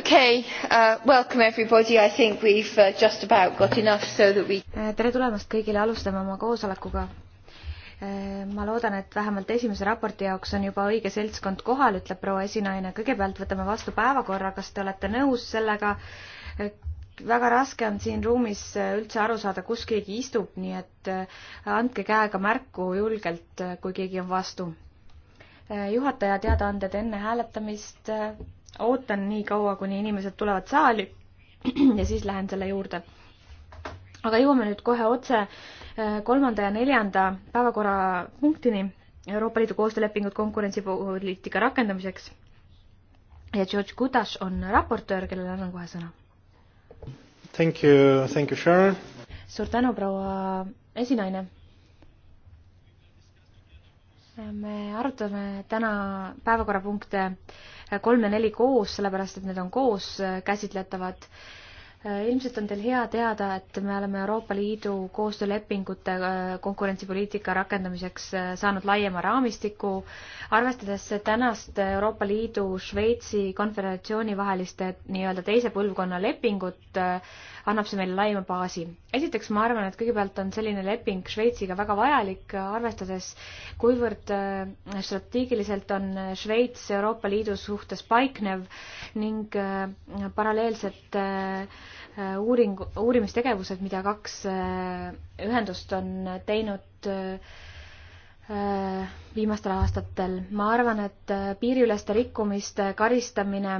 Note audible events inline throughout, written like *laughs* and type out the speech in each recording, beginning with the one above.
Okay, uh, welcome everybody. I think we've uh, just about got enough so that we eh, tere tulemast kõigile, alustame oma koosolekuga. Eh, ma loodan, et vähemalt esimese raporti jaoks on juba õige seltskond kohal, ütleb proua esinaine. kõigepealt võtame vastu päevakorra, kas te olete nõus sellega? Eh, väga raske on siin ruumis üldse aru saada, kus keegi istub, nii et andke käega märku julgelt, kui keegi on vastu. Äh, juhataja teadaanded enne hääletamist. Äh, ootan nii kaua, kuni inimesed tulevad saali *clears throat* ja siis lähen selle juurde. aga jõuame nüüd kohe otse äh, kolmanda ja neljanda päevakorrapunktini Euroopa Liidu koostöölepingut konkurentsipoliitika rakendamiseks. ja George Kudas on raportöör, kellele annan kohe sõna. Thank you, thank you, Sharon. suur tänu, proua esinaine me arutame täna päevakorrapunkte kolm ja neli koos, sellepärast et need on koos käsitletavad Äh, ilmselt on teil hea teada, et me oleme Euroopa Liidu koostöölepingute äh, konkurentsipoliitika rakendamiseks äh, saanud laiema raamistiku. arvestades tänast Euroopa Liidu, Šveitsi konföderatsiooni vaheliste nii-öelda teise põlvkonna lepingut, annab see meile laima baasi. esiteks ma arvan, et kõigepealt on selline leping Šveitsiga väga vajalik, arvestades kuivõrd strateegiliselt on Šveits Euroopa Liidu suhtes paiknev ning paralleelselt Äh, uuring, uurimistegevused, mida kaks äh, ühendust on teinud äh, viimastel aastatel. ma arvan, et piiriüleste rikkumiste karistamine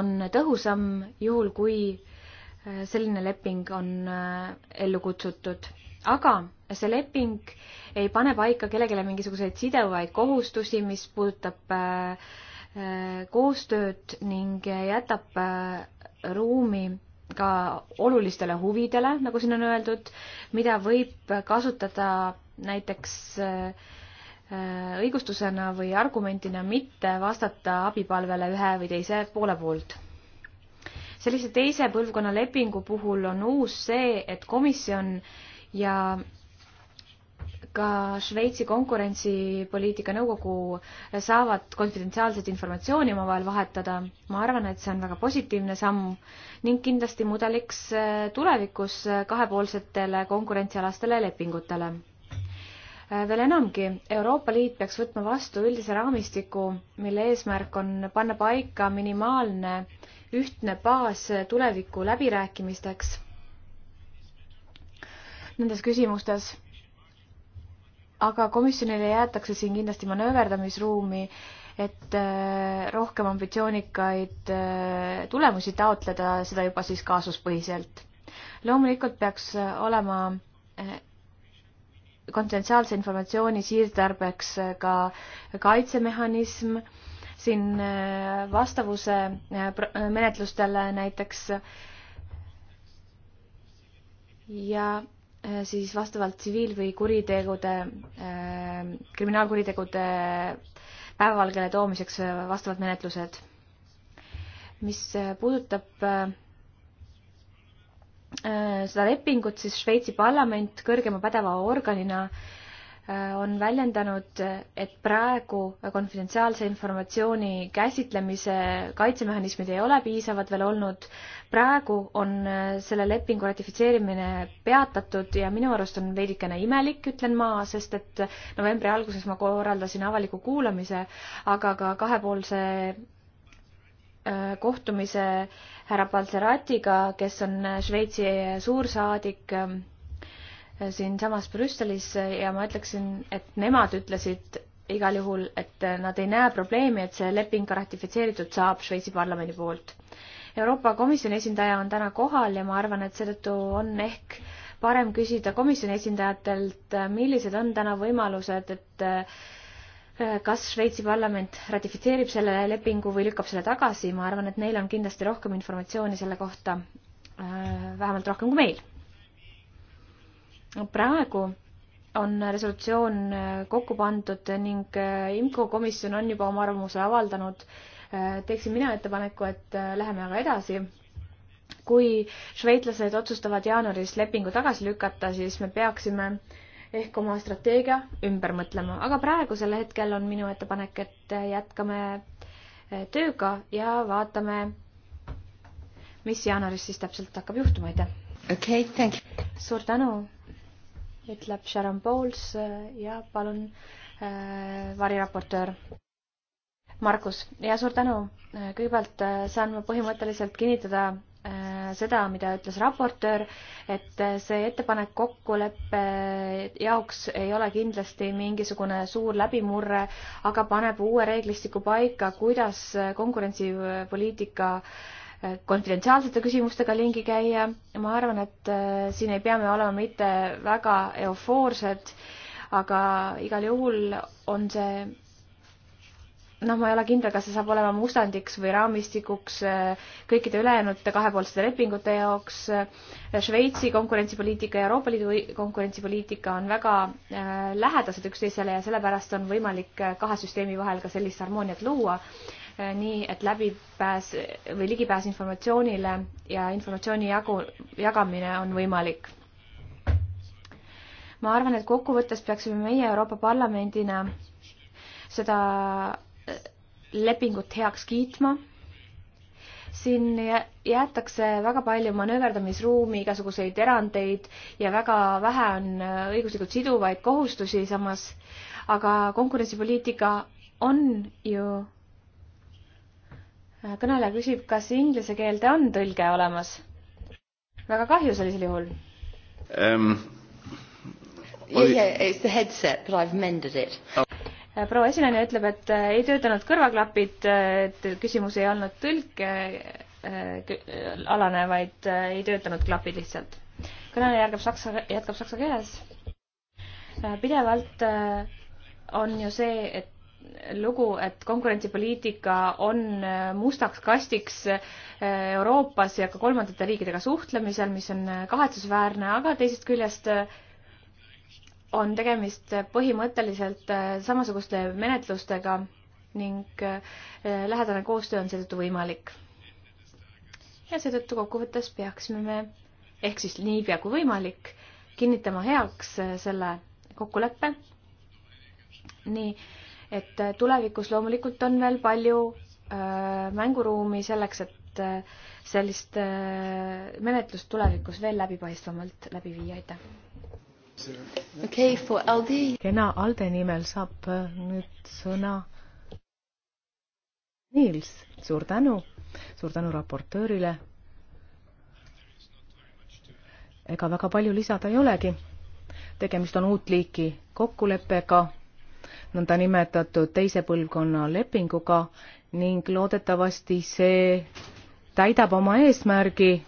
on tõhusam juhul, kui selline leping on ellu kutsutud. aga see leping ei pane paika kellelegi mingisuguseid sidevaid kohustusi, mis puudutab koostööd ning jätab ruumi ka olulistele huvidele, nagu siin on öeldud, mida võib kasutada näiteks äh, õigustusena või argumentina mitte vastata abipalvele ühe või teise poole poolt. sellise teise põlvkonna lepingu puhul on uus see, et komisjon ja ka Šveitsi konkurentsipoliitika nõukogu saavad konfidentsiaalset informatsiooni omavahel vahetada. ma arvan, et see on väga positiivne samm ning kindlasti mudeliks äh, tulevikus äh, kahepoolsetele konkurentsialastele lepingutele. Äh, veel enamgi, Euroopa Liit peaks võtma vastu üldise raamistiku, mille eesmärk on panna paika minimaalne ühtne baas tuleviku läbirääkimisteks nendes küsimustes aga komisjonile jäetakse siin kindlasti manööverdamisruumi, et äh, rohkem ambitsioonikaid äh, tulemusi taotleda, seda juba siis kaasuspõhiselt. loomulikult peaks äh, olema konfidentsiaalse informatsiooni siirdarbeks ka kaitsemehhanism, siin vastavuse menetlustele näiteks ja Äh, siis vastavalt tsiviil- või kuritegude, äh, kriminaalkuritegude päevavalgele toomiseks äh, vastavad menetlused. mis puudutab seda lepingut, siis Šveitsi parlament kõrgema pädeva organina äh, Äh, on väljendanud, et praegu konfidentsiaalse informatsiooni käsitlemise kaitsemehhanismid ei ole piisavad veel olnud. praegu on äh, selle lepingu ratifitseerimine peatatud ja minu arust on veidikene imelik, ütlen ma, sest et novembri alguses ma korraldasin avaliku kuulamise, aga ka kahepoolse äh, kohtumise härra Balzeratiga, kes on Šveitsi suursaadik ähm, siinsamas Brüsselis ja ma ütleksin, et nemad ütlesid igal juhul, et nad ei näe probleemi, et see leping ka ratifitseeritud saab Šveitsi parlamendi poolt. Euroopa Komisjoni esindaja on täna kohal ja ma arvan, et seetõttu on ehk parem küsida komisjoni esindajatelt, millised on täna võimalused, et eh, kas Šveitsi parlament ratifitseerib selle lepingu või lükkab selle tagasi, ma arvan, et neil on kindlasti rohkem informatsiooni selle kohta, eh, vähemalt rohkem kui meil praegu on resolutsioon äh, kokku pandud ning äh, IMCO komisjon on juba oma arvamuse avaldanud. Äh, teeksin mina ettepaneku, et läheme aga edasi. kui šveitlased otsustavad jaanuaris lepingu tagasi lükata, siis me peaksime ehk oma strateegia ümber mõtlema, aga praegusel hetkel on minu ettepanek, et jätkame tööga ja vaatame, mis jaanuaris siis täpselt hakkab juhtuma, aitäh! okei okay,, thank you! suur tänu! ütleb Sharon Bowles äh, ja palun äh, variraportöör. Markus, ja suur tänu. Äh, kõigepealt äh, saan ma põhimõtteliselt kinnitada seda, mida ütles raportöör, et see ettepanek kokkuleppe jaoks ei ole kindlasti mingisugune suur läbimurre, aga paneb uue reeglistiku paika, kuidas konkurentsipoliitika äh, konfidentsiaalsete küsimustega lingi käia. ma arvan, et äh, siin ei pea me olema mitte väga eufoorsed, aga igal juhul on see noh, ma ei ole kindel, kas see saab olema mustandiks või raamistikuks äh, kõikide ülejäänute kahepoolsete lepingute jaoks. Äh, Šveitsi konkurentsipoliitika ja Euroopa Liidu konkurentsipoliitika on väga lähedased üksteisele ja sellepärast on võimalik kahe süsteemi vahel ka sellist harmooniat luua. Äh, nii et läbipääs või ligipääs informatsioonile ja informatsiooni jagu, jagamine on võimalik. ma arvan, et kokkuvõttes peaksime meie Euroopa Parlamendina seda äh, lepingut heaks kiitma siin jäetakse väga palju manööverdamisruumi, igasuguseid erandeid ja väga vähe on äh, õiguslikult siduvaid kohustusi samas, aga konkurentsipoliitika on ju Äh, kõneleja küsib, kas inglise keelde on tõlge olemas? väga kahju sellisel juhul um,. Oli... Yeah, yeah, it's the headset but I've mended it oh.. Äh, proua esinaine ütleb, et äh, ei töötanud kõrvaklapid, küsimus ei olnud tõlke alane, vaid ei töötanud klapid lihtsalt. kõneleja jätkab saksa, jätkab saksa keeles. pidevalt on ju see, et lugu, et konkurentsipoliitika on äh, mustaks kastiks äh, Euroopas ja ka kolmandate riikidega suhtlemisel, mis on äh, kahetsusväärne, aga teisest küljest on tegemist põhimõtteliselt samasuguste menetlustega ning lähedane koostöö on seetõttu võimalik. ja seetõttu kokkuvõttes peaksime me ehk siis niipea kui võimalik kinnitama heaks selle kokkuleppe. nii et tulevikus loomulikult on veel palju äh, mänguruumi selleks, et äh, sellist äh, menetlust tulevikus veel läbipaistvamalt läbi viia, aitäh. okei okay,, for Aldi. kena Alde nimel saab nüüd sõna Niels, suur tänu, suur tänu raportöörile. ega väga palju lisada ei olegi. tegemist on uut liiki kokkuleppega nõndanimetatud teise põlvkonna lepinguga ning loodetavasti see täidab oma eesmärgi.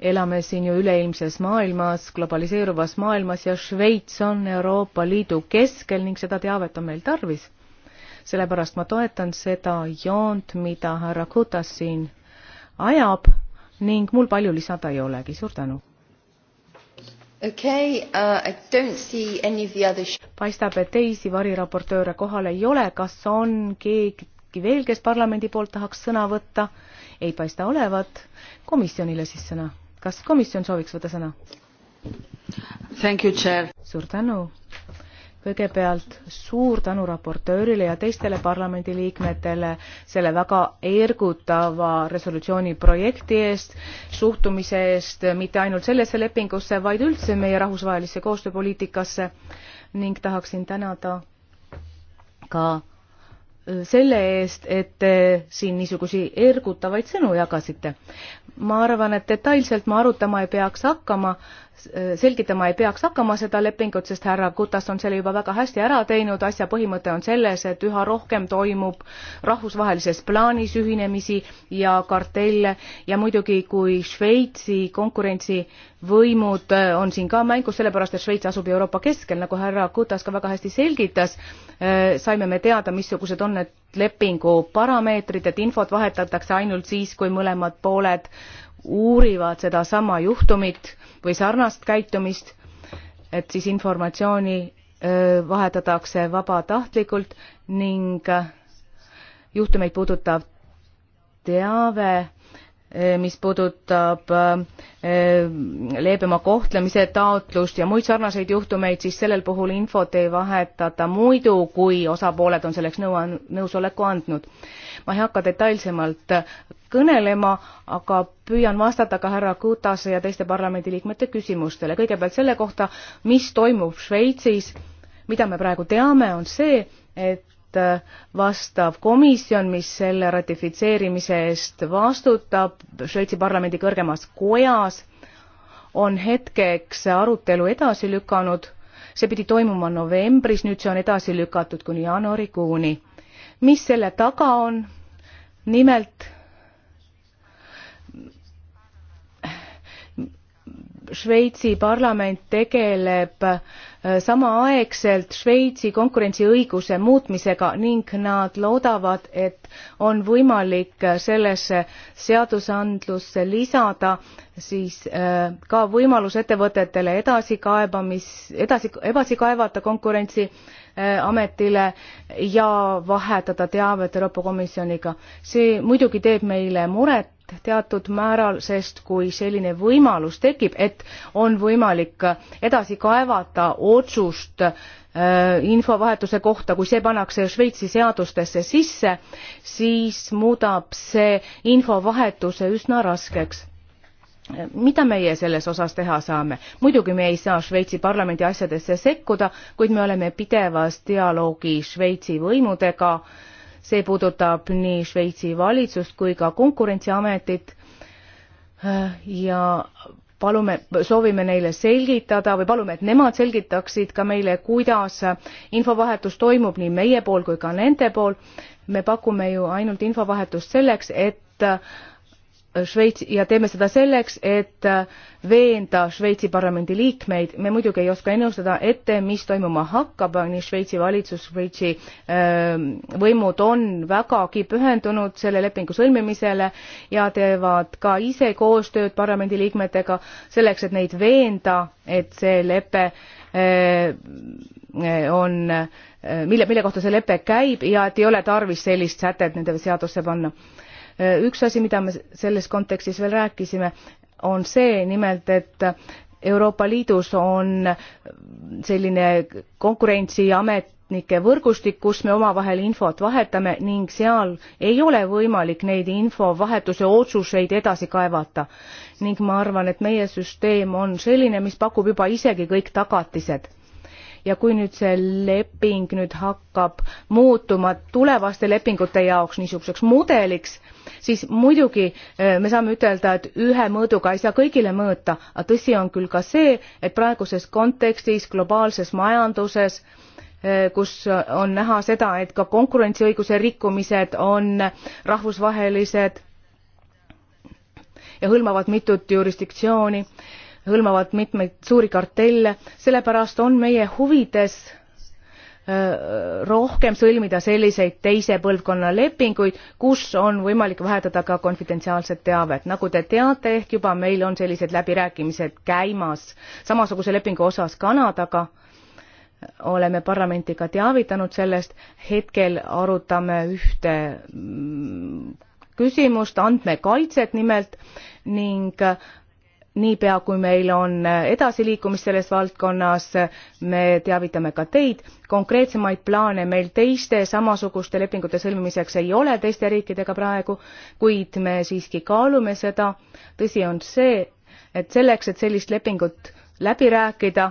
elame siin ju üleilmses maailmas, globaliseeruvas maailmas ja Šveits on Euroopa Liidu keskel ning seda teavet on meil tarvis. sellepärast ma toetan seda joont, mida härra Kutas siin ajab ning mul palju lisada ei olegi, suur tänu. Okay, uh, I don't see any of the other... paistab, et teisi variraportööre kohal ei ole, kas on keegi veel, kes parlamendi poolt tahaks sõna võtta? ei paista olevat. komisjonile siis sõna. kas komisjon sooviks võtta sõna? suur tänu kõigepealt suur tänu raportöörile ja teistele parlamendiliikmetele selle väga ergutava resolutsiooni projekti eest, suhtumise eest mitte ainult sellesse lepingusse, vaid üldse meie rahvusvahelisse koostööpoliitikasse ning tahaksin tänada ka selle eest, et te siin niisugusi ergutavaid sõnu jagasite. ma arvan, et detailselt me arutama ei peaks hakkama, selgitama ei peaks hakkama seda lepingut, sest härra Kutas on selle juba väga hästi ära teinud, asja põhimõte on selles, et üha rohkem toimub rahvusvahelises plaanis ühinemisi ja kartelle ja muidugi, kui Šveitsi konkurentsivõimud äh, on siin ka mängus, sellepärast et Šveits asub Euroopa keskel, nagu härra Kutas ka väga hästi selgitas, äh, saime me teada, missugused on need lepingu parameetrid, et infot vahetatakse ainult siis, kui mõlemad pooled uurivad sedasama juhtumit või sarnast käitumist, et siis informatsiooni vahetatakse vabatahtlikult ning äh, juhtumeid puudutav teave Eh, mis puudutab eh, leebema kohtlemise taotlust ja muid sarnaseid juhtumeid, siis sellel puhul infot ei vahetata muidu, kui osapooled on selleks nõu, nõusoleku andnud. ma ei hakka detailsemalt kõnelema, aga püüan vastata ka härra Kutase ja teiste parlamendiliikmete küsimustele. kõigepealt selle kohta, mis toimub Šveitsis, mida me praegu teame, on see, et Äh, vastav komisjon, mis selle ratifitseerimise eest vastutab Šveitsi parlamendi kõrgemas kojas, on hetkeks arutelu edasi lükanud. see pidi toimuma novembris, nüüd see on edasi lükatud kuni jaanuarikuuni. mis selle taga on? nimelt Šveitsi parlament tegeleb äh, Äh, samaaegselt Šveitsi konkurentsiõiguse muutmisega ning nad loodavad, et on võimalik äh, sellesse seadusandlusse lisada siis äh, ka võimalus ettevõtetele edasikaebamis, edasi, edasi kaevata konkurentsiametile ja vahetada teavet Euroopa Komisjoniga. see muidugi teeb meile muret, teatud määral, sest kui selline võimalus tekib, et on võimalik edasi kaevata otsust äh, infovahetuse kohta, kui see pannakse Šveitsi seadustesse sisse, siis muudab see infovahetuse üsna raskeks mida meie selles osas teha saame? muidugi me ei saa Šveitsi parlamendi asjadesse sekkuda, kuid me oleme pidevas dialoogis Šveitsi võimudega äh, see puudutab nii Šveitsi valitsust kui ka Konkurentsiametit ja palume, soovime neile selgitada või palume, et nemad selgitaksid ka meile, kuidas infovahetus toimub nii meie pool kui ka nende pool. me pakume ju ainult infovahetust selleks, et Šveits ja teeme seda selleks, et äh, veenda Šveitsi parlamendi liikmeid. me muidugi ei oska ennustada ette, mis toimuma hakkab, nii Šveitsi valitsus, Šveitsi ähm, võimud on vägagi pühendunud selle lepingu sõlmimisele ja teevad ka ise koostööd parlamendi liikmetega selleks, et neid veenda, et see lepe äh, äh, on, mille, mille kohta see lepe käib ja et ei ole tarvis sellist sätet nende seadusse panna Äh, üks asi, mida me selles kontekstis veel rääkisime, on see nimelt, et Euroopa Liidus on selline konkurentsiametnike võrgustik, kus me omavahel infot vahetame ning seal ei ole võimalik neid infovahetuse otsuseid edasi kaevata. ning ma arvan, et meie süsteem on selline, mis pakub juba isegi kõik tagatised ja kui nüüd see leping nüüd hakkab muutuma tulevaste lepingute jaoks niisuguseks mudeliks, siis muidugi eh, me saame ütelda, et ühe mõõduga ei saa kõigile mõõta, aga tõsi on küll ka see, et praeguses kontekstis, globaalses majanduses, eh, kus on näha seda, et ka konkurentsiõiguse rikkumised on rahvusvahelised ja hõlmavad mitut jurisdiktsiooni, hõlmavad mitmeid suuri kartelle, sellepärast on meie huvides Äh, rohkem sõlmida selliseid teise põlvkonna lepinguid, kus on võimalik vahetada ka konfidentsiaalset teavet. nagu te teate, ehk juba meil on sellised läbirääkimised käimas samasuguse lepingu osas Kanadaga, oleme parlamenti ka teavitanud sellest, hetkel arutame ühte mm, küsimust, andmekaitset nimelt, ning niipea kui meil on edasiliikumist selles valdkonnas, me teavitame ka teid. konkreetsemaid plaane meil teiste samasuguste lepingute sõlmimiseks ei ole teiste riikidega praegu, kuid me siiski kaalume seda. tõsi on see, et selleks, et sellist lepingut läbi rääkida,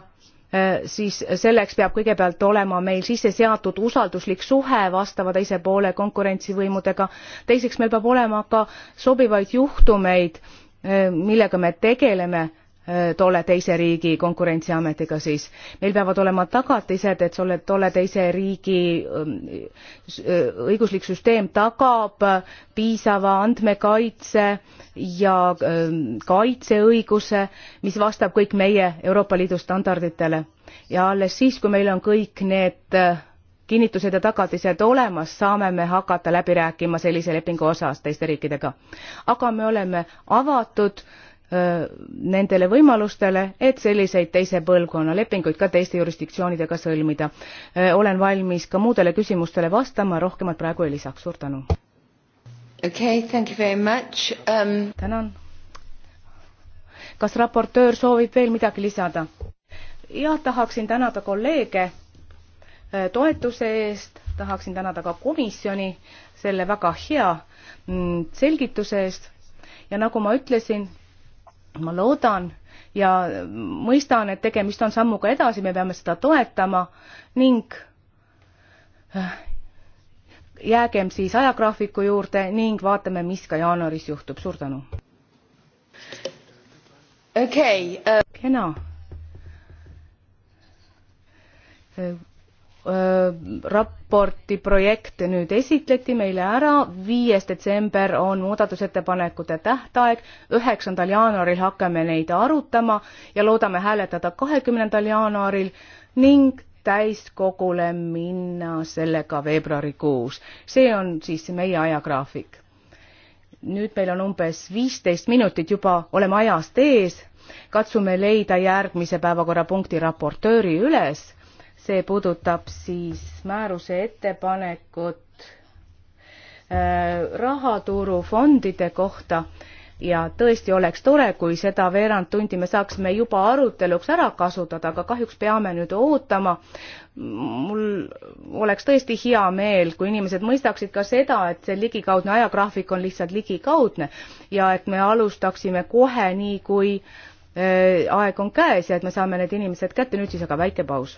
eh, siis selleks peab kõigepealt olema meil sisse seatud usalduslik suhe vastava teise poole konkurentsivõimudega teiseks meil peab olema ka sobivaid juhtumeid Äh, millega me tegeleme äh, tolle teise riigi konkurentsiametiga siis meil peavad olema tagatised et selle tolle teise riigi ähm, äh, õiguslik süsteem tagab piisava andmekaitse ja ähm, kaitseõiguse mis vastab kõik meie euroopa liidu standarditele ja alles siis kui meil on kõik need kinnitused ja tagatised olemas, saame me hakata läbi rääkima sellise lepingu osas teiste riikidega. aga me oleme avatud öö, nendele võimalustele, et selliseid teise põlvkonna lepinguid ka teiste jurisdiktsioonidega sõlmida. olen valmis ka muudele küsimustele vastama, rohkemat praegu ei lisaks, suur tänu. okei okay,, thank you very much um.... tänan. kas raportöör soovib veel midagi lisada? jah, tahaksin tänada kolleege Äh, toetuse eest, tahaksin tänada ka komisjoni selle väga hea mm, selgituse eest ja nagu ma ütlesin, ma loodan ja mõistan, et tegemist on sammuga edasi, me peame seda toetama ning äh, jäägem siis ajagraafiku juurde ning vaatame, mis ka jaanuaris juhtub, suur tänu. okei okay, uh.... kena Äh, raporti projekte nüüd esitleti meile ära, viies detsember on muudatusettepanekute tähtaeg, üheksandal jaanuaril hakkame neid arutama ja loodame hääletada kahekümnendal jaanuaril ning täiskogule minna sellega veebruarikuus. see on siis meie ajagraafik. nüüd meil on umbes viisteist minutit juba, oleme ajast ees, katsume leida järgmise päevakorrapunkti raportööri üles see puudutab siis määruse ettepanekut äh, rahaturufondide kohta ja tõesti oleks tore, kui seda veerand tundi me saaksime juba aruteluks ära kasutada, aga kahjuks peame nüüd ootama. mul oleks tõesti hea meel, kui inimesed mõistaksid ka seda, et see ligikaudne ajagraafik on lihtsalt ligikaudne ja et me alustaksime kohe, nii kui äh, aeg on käes ja et me saame need inimesed kätte, nüüd siis aga väike paus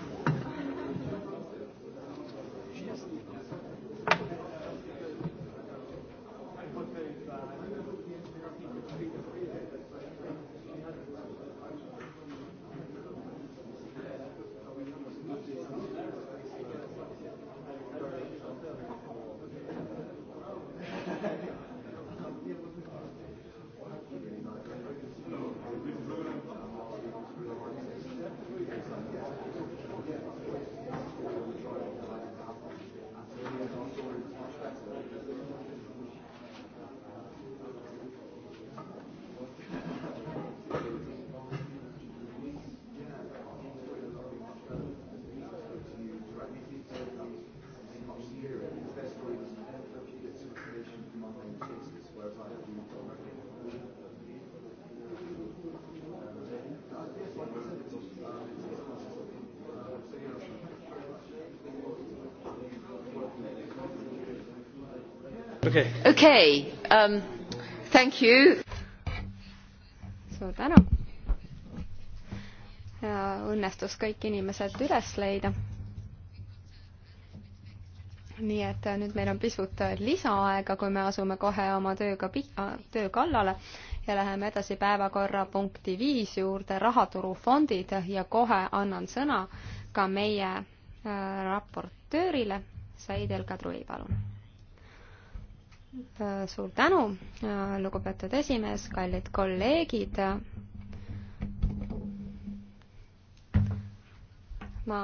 okei okay. okay, um,, thank you. suur tänu. ja õnnestus kõik inimesed üles leida. nii et nüüd meil on pisut lisaaega, kui me asume kohe oma tööga, töö kallale ja läheme edasi päevakorrapunkti viis juurde, rahaturufondid ja kohe annan sõna ka meie äh, raportöörile, Said El-Kadri, palun Äh, suur tänu, äh, lugupeetud esimees, kallid kolleegid. ma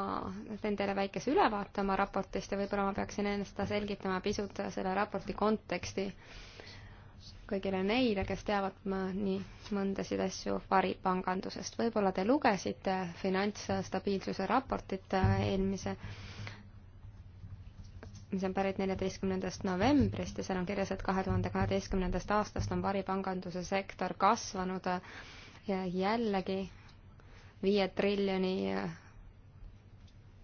teen teile väikese ülevaate oma raportist ja võib-olla ma peaksin ennast selgitama pisut selle raporti konteksti kõigile neile, kes teavad ma nii mõndasid asju varipangandusest. võib-olla te lugesite finantsstabiilsuse raportit äh, eelmise äh, mis on pärit neljateistkümnendast novembrist ja seal on kirjas, et kahe tuhande kaheteistkümnendast aastast on varipanganduse sektor kasvanud äh, jällegi viie triljoni äh,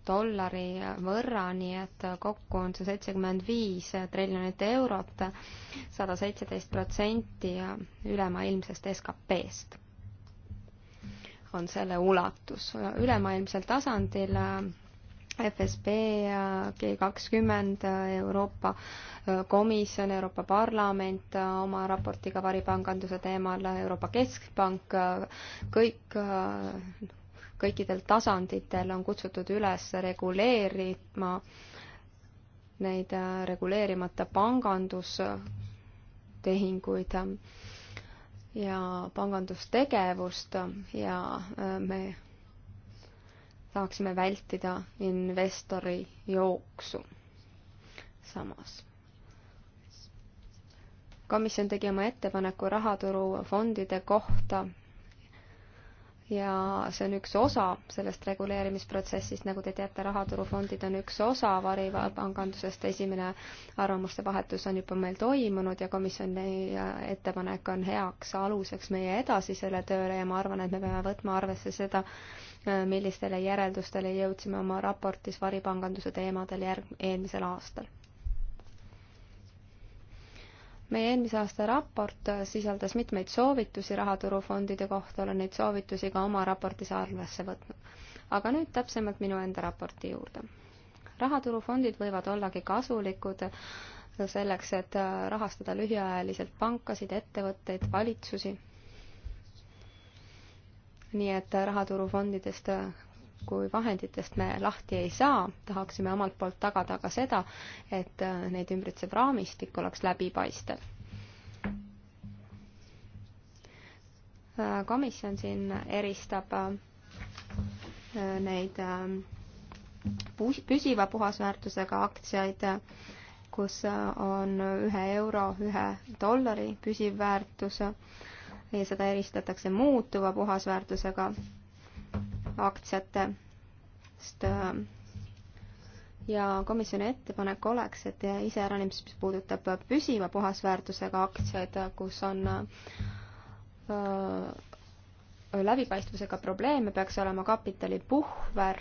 dollari äh, võrra, nii et kokku on see seitsekümmend viis triljonit eurot, sada seitseteist protsenti ülemaailmsest SKP-st on selle ulatus. ülemaailmsel tasandil FSB ja G kakskümmend, Euroopa äh, Komisjon, Euroopa Parlament äh, oma raportiga varipanganduse teemal, äh, Euroopa Keskpank, kõik, kõikidel tasanditel on kutsutud üles reguleerima neid reguleerimata pangandustehinguid ja pangandustegevust ja me tahaksime vältida investori jooksu. samas komisjon tegi oma ettepaneku rahaturufondide kohta ja see on üks osa sellest reguleerimisprotsessist, nagu te teate, rahaturufondid on üks osa varipangandusest, esimene arvamuste vahetus on juba meil toimunud ja komisjoni ettepanek on heaks aluseks meie edasisele tööle ja ma arvan, et me peame võtma arvesse seda, Äh, millistele järeldustele jõudsime oma raportis varipanganduse teemadel järg-, eelmisel aastal. meie eelmise aasta raport äh, sisaldas mitmeid soovitusi rahaturufondide kohta, olen neid soovitusi ka oma raportis arvesse võtnud. aga nüüd täpsemalt minu enda raporti juurde. rahaturufondid võivad ollagi kasulikud äh, selleks, et rahastada lühiajaliselt pankasid, ettevõtteid, valitsusi nii et äh, rahaturufondidest äh, kui vahenditest me lahti ei saa, tahaksime omalt poolt tagada ka seda, et äh, neid ümbritsev raamistik oleks läbipaistev. komisjon siin eristab neid püsiva puhasväärtusega aktsiaid, kus on ühe euro, ühe dollari püsiv väärtus ja seda eristatakse muutuva puhasväärtusega aktsiatest. ja komisjoni ettepanek oleks, et iseäranis, mis puudutab püsiva puhasväärtusega aktsiaid, kus on öö, äh, läbipaistvusega probleeme, peaks olema kapitali puhver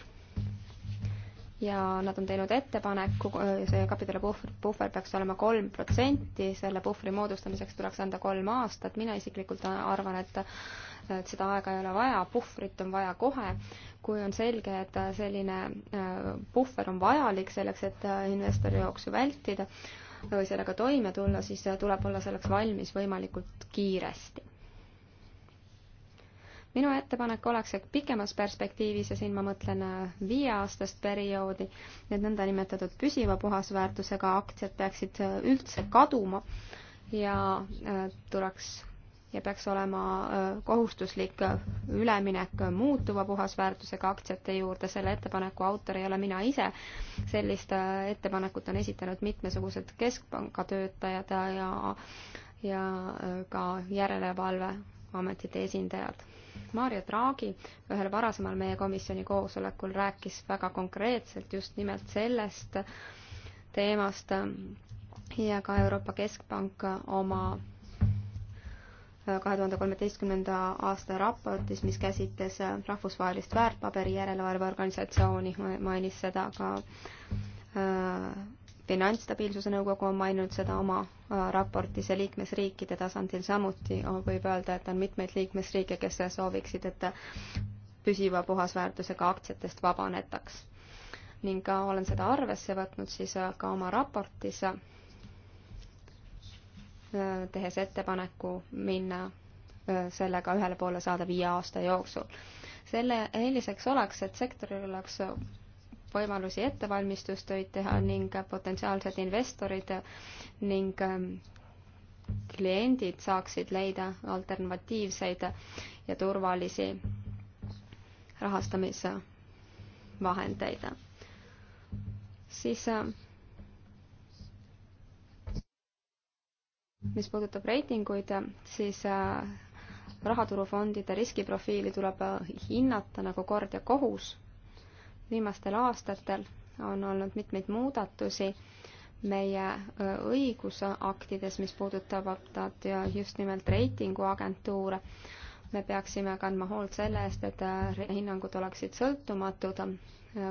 ja nad on teinud ettepaneku, äh, see kapitalipuhver, puhver peaks olema kolm protsenti, selle puhvri moodustamiseks tuleks anda kolm aastat, mina isiklikult arvan, et et seda aega ei ole vaja, puhvrit on vaja kohe, kui on selge, et selline äh, puhver on vajalik selleks, et äh, investori jooksu vältida või sellega toime tulla, siis tuleb olla selleks valmis võimalikult kiiresti minu ettepanek oleks, et pikemas perspektiivis ja siin ma mõtlen äh, viieaastast perioodi, need nõndanimetatud püsiva puhasväärtusega aktsiad peaksid äh, üldse kaduma ja äh, tuleks ja peaks olema kohustuslik üleminek muutuva puhasväärtusega aktsiate juurde, selle ettepaneku autor ei ole mina ise. sellist ettepanekut on esitanud mitmesugused keskpanga töötajad ja, ja ka järelevalveametite esindajad Maarja Draagi ühel varasemal meie komisjoni koosolekul rääkis väga konkreetselt just nimelt sellest teemast ja ka Euroopa Keskpank oma äh, kahe tuhande kolmeteistkümnenda aasta raportis, mis käsitles äh, rahvusvahelist väärtpaberi järelevalveorganisatsiooni, mainis seda ka äh, finantsstabiilsuse nõukogu on maininud seda oma äh, raportis ja liikmesriikide tasandil samuti oh, võib öelda, et on mitmeid liikmesriike, kes sooviksid, et äh, püsiva puhasväärtusega aktsiatest vabanetaks. ning äh, olen seda arvesse võtnud siis ka oma raportis, tehes ettepaneku minna sellega ühele poole saada viie aasta jooksul. selle eeliseks oleks, et sektoril oleks võimalusi ettevalmistustöid teha ning potentsiaalsed investorid ning ähm, kliendid saaksid leida alternatiivseid ja turvalisi rahastamisvahendeid. siis äh, mis puudutab reitinguid, siis äh, rahaturufondide riskiprofiili tuleb äh, hinnata nagu kord ja kohus viimastel aastatel on olnud mitmeid muudatusi meie õigusaktides, mis puudutavad just nimelt reitinguagentuure. me peaksime kandma hoolt selle eest, et hinnangud oleksid sõltumatud.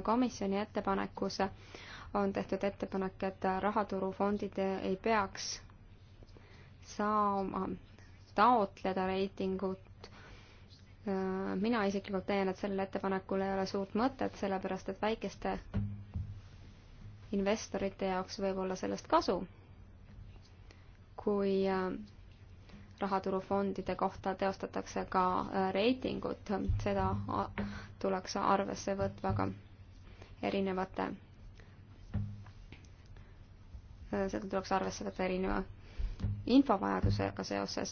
komisjoni ettepanekus on tehtud ettepanek, et rahaturufondid ei peaks saama taotleda reitingut Äh, mina isiklikult leian, et sellel ettepanekul ei ole suurt mõtet, sellepärast et väikeste investorite jaoks võib olla sellest kasu, kui äh, rahaturufondide kohta teostatakse ka äh, reitingut, seda tuleks arvesse võtma ka erinevate, seda tuleks arvesse võtta erineva infovajadusega seoses.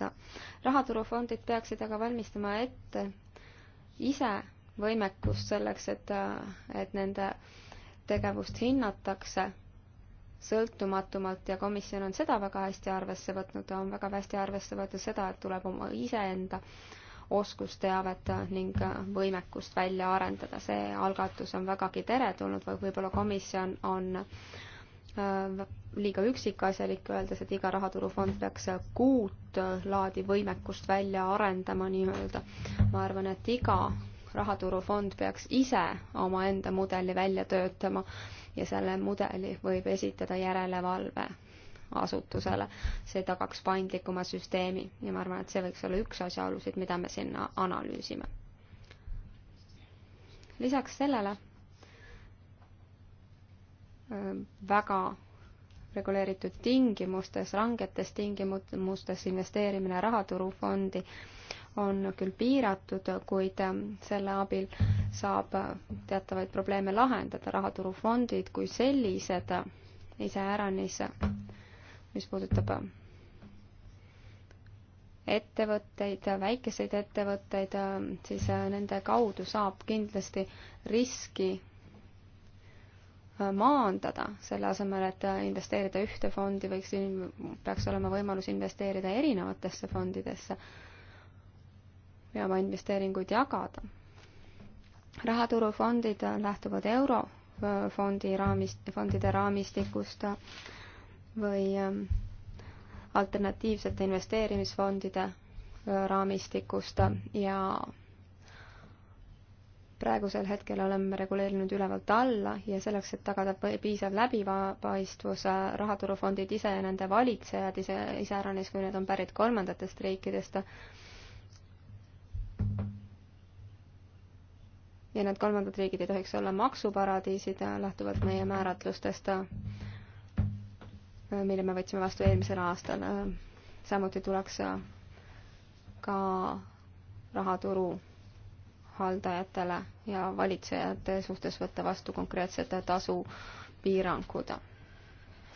rahaturufondid peaksid aga valmistama ette ise võimekust selleks, et, et nende tegevust hinnatakse sõltumatumalt ja komisjon on seda väga hästi arvesse võtnud, on väga hästi arvesse võetud seda, et tuleb oma iseenda oskusteavet ning võimekust välja arendada. see algatus on vägagi teretulnud, võib-olla komisjon on äh, Äh, liiga üksikasjalik, öeldes, et iga rahaturufond peaks kuut laadi võimekust välja arendama nii-öelda. ma arvan, et iga rahaturufond peaks ise omaenda mudeli välja töötama ja selle mudeli võib esitada järelevalve asutusele, see tagaks paindlikuma süsteemi ja ma arvan, et see võiks olla üks asjaolusid, mida me sinna analüüsime. lisaks sellele väga reguleeritud tingimustes, rangetes tingimustes investeerimine rahaturufondi on küll piiratud, kuid selle abil saab teatavaid probleeme lahendada. rahaturufondid kui sellised iseäranis, mis puudutab ettevõtteid, väikeseid ettevõtteid, siis nende kaudu saab kindlasti riski maandada, selle asemel, et investeerida ühte fondi, võiks, peaks olema võimalus investeerida erinevatesse fondidesse ja oma investeeringuid jagada. rahaturufondid lähtuvad eurofondi raamist, fondide raamistikust või ähm, alternatiivsete investeerimisfondide äh, raamistikust ja praegusel hetkel oleme reguleerinud ülevalt alla ja selleks, et tagada piisav läbipaistvus, äh, rahaturufondid ise ja nende valitsejad ise, iseäranis, kui need on pärit kolmandatest riikidest, ja need kolmandad riigid ei tohiks olla maksuparadiisid äh, lähtuvalt meie määratlustest, äh, mille me võtsime vastu eelmisel aastal. samuti tuleks ka rahaturu haldajatele ja valitsejate suhtes võtta vastu konkreetsed tasupiirangud.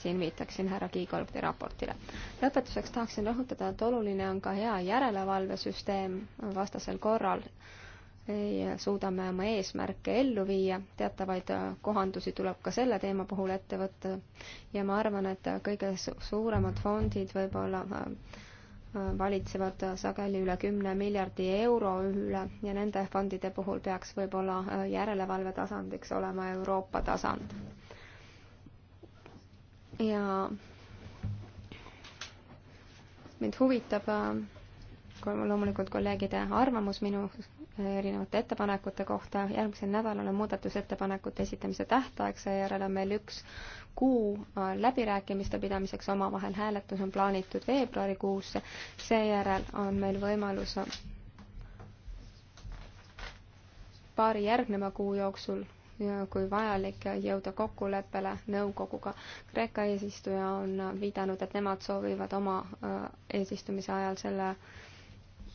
siin viitaksin härra Kiigoldi raportile. lõpetuseks tahaksin rõhutada, et oluline on ka hea järelevalvesüsteem, vastasel korral ei suuda me oma eesmärke ellu viia, teatavaid kohandusi tuleb ka selle teema puhul ette võtta ja ma arvan, et kõige suuremad fondid võib-olla äh, valitsevad sageli üle kümne miljardi euro üle ja nende fondide puhul peaks võib-olla äh, järelevalve tasandiks olema Euroopa tasand. ja mind huvitab äh, loomulikult kolleegide arvamus minu äh, erinevate ettepanekute kohta. järgmisel nädalal on muudatusettepanekute esitamise tähtaeg, seejärel on meil üks kuu äh, läbirääkimiste pidamiseks omavahel, hääletus on plaanitud veebruarikuusse, seejärel on meil võimalus paari järgneva kuu jooksul ja kui vajalik, jõuda kokkuleppele nõukoguga. Kreeka eesistuja on viidanud, et nemad soovivad oma äh, eesistumise ajal selle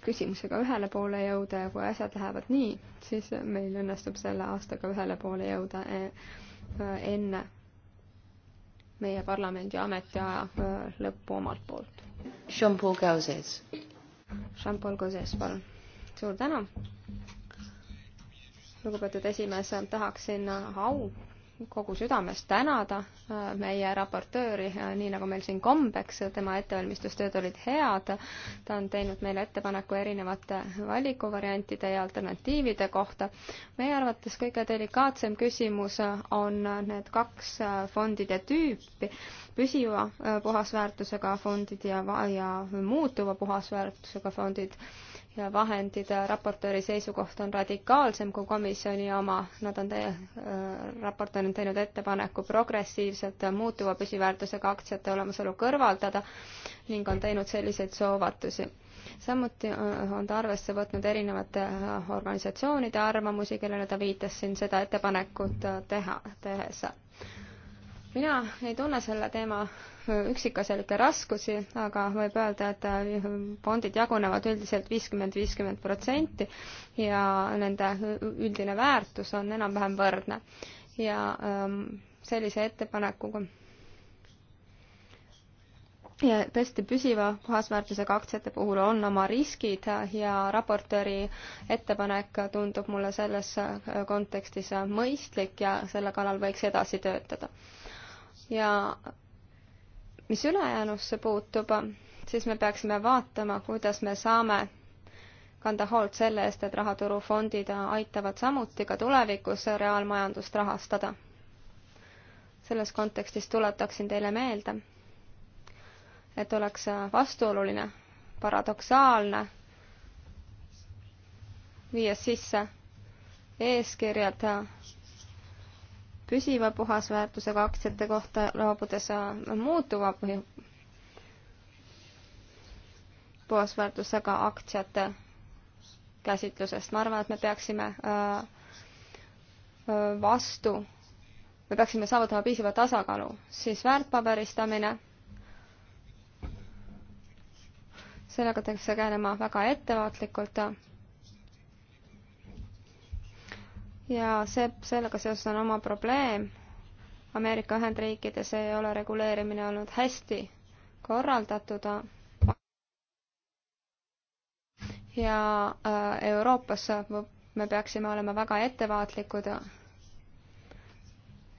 küsimusega ühele poole jõuda ja kui asjad lähevad nii, siis meil õnnestub selle aastaga ühele poole jõuda e, äh, enne meie parlamendi ametiaja lõppu omalt poolt. Jean-Paul Gauzes. Jean-Paul Gauzes, palun. suur tänu. lugupeetud esimees, tahaksin au kogu südamest tänada äh, meie raportööri, äh, nii nagu meil siin kombeks, tema ettevalmistustööd olid head, ta on teinud meile ettepaneku erinevate valikuvariantide ja alternatiivide kohta. meie arvates kõige delikaatsem küsimus on need kaks äh, fondide tüüpi, püsiva puhasväärtusega fondid ja, ja muutuva puhasväärtusega fondid ja vahendid, raportööri seisukoht on radikaalsem kui komisjoni oma, nad on tee-, äh, raportöör on teinud ettepaneku progressiivselt muutuva püsiväärtusega aktsiate olemasolu kõrvaldada ning on teinud selliseid soovatusi. samuti äh, on ta arvesse võtnud erinevate äh, organisatsioonide arvamusi, kellele ta viitas siin seda ettepanekut teha, tehes mina ei tunne selle teema äh, üksikasjalikke raskusi, aga võib öelda, et äh, fondid jagunevad üldiselt viiskümmend, viiskümmend protsenti ja nende üldine väärtus on enam-vähem võrdne. ja ähm, sellise ettepanekuga ja tõesti püsiva puhasväärtusega aktsiate puhul on oma riskid ja raportööri ettepanek tundub mulle selles äh, kontekstis mõistlik ja selle kallal võiks edasi töötada ja mis ülejäänusse puutub, siis me peaksime vaatama, kuidas me saame kanda hoolt selle eest, et rahaturufondid aitavad samuti ka tulevikus reaalmajandust rahastada. selles kontekstis tuletaksin teile meelde, et oleks vastuoluline, paradoksaalne viia sisse eeskirjad püsiva puhasväärtusega aktsiate kohta loobudes muutuva puhasväärtusega aktsiate käsitlusest. ma arvan, et me peaksime äh, äh, vastu, me peaksime saavutama piisava tasakaalu, siis väärtpaberistamine, sellega peaks tegelema väga ettevaatlikult ja see, sellega seoses on oma probleem. Ameerika Ühendriikides ei ole reguleerimine olnud hästi korraldatud. ja äh, Euroopas me peaksime olema väga ettevaatlikud,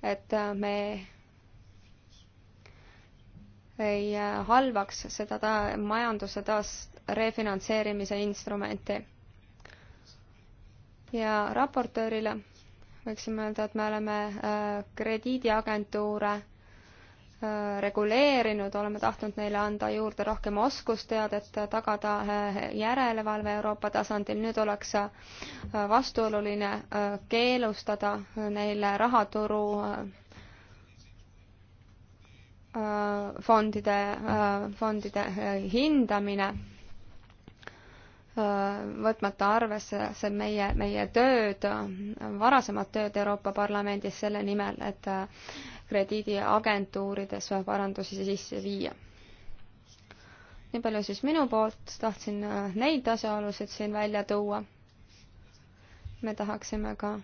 et me ei äh, halvaks seda ta, majanduse taas refinantseerimise instrumenti ja raportöörile võiksime öelda, et me oleme äh, krediidiagentuure äh, reguleerinud, oleme tahtnud neile anda juurde rohkem oskusteadet, äh, tagada järelevalve Euroopa tasandil, nüüd oleks vastuoluline keelustada neile rahaturu fondide, fondide hindamine Äh, võtmata arvesse see meie, meie tööd, varasemat tööd Euroopa Parlamendis selle nimel, et äh, krediidiagentuurides parandusi sisse viia. nii palju siis minu poolt, tahtsin äh, neid asjaolusid siin välja tuua. me tahaksime ka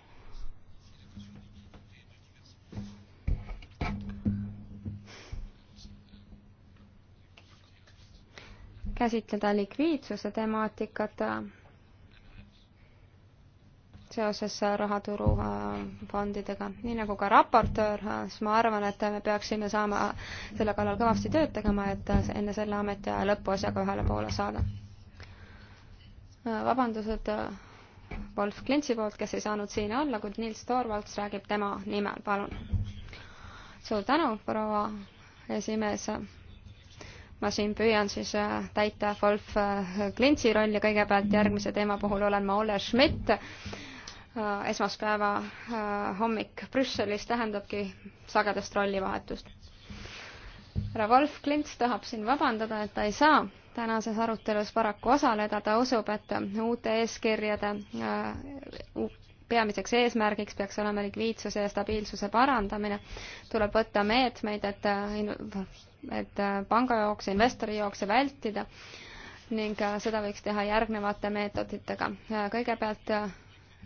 käsitleda likviidsuse temaatikat seoses rahaturufondidega, äh, nii nagu ka raportöör, siis ma arvan, et me peaksime saama selle kallal kõvasti tööd tegema, et enne selle ametiaja lõppu asjaga ühele poole saada. Äh, vabandused äh, Wolf Klintsi poolt, kes ei saanud siin olla, kuid Nils Torvalds räägib tema nimel, palun. suur tänu, proua esimees ma siin püüan siis äh, täita Wolf äh, Klintsi rolli kõigepealt, järgmise teema puhul olen ma Olle Schmidt. Äh, esmaspäeva hommik Brüsselis tähendabki sagedast rollivahetust. härra Wolf Klints tahab siin vabandada, et ta ei saa tänases arutelus paraku osaleda, ta usub, et uute eeskirjade peamiseks eesmärgiks peaks olema likviidsuse ja stabiilsuse parandamine. tuleb võtta meetmeid, et et äh, panga jaoks, investori jaoks see vältida ning äh, seda võiks teha järgnevate meetoditega. Äh, kõigepealt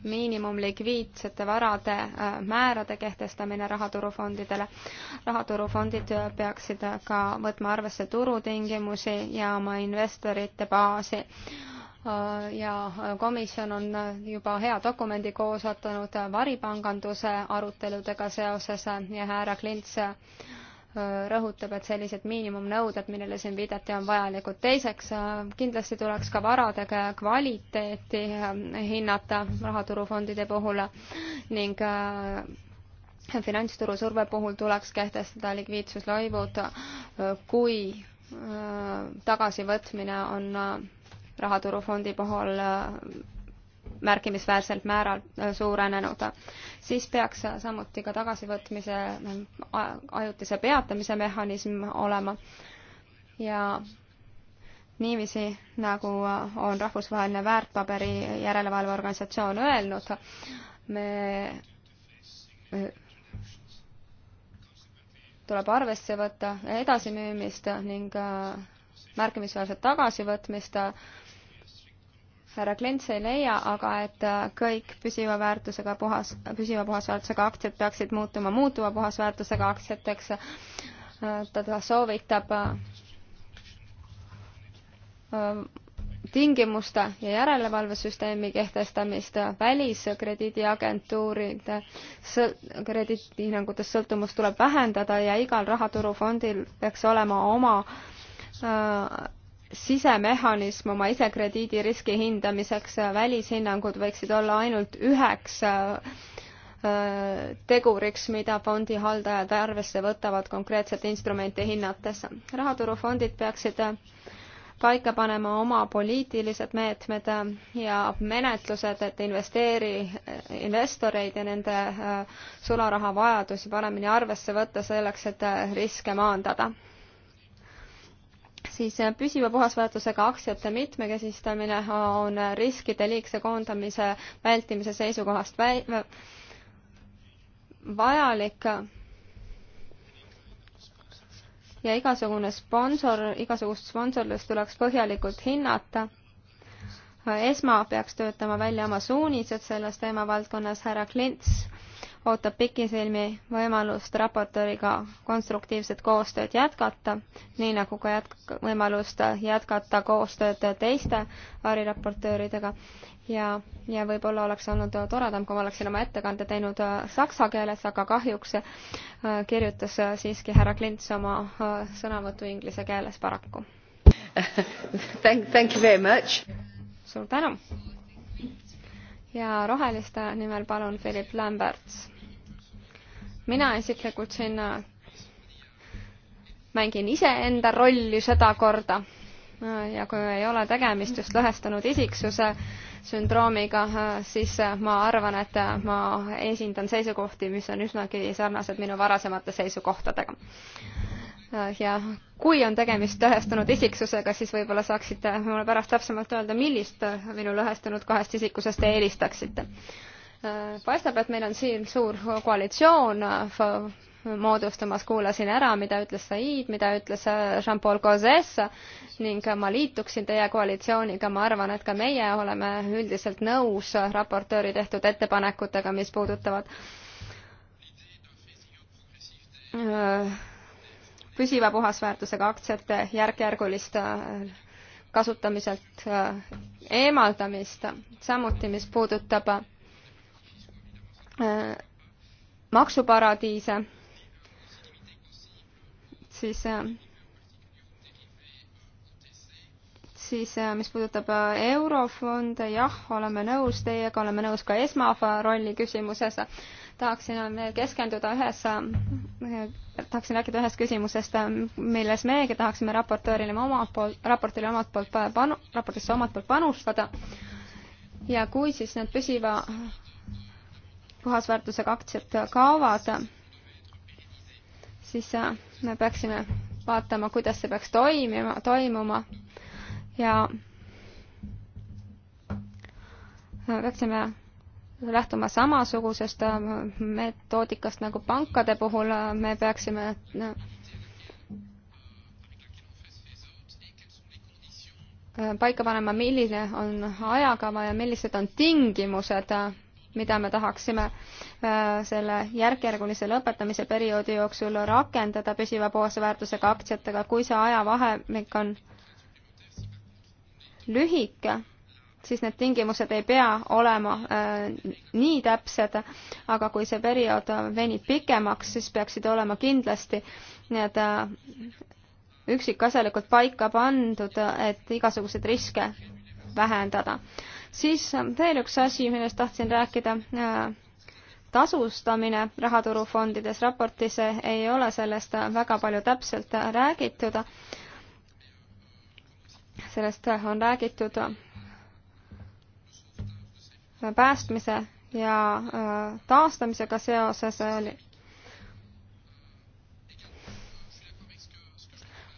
miinimumlikviidsete varade määrade kehtestamine rahaturufondidele. rahaturufondid peaksid ka võtma arvesse turutingimusi ja oma investorite baasi. ja komisjon on juba hea dokumendi koosatanud varipanganduse aruteludega seoses ja härra Klints Äh, rõhutab, et sellised miinimumnõuded, millele siin viidati, on vajalikud. teiseks, äh, kindlasti tuleks ka varade kvaliteeti äh, hinnata rahaturufondide puhul ning finantsturu surve puhul tuleks kehtestada likviidsuslaivud, kui tagasivõtmine on rahaturufondi puhul märkimisväärselt määral äh, suurenenud, siis peaks samuti ka tagasivõtmise mm, ajutise peatamise mehhanism olema ja niiviisi, nagu on rahvusvaheline väärtpaberi järelevalveorganisatsioon öelnud, me äh, tuleb arvesse võtta edasimüümist ning äh, märkimisväärset tagasivõtmist härra Klints ei leia aga, et äh, kõik püsiva väärtusega puhas, püsiva puhasväärtusega aktsiad peaksid muutuma muutuva puhasväärtusega aktsiateks. Äh, ta soovitab äh, tingimuste ja järelevalvesüsteemi kehtestamist väliskrediidiagentuuride krediidihinnangutest sõltumust tuleb vähendada ja igal rahaturufondil peaks olema oma sisemehhanism oma isekrediidi riski hindamiseks, välishinnangud võiksid olla ainult üheks äh, teguriks, mida fondihaldajad arvesse võtavad konkreetset instrumenti hinnates. rahaturufondid peaksid paika panema oma poliitilised meetmed ja menetlused, et investeeri, investoreid ja nende äh, sularaha vajadusi paremini arvesse võtta selleks, et äh, riske maandada siis püsiva puhasväärtusega aktsiate mitmekesistamine on riskide liigse koondamise vältimise seisukohast vä vajalik ja igasugune sponsor, igasugust sponsorlust tuleks põhjalikult hinnata. ESMA peaks töötama välja oma suunised selles teemavaldkonnas, härra Klints ootab pikisilmi võimalust raportööriga konstruktiivset koostööd jätkata, nii nagu ka jätk-, võimalust jätkata koostööd teiste variraportööridega ja, ja võib-olla oleks olnud toredam, kui ma oleksin oma ettekande teinud äh, saksa keeles, aga kahjuks äh, kirjutas äh, siiski härra Klints oma sõnavõtu inglise keeles paraku. *laughs* Thank, thank you very much. suur tänu ja roheliste nimel palun Philip Lamberts. mina isiklikult siin äh, mängin iseenda rolli sedakorda äh, ja kui ei ole tegemist just lõhestunud isiksuse sündroomiga, äh, siis ma arvan, et ma esindan seisukohti, mis on üsnagi sarnased minu varasemate seisukohtadega. ja kui on tegemist lõhestunud isiksusega, siis võib-olla saaksite mulle pärast täpsemalt öelda, millist minu lõhestunud kahest isikusest te eelistaksite. paistab, et meil on siin suur koalitsioon moodustamas, kuulasin ära, mida ütles Said, mida ütles Jean-Paul Gauzes ning ma liituksin teie koalitsiooniga, ma arvan, et ka meie oleme üldiselt nõus raportööri tehtud ettepanekutega, mis puudutavad püsiva puhasväärtusega aktsiate järk-järgulist äh, kasutamiselt äh, eemaldamist, samuti mis puudutab äh, maksuparadiise, siis siis mis puudutab eurofonde, jah, oleme nõus teiega, oleme nõus ka esmafa rolli küsimuses. tahaksin veel keskenduda ühes tahaksin rääkida ühest küsimusest, ähm, milles meiegi tahaksime raportöörile omalt poolt, raportile omalt poolt panu-, raportisse omalt poolt panustada. ja kui siis need püsiva puhasväärtusega aktsiad kaovad, siis äh, me peaksime vaatama, kuidas see peaks toimima, toimuma ja äh, peaksime lähtuma samasugusest äh, metoodikast nagu pankade puhul, äh, me peaksime äh, paika panema, milline on ajakava ja millised on tingimused, mida me tahaksime selle järkjärgulise lõpetamise perioodi jooksul rakendada püsiva puhasväärtusega aktsiatega, kui see ajavahemik on lühike siis need tingimused ei pea olema äh, nii täpsed, aga kui see periood venib pikemaks, siis peaksid olema kindlasti need äh, üksikasjalikult paika pandud, et igasuguseid riske vähendada. siis veel üks asi, millest tahtsin rääkida äh,, tasustamine rahaturufondides, raportis ei ole sellest väga palju täpselt räägitud, sellest on räägitud päästmise ja äh, taastamisega seoses oli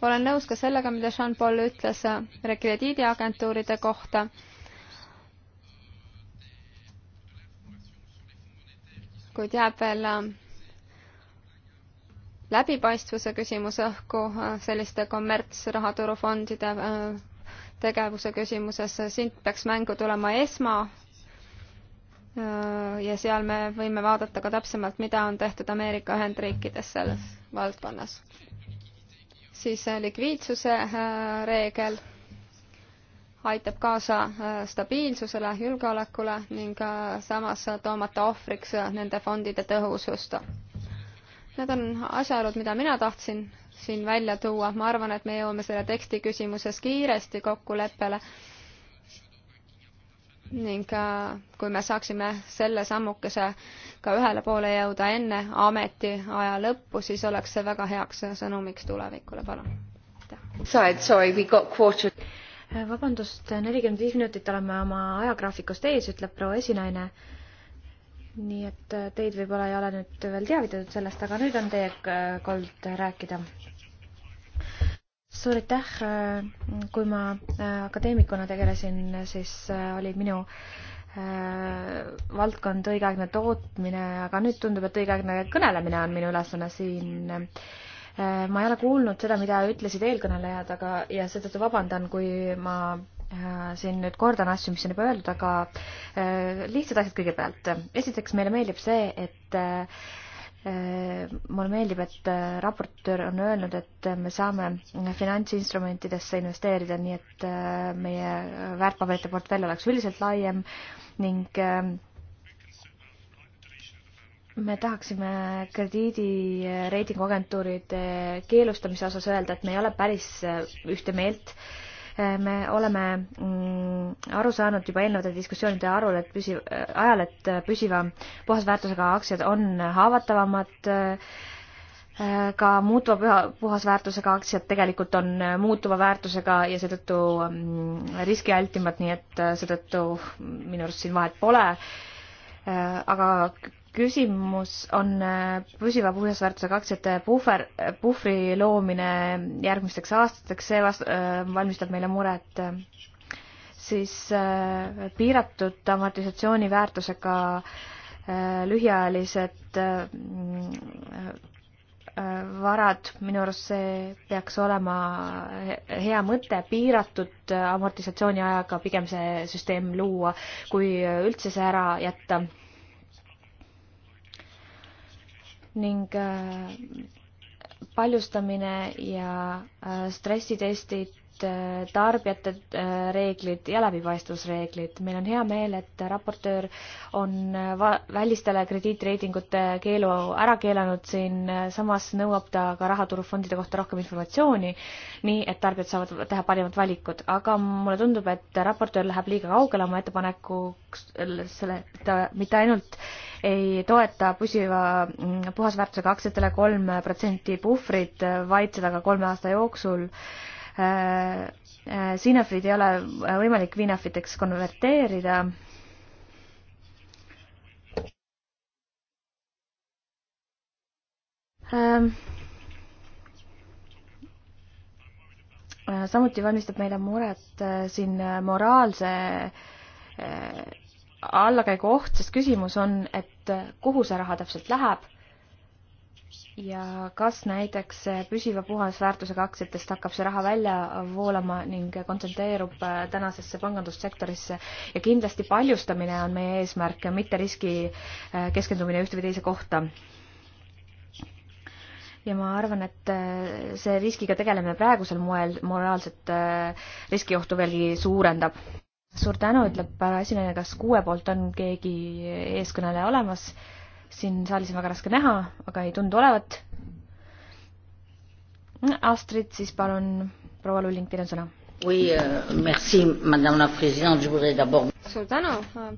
olen nõus ka sellega, mida Jean-Paul ütles äh, rekrediidiagentuuride kohta. kuid jääb veel äh, läbipaistvuse küsimus õhku selliste kommertsrahaturufondide tegevuse küsimuses. siin peaks mängu tulema ESMA Äh, ja seal me võime vaadata ka täpsemalt, mida on tehtud Ameerika Ühendriikides selles valdkonnas. siis äh, likviidsuse äh, reegel aitab kaasa stabiilsusele, julgeolekule ning samas toomata ohvriks nende fondide tõhusust. Need on asjaolud, mida mina tahtsin siin välja tuua, ma arvan, et me jõuame selle teksti küsimuses kiiresti kokkuleppele ning äh, kui me saaksime selle sammukese ka ühele poole jõuda enne ametiaja lõppu, siis oleks see väga heaks sõnumiks tulevikule, palun. Äh, vabandust, nelikümmend viis minutit oleme oma ajagraafikust ees, ütleb proua esinaine. nii et äh, teid võib-olla ei ole nüüd veel teavitatud sellest, aga nüüd on teie kord rääkida suur aitäh, kui ma äh, akadeemikuna tegelesin, siis äh, oli minu äh, valdkond õigeaegne tootmine, aga nüüd tundub, et õigeaegne kõnelemine on minu ülesanne siin. ma ei ole kuulnud seda, mida ütlesid eelkõnelejad, aga, ja seetõttu vabandan, kui ma siin nüüd kordan asju, mis on juba öeldud, aga lihtsad asjad kõigepealt. esiteks, meile meeldib see, et mulle meeldib, et äh, raportöör on öelnud, et me saame finantsinstrumentidesse investeerida, nii et äh, meie väärtpaberite portfell oleks üldiselt laiem ning äh, me tahaksime krediidireitinguagentuuride keelustamise osas öelda, et me ei ole päris ühte meelt me oleme mm, aru saanud juba eelnevate diskussioonide arul, et püsiv, ajal, et püsiva puhasväärtusega aktsiad on haavatavamad, ka muutuva püha, puhasväärtusega aktsiad tegelikult on muutuva väärtusega ja seetõttu mm, riskialtimad, nii et seetõttu minu arust siin vahet pole. aga küsimus on äh, püsiva puhasväärtusega aktsiate puhver, äh, puhvri loomine järgmisteks aastateks, see vast-, äh, valmistab meile muret. siis piiratud amortisatsiooni väärtusega lühiajalised varad, minu arust see peaks olema hea mõte, piiratud amortisatsiooni ajaga pigem see süsteem luua, kui üldse see ära jätta ning äh, paljustamine ja äh, stressitestid Äh, tarbijate äh, reeglid ja läbipaistvusreeglid. meil on hea meel, et raportöör on äh, välistele krediitreitingute keelu ära keelanud siin, samas nõuab ta ka rahaturufondide kohta rohkem informatsiooni, nii et tarbijad saavad teha parimad valikud. aga mulle tundub, et raportöör läheb liiga kaugele oma ettepanekuks, selle, ta mitte ainult ei toeta püsiva mm, puhasväärtusega aktsiatele kolm protsenti puhvrit, vaid seda ka kolme aasta jooksul Äh, äh, Sinafid ei ole võimalik Vinafiteks konverteerida. Ähm, samuti valmistab meile muret äh, siin moraalse allakäigu oht, sest küsimus on, et kuhu see raha täpselt läheb ja kas näiteks püsiva puhasväärtusega aktsiatest hakkab see raha välja voolama ning koncentreerub äh, tänasesse pangandussektorisse ja kindlasti paljustamine on meie eesmärk, mitte riski äh, keskendumine ühte või teise kohta. ja ma arvan, et äh, see riskiga tegelemine praegusel moel moraalset riskiohtu veelgi suurendab. suur tänu, ütleb esineja, kas kuue poolt on keegi eeskõneleja olemas? siin saalis on väga raske näha, aga ei tundu olevat. Astrid, siis palun, proua Lulling, teil on sõna. Oui, euh, merci, madame la présidente. Je voudrais d'abord suur tänu,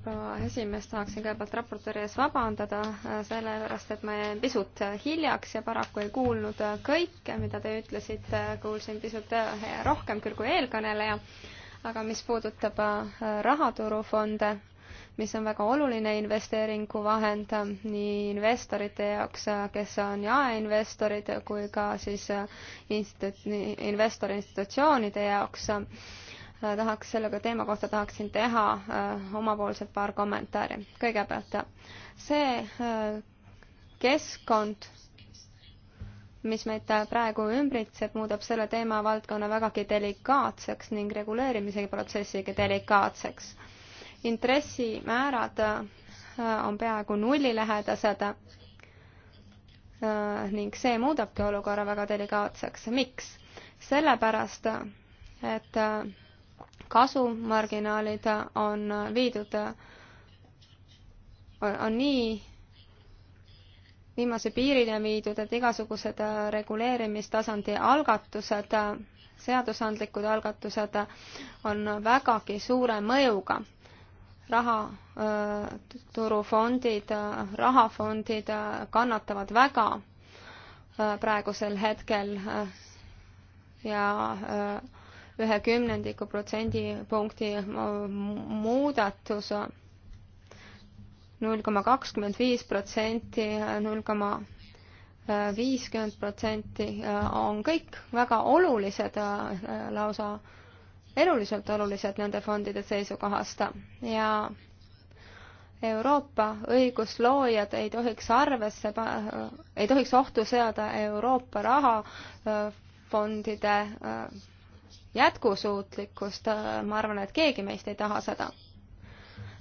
proua esimees, tahaksin kõigepealt raportööri ees vabandada, äh, sellepärast et ma jäin pisut äh, hiljaks ja paraku ei kuulnud äh, kõike, mida te ütlesite, kuulsin pisut rohkem küll kui eelkõneleja, aga mis puudutab rahaturufonde, mis on väga oluline investeeringuvahend äh, nii investorite jaoks, äh, kes on jaeinvestorid, kui ka siis äh, instituut, investorinstitutsioonide jaoks. tahaks sellega teema kohta tahaksin teha omapoolselt paar kommentaari. kõigepealt see keskkond, mis meid praegu ümbritseb, muudab selle teemavaldkonna vägagi delikaatseks ning reguleerimise protsessigi delikaatseks intressimäärad äh, on peaaegu nullilähedased äh, ning see muudabki olukorra väga delikaatseks. miks? sellepärast, et äh, kasumarginaalid on viidud, on nii viimase piirile viidud, et igasugused reguleerimistasandi algatused, seadusandlikud algatused on vägagi suure mõjuga rahaturufondid, äh, äh, rahafondid äh, kannatavad väga praegusel hetkel ja ühe kümnendiku protsendipunkti muudatus null koma kakskümmend viis protsenti, null koma viiskümmend protsenti on kõik väga olulised lausa eluliselt olulised nende fondide seisukohast ja Euroopa õigusloojad ei tohiks arvesse, ei tohiks ohtu seada Euroopa rahafondide äh, äh, jätkusuutlikkust, äh, ma arvan, et keegi meist ei taha seda.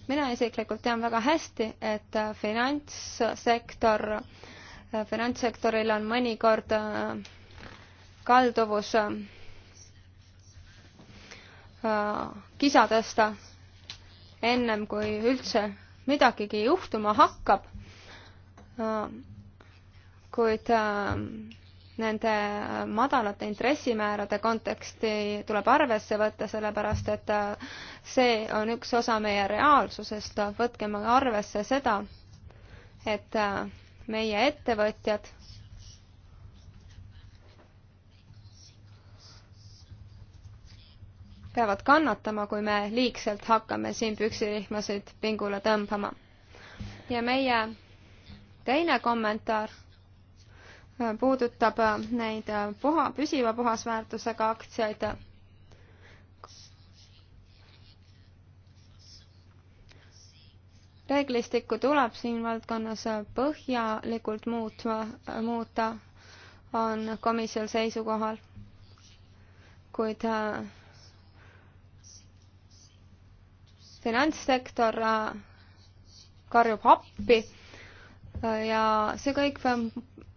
mina isiklikult tean väga hästi, et finantssektor, finantssektoril on mõnikord kalduvus Äh, kisa tõsta ennem kui üldse midagigi juhtuma hakkab. Äh, kuid äh, nende madalate intressimäärade konteksti tuleb arvesse võtta, sellepärast et see on üks osa meie reaalsusest, võtkem arvesse seda, et meie ettevõtjad peavad kannatama, kui me liigselt hakkame siin püksirihmasid pingule tõmbama. ja meie teine kommentaar äh, puudutab äh, neid äh, puha, püsiva puhasväärtusega aktsiaid. reeglistikku tuleb siin valdkonnas põhjalikult muutma, muuta, on komisjon seisukohal, kuid ta finantssektor äh, karjub appi äh, ja see kõik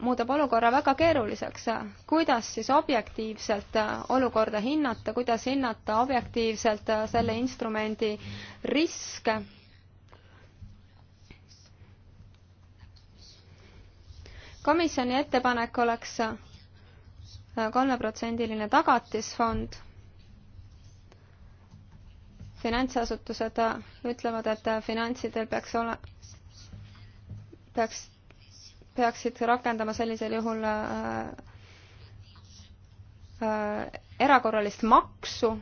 muudab olukorra väga keeruliseks. kuidas siis objektiivselt äh, olukorda hinnata, kuidas hinnata objektiivselt selle instrumendi riske? komisjoni ettepanek oleks kolmeprotsendiline tagatisfond finantsasutused ütlevad, et finantsidel peaks ole, peaks, peaksid rakendama sellisel juhul äh, äh, erakorralist maksu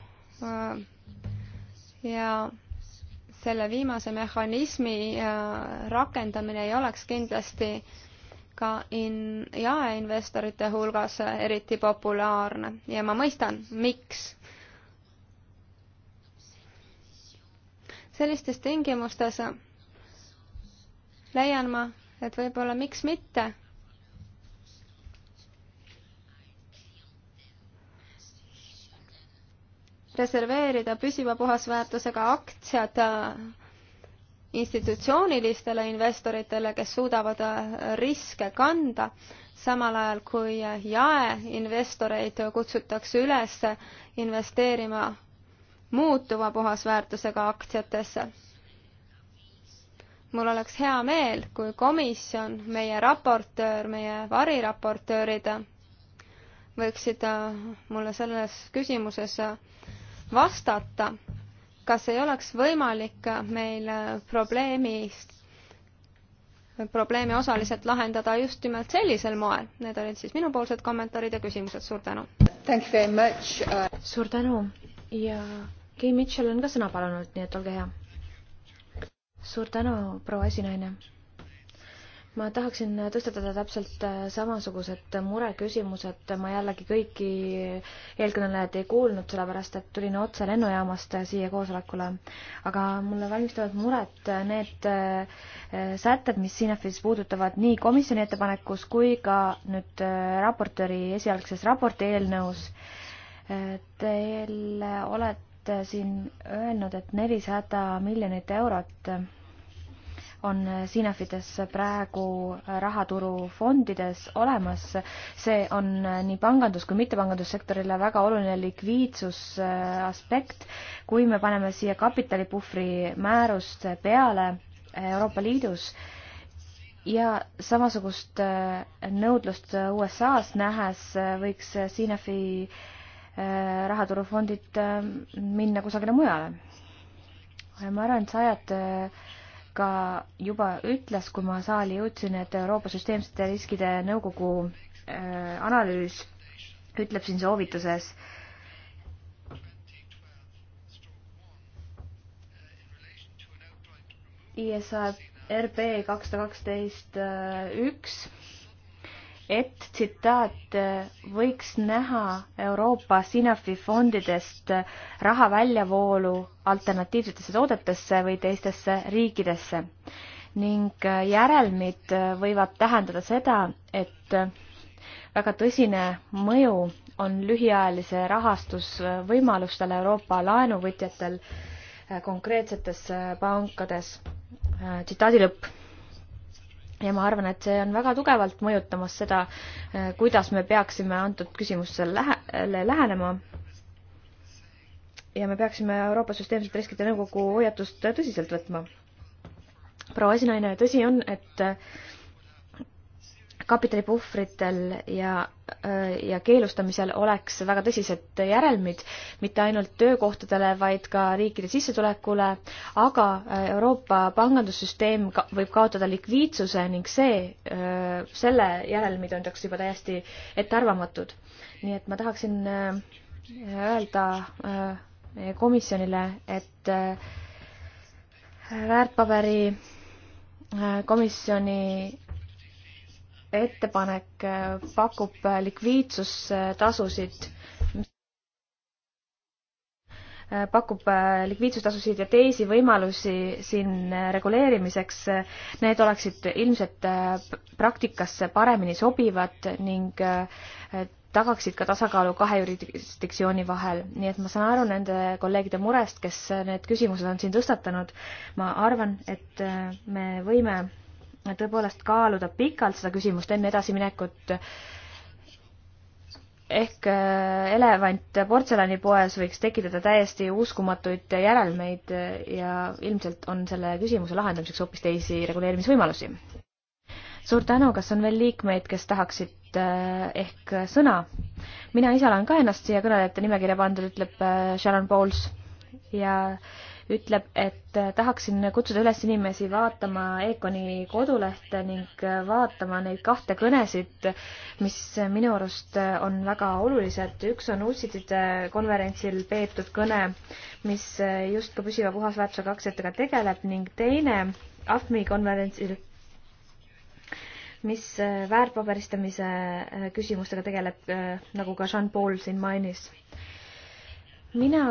äh, ja selle viimase mehhanismi äh, rakendamine ei oleks kindlasti ka in- jaeinvestorite hulgas eriti populaarne ja ma mõistan, miks sellistes tingimustes leian ma, et võib-olla miks mitte reserveerida püsiva puhasväärtusega aktsiad äh, institutsioonilistele investoritele, kes suudavad äh, riske kanda, samal ajal kui äh, jaeinvestoreid kutsutakse üles investeerima muutuva puhasväärtusega aktsiatesse. mul oleks hea meel, kui komisjon, meie raportöör, meie variraportöörid võiksid äh, mulle selles küsimuses vastata, kas ei oleks võimalik meil probleemist probleemi osaliselt lahendada just nimelt sellisel moel. Need olid siis minupoolsed kommentaarid ja küsimused, suur tänu! suur tänu ja Kay Mitchell on ka sõna palunud, nii et olge hea. suur tänu, proua esinaine ma tahaksin tõstatada täpselt äh, samasugused mureküsimused, ma jällegi kõiki eelkõnelejad ei kuulnud, sellepärast et tulin otse lennujaamast äh, siia koosolekule. aga mulle valmistavad muret äh, need sätted, mis CINEF-is puudutavad nii komisjoni ettepanekus kui ka nüüd raportööri esialgses raporti eelnõus. Teil olete olete äh, siin öelnud, et nelisada miljonit eurot on äh, Sinafides praegu äh, rahaturufondides olemas. see on nii pangandus kui mittepangandussektorile väga oluline likviidsusaspekt. kui me paneme siia kapitalipuhvri määrust peale Euroopa Liidus, ja samasugust nõudlust USA-s nähes võiks Sinafi äh, Äh, rahaturufondid äh, minna kusagile mujale. ma arvan, et sajad äh, ka juba ütles, kui ma saali jõudsin, et Euroopa Süsteemsete Riskide Nõukogu analüüs ütleb siin soovituses, ISA RB kakssada kaksteist üks et tsitaat äh, võiks näha Euroopa Sinafi fondidest äh, raha väljavoolu alternatiivsetesse toodetesse või teistesse riikidesse. ning äh, järelmid võivad tähendada seda, et väga tõsine mõju on lühiajalise rahastusvõimalustele Euroopa laenuvõtjatel konkreetsetes pankades. tsitaadi lõpp ja ma arvan, et see on väga tugevalt mõjutamas seda, eh, kuidas me peaksime antud küsimustele lähe-, lähenema. ja me peaksime Euroopa Süsteemsete Riskide Nõukogu hoiatust tõsiselt võtma. proua esinaine, tõsi on, et kapitalipuhvritel ja, äh, ja keelustamisel oleks väga tõsised järelmid mitte ainult töökohtadele, vaid ka riikide sissetulekule, aga äh, Euroopa pangandussüsteem ka, võib kaotada likviidsuse ning see, äh, selle järelmid on taks juba täiesti ettearvamatud. nii et ma tahaksin öelda komisjonile, et väärtpaberi komisjoni ettepanek äh, pakub äh, likviidsustasusid, äh, pakub likviidsustasusid ja teisi võimalusi siin reguleerimiseks. Need oleksid ilmselt praktikasse paremini sobivad ning tagaksid ka tasakaalu kahe jurisdiktsiooni vahel, nii et ma saan aru nende kolleegide murest, kes need küsimused on siin tõstatanud. ma arvan, et me võime tõepoolest kaaluda pikalt seda küsimust enne edasiminekut. ehk äh, elevant portselanipoes võiks tekitada täiesti uskumatuid järelmeid ja ilmselt on selle küsimuse lahendamiseks hoopis teisi reguleerimisvõimalusi. suur tänu, kas on veel liikmeid, kes tahaksid äh, ehk sõna? mina ise olen ka ennast siia kõnelejate nimekirja pandud, ütleb äh, Sharon Bowles ja äh, ütleb, et tahaksin kutsuda üles inimesi vaatama Econi kodulehte ning vaatama neid kahte kõnesid, mis minu arust on väga olulised. üks on Uusitide konverentsil peetud kõne, mis just ka püsiva puhasväärtusega aktsiatega tegeleb ning teine AFMi konverentsil mis väärtpaberistamise küsimustega tegeleb, nagu ka Jean-Paul siin mainis. mina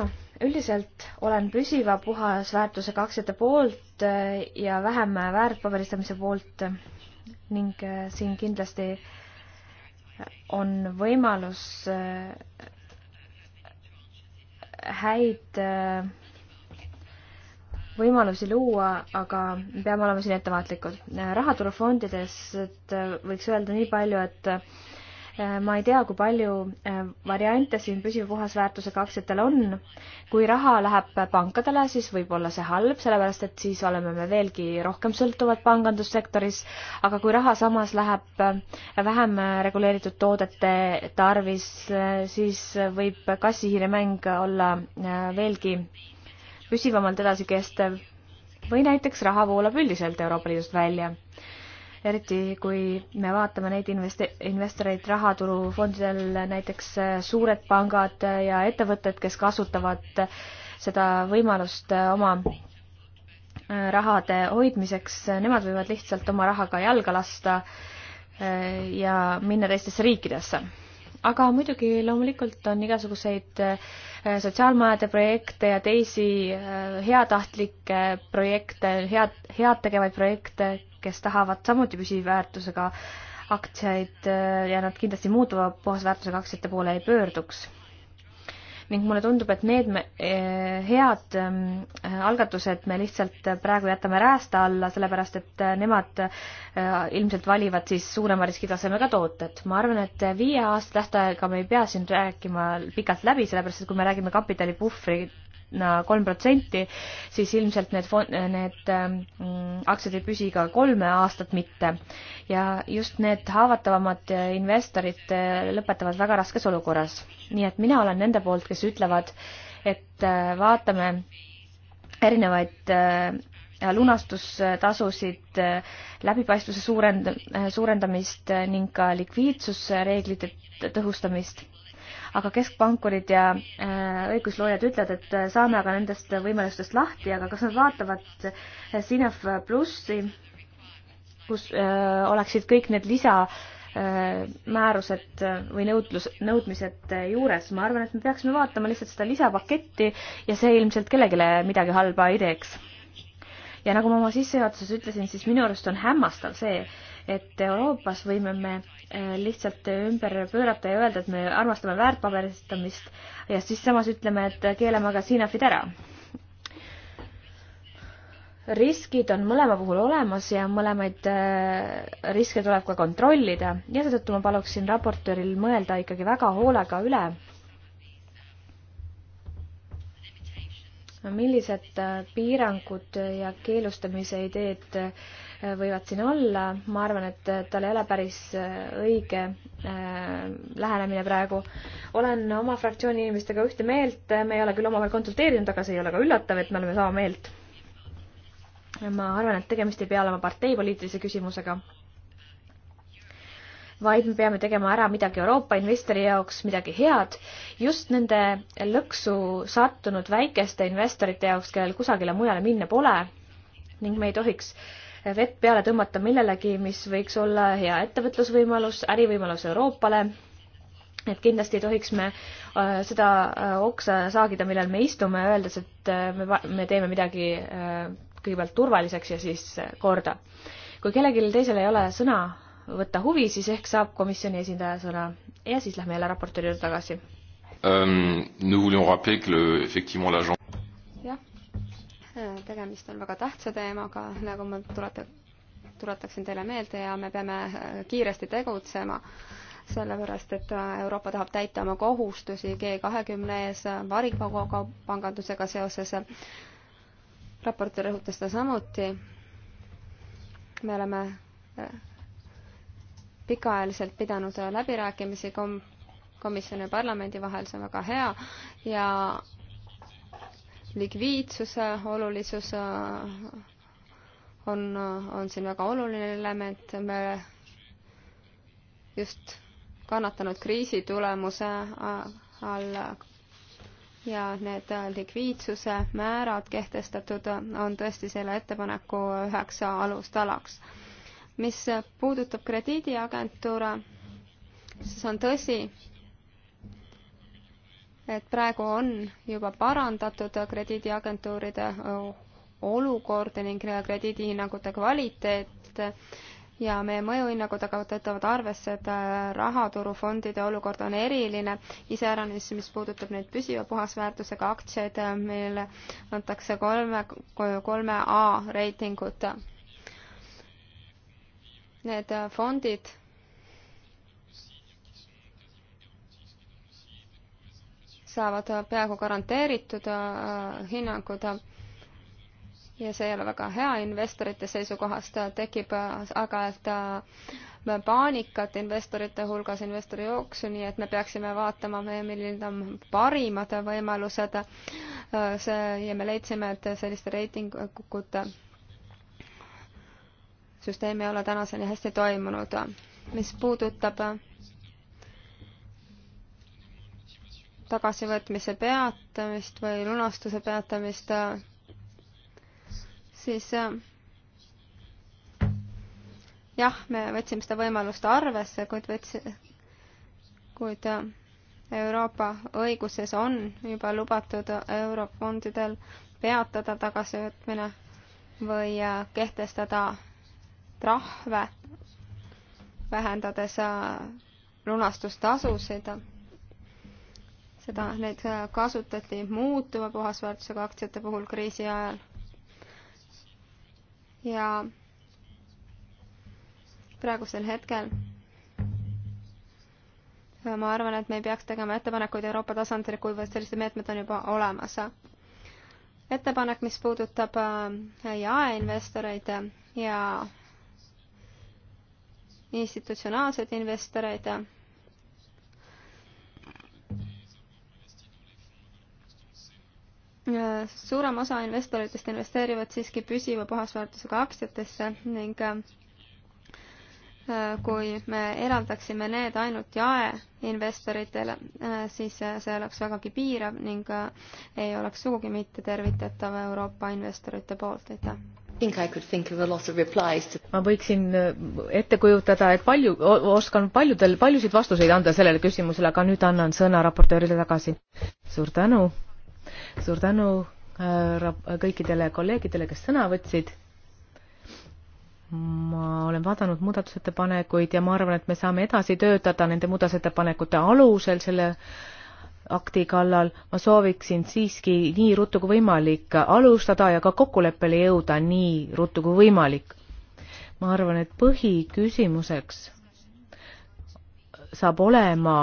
üldiselt olen püsiva puhasväärtusega aktsiate poolt äh, ja vähem väärtpaberistamise poolt ning äh, siin kindlasti on võimalus äh, häid võimalusi luua, aga me peame olema siin ettevaatlikud. rahaturufondides võiks öelda nii palju, et Äh, ma ei tea, kui palju äh, variante siin püsiva puhasväärtusega aktsiatel on. kui raha läheb pankadele, siis võib olla see halb, sellepärast et siis oleme me veelgi rohkem sõltuvad pangandussektoris, aga kui raha samas läheb äh, vähem reguleeritud toodete tarvis, siis võib kassihiiremäng olla veelgi püsivamalt edasi kestev või näiteks raha voolab üldiselt Euroopa Liidust välja eriti kui me vaatame neid investe-, investoreid rahaturufondidel, näiteks äh, suured pangad äh, ja ettevõtted, kes kasutavad äh, seda võimalust oma rahade hoidmiseks, nemad võivad lihtsalt oma rahaga jalga lasta ja minna teistesse riikidesse aga muidugi loomulikult on igasuguseid sotsiaalmajade projekte ja teisi heatahtlikke projekte, head, head tegevaid projekte, kes tahavad samuti püsiväärtusega aktsiaid äh, ja nad kindlasti muutuva puhasväärtusega aktsiate poole ei pöörduks. ning mulle tundub, et need me, äh, head ähm, äh, algatused me lihtsalt praegu jätame räästa alla, sellepärast et nemad ilmselt valivad siis suurema riskitasemega tooted. ma arvan, et viie aasta tähtaega me ei pea siin rääkima pikalt läbi, sellepärast et kui me räägime kapitalipuhvri kolm protsenti, siis ilmselt need fond, need ähm, aktsiad ei püsi ka kolme aastat mitte. ja just need haavatavamad investorid äh, lõpetavad väga raskes olukorras. nii et mina olen nende poolt, kes ütlevad, et äh, vaatame erinevaid äh, lunastustasusid, läbipaistvuse suurend-, suurendamist ning ka likviidsusreeglite tõhustamist aga keskpankurid ja äh, õigusloojad ütlevad, et äh, saame aga nendest võimalustest lahti, aga kas nad vaatavad äh, Sinef plussi, kus oleksid kõik need lisa määrused või nõudlus, nõudmised juures, ma arvan, et me peaksime vaatama lihtsalt seda lisapaketti ja see ilmselt kellelegi midagi halba ei teeks. ja nagu ma oma sissejuhatuses ütlesin, siis minu arust on hämmastav see, et Euroopas võime me äh, lihtsalt ümber pöörata ja öelda, et me armastame väärtpaberistamist ja siis samas ütleme, et keelame aga siinafid ära. riskid on mõlema puhul olemas ja mõlemaid äh, riske tuleb ka kontrollida ja seetõttu ma paluksin raportööril mõelda ikkagi väga hoolega üle, millised äh, piirangud ja keelustamise ideed võivad siin olla, ma arvan, et tal ei ole päris äh, õige äh, lähenemine praegu. olen oma fraktsiooni inimestega ühte meelt, me ei ole küll omavahel konsulteerinud, aga see ei ole ka üllatav, et me oleme sama meelt. ma arvan, et tegemist ei pea olema parteipoliitilise küsimusega, vaid me peame tegema ära midagi Euroopa investori jaoks, midagi head, just nende lõksu sattunud väikeste investorite jaoks, kellel kusagile mujale minna pole ning me ei tohiks äh, vett peale tõmmata millelegi, mis võiks olla hea ettevõtlusvõimalus, ärivõimalus Euroopale. et kindlasti ei tohiks me äh, seda äh, oksa saagida, millel me istume, öeldes, et äh, me, me teeme midagi kõigepealt turvaliseks ja siis korda. kui kellelgi teisel ei ole sõna võtta huvi, siis ehk saab komisjoni esindaja sõna ja siis lähme jälle raportööri juurde tagasi. Um, nous voulions rappeler que le, effectivement l'agent tegemist on väga tähtsa teemaga, nagu ma tuleta-, tuletaksin teile meelde ja me peame äh, kiiresti tegutsema, sellepärast et äh, Euroopa tahab täita oma kohustusi G kahekümne ees äh, varipangandusega seoses. raportöör rõhutas seda samuti. me oleme pikaajaliselt pidanud läbirääkimisi kom-, komisjoni ja parlamendi vahel, see on väga hea ja likviidsuse olulisus äh, on, äh, on siin väga oluline element, me just kannatanud kriisi tulemuse äh, all ja need likviidsuse määrad kehtestatud on tõesti selle ettepaneku üheks alustalaks. mis puudutab krediidiagentuure, siis on tõsi, et praegu on juba parandatud krediidiagentuuride äh, olukorda ning krediidihinnangute kvaliteet ja meie mõjuhinnangud aga võtavad arvesse, et äh, rahaturufondide olukord on eriline, iseäranis, mis puudutab neid püsiva puhasväärtusega aktsiaid, äh, millele antakse kolme, kolme A reitingut. Need fondid saavad peaaegu garanteeritud äh, hinnangud ja see ei ole väga hea investorite seisukohast, tekib aeg-ajalt äh, paanikat investorite hulgas, investori jooksu, nii et me peaksime vaatama, millised on parimad võimalused. Äh, see ja me leidsime, et selliste reitingute süsteem ei ole tänaseni hästi toimunud. mis puudutab tagasivõtmise peatamist või lunastuse peatamist, siis jah, me võtsime seda võimalust arvesse, kuid võts-, kuid Euroopa õiguses on juba lubatud eurofondidel peatada tagasivõtmine või kehtestada trahve, vähendades lunastustasusid seda, neid äh, kasutati muutuva puhasväärtusega aktsiate puhul kriisi ajal. ja praegusel hetkel äh, ma arvan, et me ei peaks tegema ettepanekuid Euroopa tasandil, kuivõrd sellised meetmed on juba olemas. ettepanek, mis puudutab äh, jaeinvestoreid ja institutsionaalseid investoreid ja Äh, suurem osa investoritest investeerivad siiski püsiva puhasväärtusega aktsiatesse ning äh, äh, kui me eraldaksime need ainult jaeinvestoritele, siis see oleks vägagi piirav ning ei oleks sugugi mitte tervitatav Euroopa investorite poolt, aitäh. ma võiksin ette kujutada, et palju, oskan paljudel, paljusid vastuseid anda sellele küsimusele, aga nüüd annan sõna raportöörile tagasi. suur tänu suur tänu kõikidele kolleegidele, kes sõna võtsid. ma olen vaadanud muudatusettepanekuid ja ma arvan, et me saame edasi töötada nende muudatusettepanekute alusel selle akti kallal. ma sooviksin siiski nii ruttu kui võimalik alustada ja ka kokkuleppele jõuda nii ruttu kui võimalik. ma arvan, et põhiküsimuseks saab olema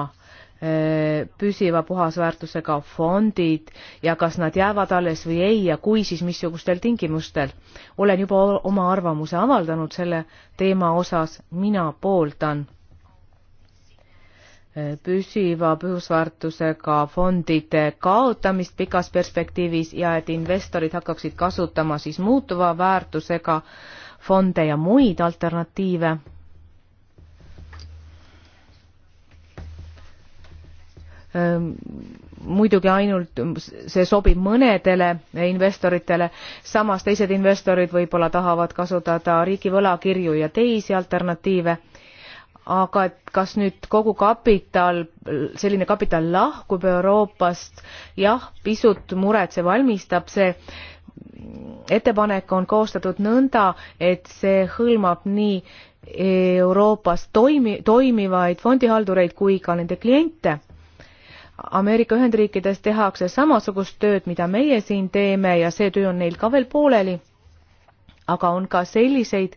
Äh, püsiva puhasväärtusega fondid ja kas nad jäävad alles või ei ja kui, siis missugustel tingimustel. olen juba oma arvamuse avaldanud selle teema osas, mina pooldan äh, püsiva pühusväärtusega fondide kaotamist pikas perspektiivis ja et investorid hakkaksid kasutama siis muutuva väärtusega fonde ja muid alternatiive Ehm, muidugi ainult see sobib mõnedele investoritele, samas teised investorid võib-olla tahavad kasutada riigi võlakirju ja teisi alternatiive, aga et kas nüüd kogu kapital, selline kapital lahkub Euroopast, jah, pisut muret see valmistab, see ettepanek on koostatud nõnda, et see hõlmab nii Euroopas toimi, toimivaid fondihaldureid kui ka nende kliente Ameerika Ühendriikides tehakse samasugust tööd, mida meie siin teeme ja see töö on neil ka veel pooleli. aga on ka selliseid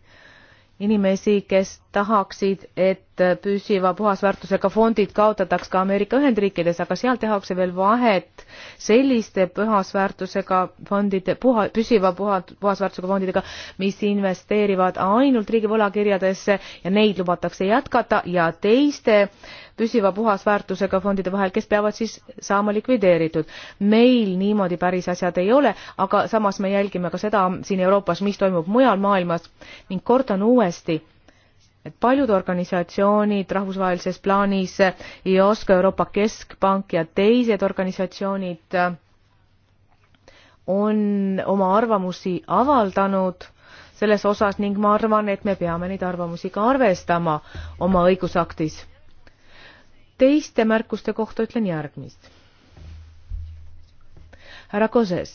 inimesi, kes tahaksid, et püsiva puhasväärtusega fondid kaotataks ka Ameerika Ühendriikides, aga seal tehakse veel vahet selliste puhasväärtusega fondide, puha, püsiva puha, puhasväärtusega fondidega, mis investeerivad ainult riigi võlakirjadesse ja neid lubatakse jätkata ja teiste püsiva puhasväärtusega fondide vahel, kes peavad siis saama likvideeritud. meil niimoodi päris asjad ei ole, aga samas me jälgime ka seda siin Euroopas, mis toimub mujal maailmas ning kordan uuesti et paljud organisatsioonid rahvusvahelises plaanis, IOSCO, Euroopa Keskpank ja teised organisatsioonid on oma arvamusi avaldanud selles osas ning ma arvan, et me peame neid arvamusi ka arvestama oma õigusaktis. teiste märkuste kohta ütlen järgmist. härra Koses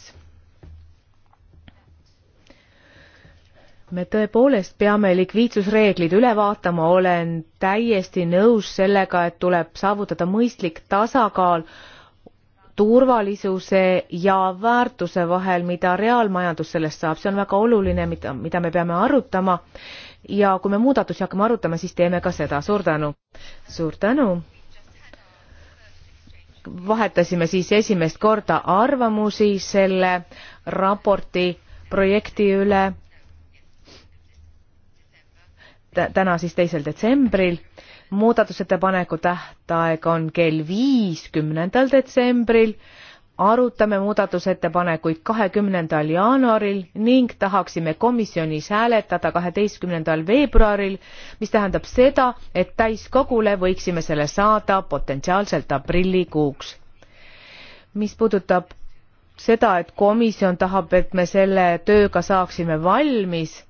me tõepoolest peame likviidsusreeglid üle vaatama, olen täiesti nõus sellega, et tuleb saavutada mõistlik tasakaal turvalisuse ja väärtuse vahel, mida reaalmajandus sellest saab, see on väga oluline, mida, mida me peame arutama. ja kui me muudatusi hakkame arutama, siis teeme ka seda, suur tänu. suur tänu. vahetasime siis esimest korda arvamusi selle raporti projekti üle täna siis teisel detsembril. muudatusettepaneku tähtaeg on kell viis, kümnendal detsembril. arutame muudatusettepanekuid kahekümnendal jaanuaril ning tahaksime komisjonis hääletada kaheteistkümnendal veebruaril, mis tähendab seda, et täiskogule võiksime selle saada potentsiaalselt aprillikuuks. mis puudutab seda, et komisjon tahab, et me selle tööga saaksime valmis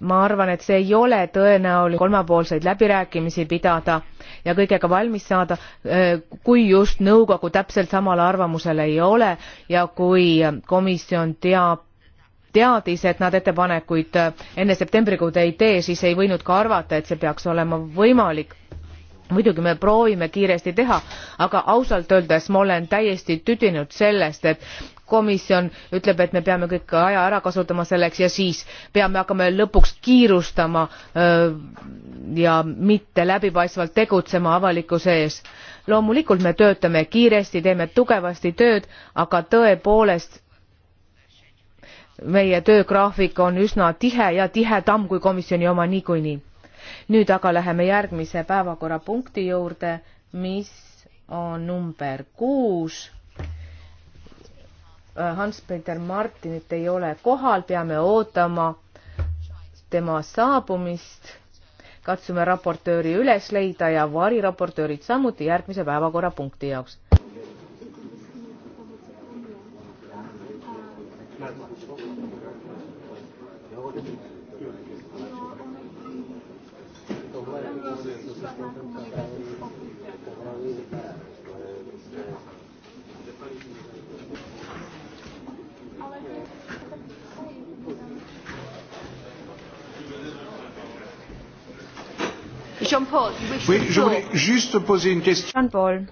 ma arvan, et see ei ole tõenäoline kolmapoolseid läbirääkimisi pidada ja kõigega valmis saada, kui just nõukogu täpselt samal arvamusel ei ole ja kui komisjon teab, teadis, et nad ettepanekuid enne septembrikuud ei tee, siis ei võinud ka arvata, et see peaks olema võimalik muidugi me proovime kiiresti teha aga ausalt öeldes ma olen täiesti tüdinud sellest et komisjon ütleb et me peame kõik aja ära kasutama selleks ja siis peame hakkama lõpuks kiirustama ja mitte läbipaistvalt tegutsema avalikkuse ees. loomulikult me töötame kiiresti teeme tugevasti tööd aga tõepoolest meie töögraafik on üsna tihe ja tihedam kui komisjoni oma niikuinii. nüüd aga läheme järgmise päevakorrapunkti juurde mis on number kuus Äh, Hans-Peter Martinit ei ole kohal, peame ootama tema saabumist. katsume raportööri üles leida ja variraportöörid samuti järgmise päevakorrapunkti jaoks. Thank you. Jean-Paul, oui, je voulais juste poser une question. Jean-Paul.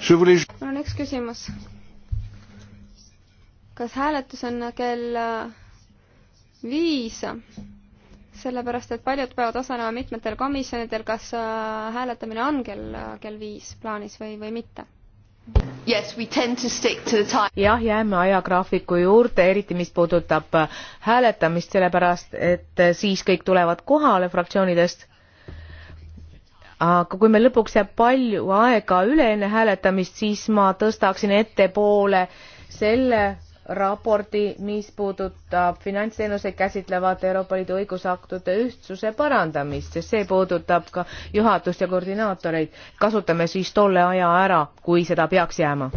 Je voulais... mul on üks küsimus. kas hääletus on kell äh, viis? sellepärast, et paljud peavad osalema mitmetel komisjonidel, kas äh, hääletamine on kell, äh, kell viis plaanis või, või mitte? jah, jääme ajagraafiku juurde, eriti mis puudutab hääletamist, sellepärast et siis kõik tulevad kohale fraktsioonidest aga kui meil lõpuks jääb palju aega üle enne hääletamist, siis ma tõstaksin ettepoole selle raporti, mis puudutab finantsteenuseid käsitlevate Euroopa Liidu õigusaktide ühtsuse parandamist, sest see puudutab ka juhatust ja koordinaatoreid. kasutame siis tolle aja ära, kui seda peaks jääma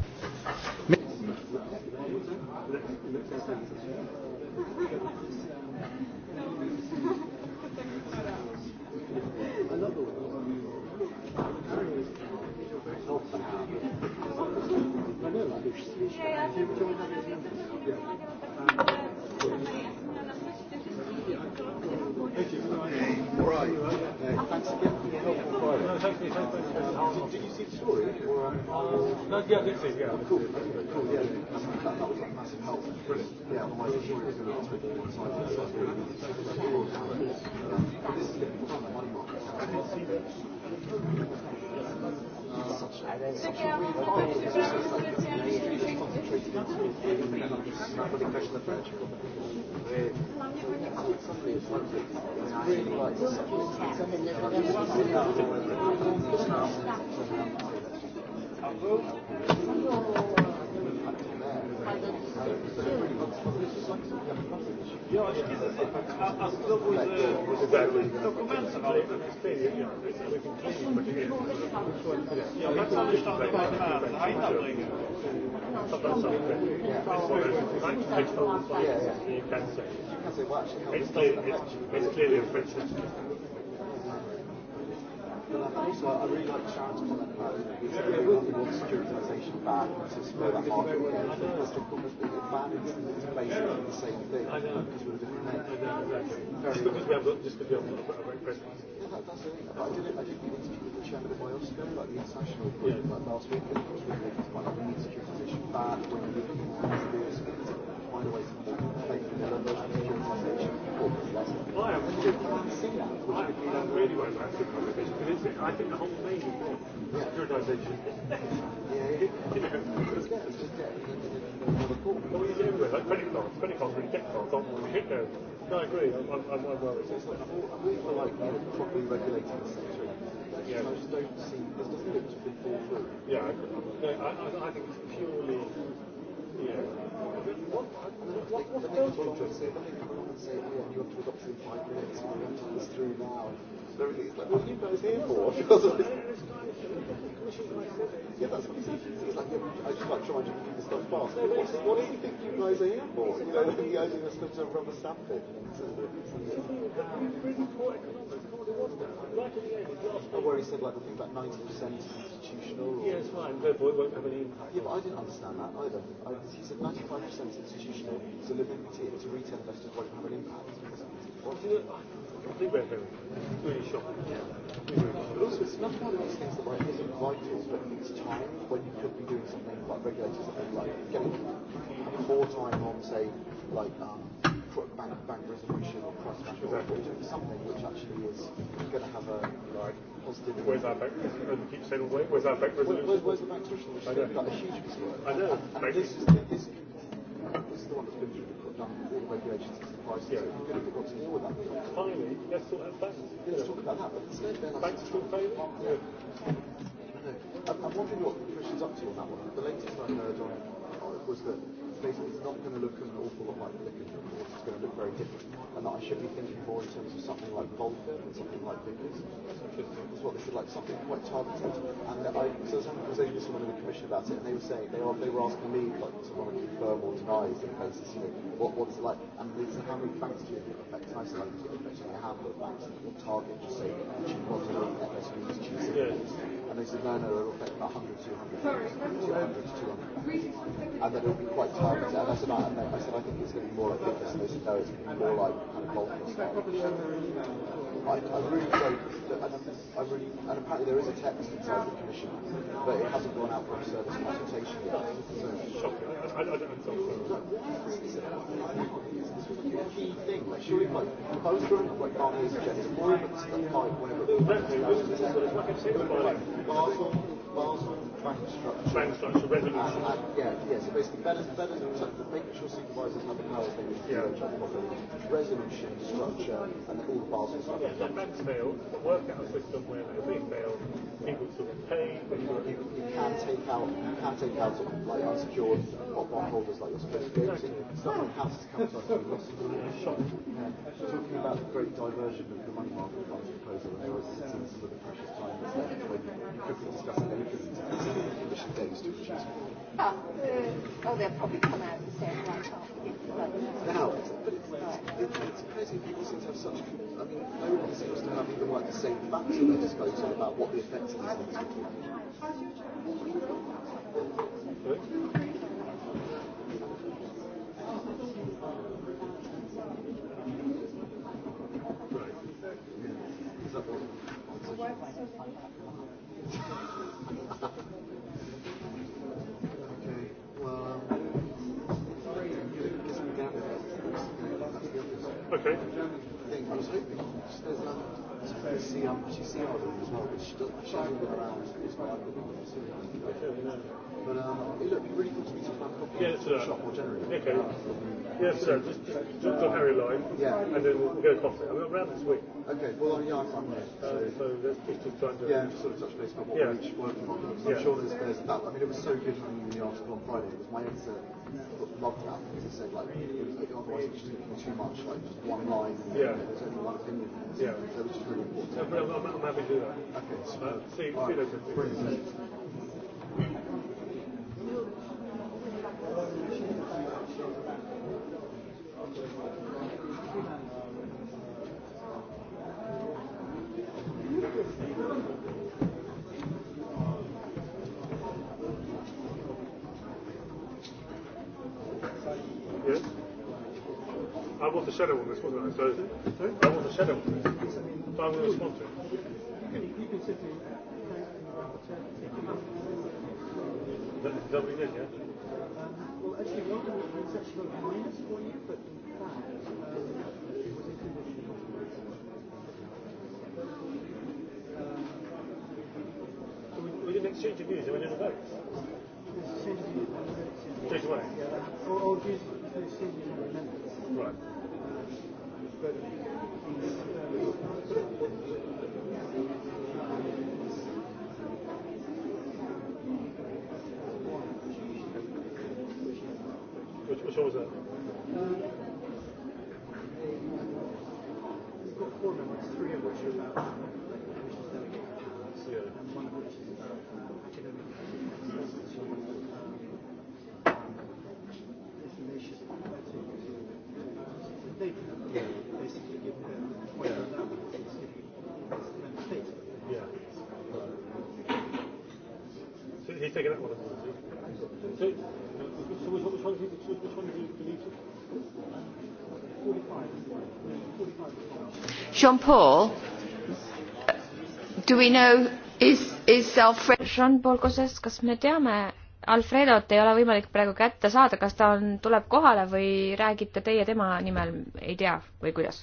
Based on this one, yeah, yeah. you can say. You can say, well, actually, how it's, clear, it's, it's clearly a French sentence. But I've also, I really like Sharon's comment about it will be one securitisation ban to spur that market because the government ban is basically the same thing because we're a different name. I know, exactly. Just because we have got, just because we have got a great president. Yeah, that, that's it. But I did, I did an interview with the chairman of IOSCO, like the international group, yeah. like last week, and it was really, like, an insecuritisation ban when you look at the Well, I am too. I think that's really where we're at in conversation. But it's, I think the whole thing is more securitization. Yeah, yeah. you know, it's there, it's just there. What are you doing with it? Credit cards, credit cards, really debt cards aren't crypto. No, I agree. I'm, I'm, I'm well with this. I really feel like you're properly regulating the sector. Yeah. I just don't see, this doesn't look to be fall through. Yeah, I agree. No, I, I, I think it's purely What are you guys here for? yeah, that's what he said. He's like, yeah, I just like trying to do this stuff fast. No, what, what do you think you guys are here for? You know, the idea of a rubber stamping where he said like the thing about 90% institutional. Or... Yeah, it's fine. Therefore, it won't have any impact. Yeah, but I didn't understand that either. I, he said 95% institutional, so limiting it to retail investors won't have an impact. What? You know, I think we're very, really shocked. Yeah. But also, it's not one of those things that like isn't vital, but needs time when you could be doing something like regulators, something like getting more time on, say, like um, put bank, bank resolution or cross-bank exactly. resolution, something which actually is going to have a right. positive impact. Where's our bank resolution? You keep saying, where, where's our bank resolution? Where, where's, where's the bank resolution? Which has got a huge piece of work. I know. And, and this, is, this, this is the one that's been done all the regulations to the prices. Yeah. So you're going to have got to deal with that. Finally, let's talk about banks. Yeah, let's yeah. talk about that. But instead then... Banks still failing? Yeah. yeah. I'm, I'm wondering what the Commission's up to on that one. The latest I heard on uh, was that basically it's not going to look an awful lot like the Lickard report going to look very different and that I should be thinking more in terms of something like Volker and something like Vickers. As well, they said like something quite targeted. And that I, so I was having a conversation with someone in the commission about it, and they were saying they were they were asking me like to want to confirm or deny the basis, you know, what what is it like, and they said how many facts do you think affects? And I said like effectively a handful of facts or target, just say cheap model FSBs, cheap yeah. And they said no, no, it'll affect 100, 200, 200, 200 and then it'll be quite tight. And I said, I, and I said, I think it's going to be more like fitness. And they said, no, it's going to be more like kind of golf and stuff. I, I really don't, and I'm, I really, and apparently there is a text inside the commission, but it hasn't gone out for a service consultation yet. So, shocking. I, I don't understand. Like, why is this? This was like a key thing. Like, surely, like, if I was throwing up like Barney's agenda, why would this like whenever it was? Exactly. This is what it's like. Basel, Basel frame structure. Frame structure, resolution. Uh, uh, yeah, yeah, so basically that is, that is making sure supervisors have the powers they need to yeah. check properly. Resolution structure and all the parts and stuff. Yeah, so banks fail, work out a system where they fail, people sort of pay. You, you, you can take out, you can take out sort of like unsecured bond holders like you're supposed to be able to. Stuff like houses comes up and lots of yeah. Talking about the great diversion of the money market funds proposal, and I was sitting some of the precious time that's left when you could be discussing anything. Yeah. Uh, oh, they'll probably come out and say it right after. Now, but it's, right. it's, it's crazy people seem to have such. I mean, no one seems to have even like the same facts at their disposal about what the effects of this is. Sorry? Right. Is that what? Okay. Thing. I was hoping there's um, she's see um, she's seen all of them as well, but she doesn't. She's been around. But um, hey, look, it'd be really good to meet you for a coffee. Yeah, sir. Shop more generally. Okay. Uh, yes, sir. Just, just talk to Harry Lyme. Yeah. And then we'll get a coffee. I'm around this week. Okay. Well, yeah, I'm, I'm here. Uh, so, uh, so let's just, just try and do yeah, just sort of touch base about what yeah. we're each working on. So yeah. I'm sure there's, there's that. I mean, it was so good from the article on Friday. It was my editor. Yeah loved about it is it said like it was like otherwise it's just thinking too much like just one line and yeah. there's only one opinion yeah. so which is really important no, but I'm, I'm, I'm happy to do that okay so uh, see, all right. see you later brilliant Thank you. shadow on this, wasn't I? So, Sorry? I was a shadow on this. But I was a sponsor. You can, you can simply that, that we did, yeah? Um, well, actually, one of them was actually minus for you, but in fact, um, it was included in the compromise. Um, so we, we didn't exchange of views, and we didn't vote. Change away. Yeah, or, or do you change your amendments? Right but Jean Paul, do we know, is, is Alfred? Jean Paul Koses, kas me teame, Alfredot ei ole võimalik praegu kätte saada, kas ta on, tuleb kohale või räägite teie tema nimel, ei tea või kuidas?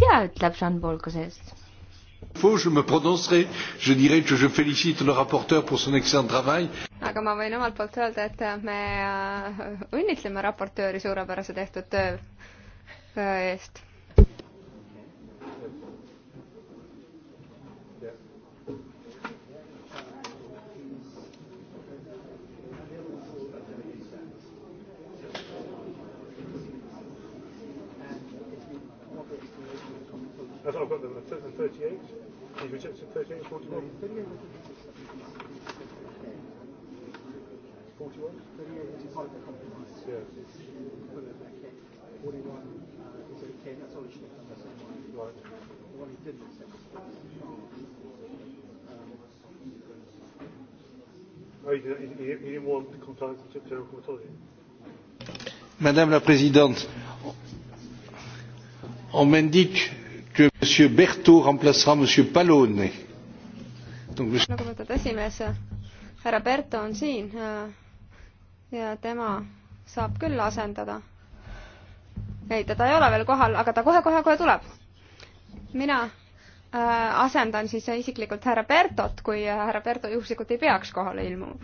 tea, ütleb Jean Paul Koses. Je me prononcerai, je dirai que je félicite le rapporteur pour son excellent travail. aga ma võin omalt poolt öelda, et me äh, õnnitleme raportööri suurepärase tehtud töö Äh, eest That's what I've got them at 38. He's rejected 38 41. 41. 41? 38 is like a compromise. Yeah. Put it back in. 41. Okay, that's all it should have That's all it was. What he did was um, Oh, you didn't, you didn't want the contact to general comatology? Madame la Présidente, on m'indique que M. Berthaud remplacera M. Pallone. Donc, monsieur... lugupeetud esimees, härra Berto on siin äh, ja tema saab küll asendada ei, teda ei ole veel kohal, aga ta kohe-kohe-kohe tuleb. mina äh, asendan siis isiklikult härra Bertot, kui härra Berto juhuslikult ei peaks kohale ilmuma.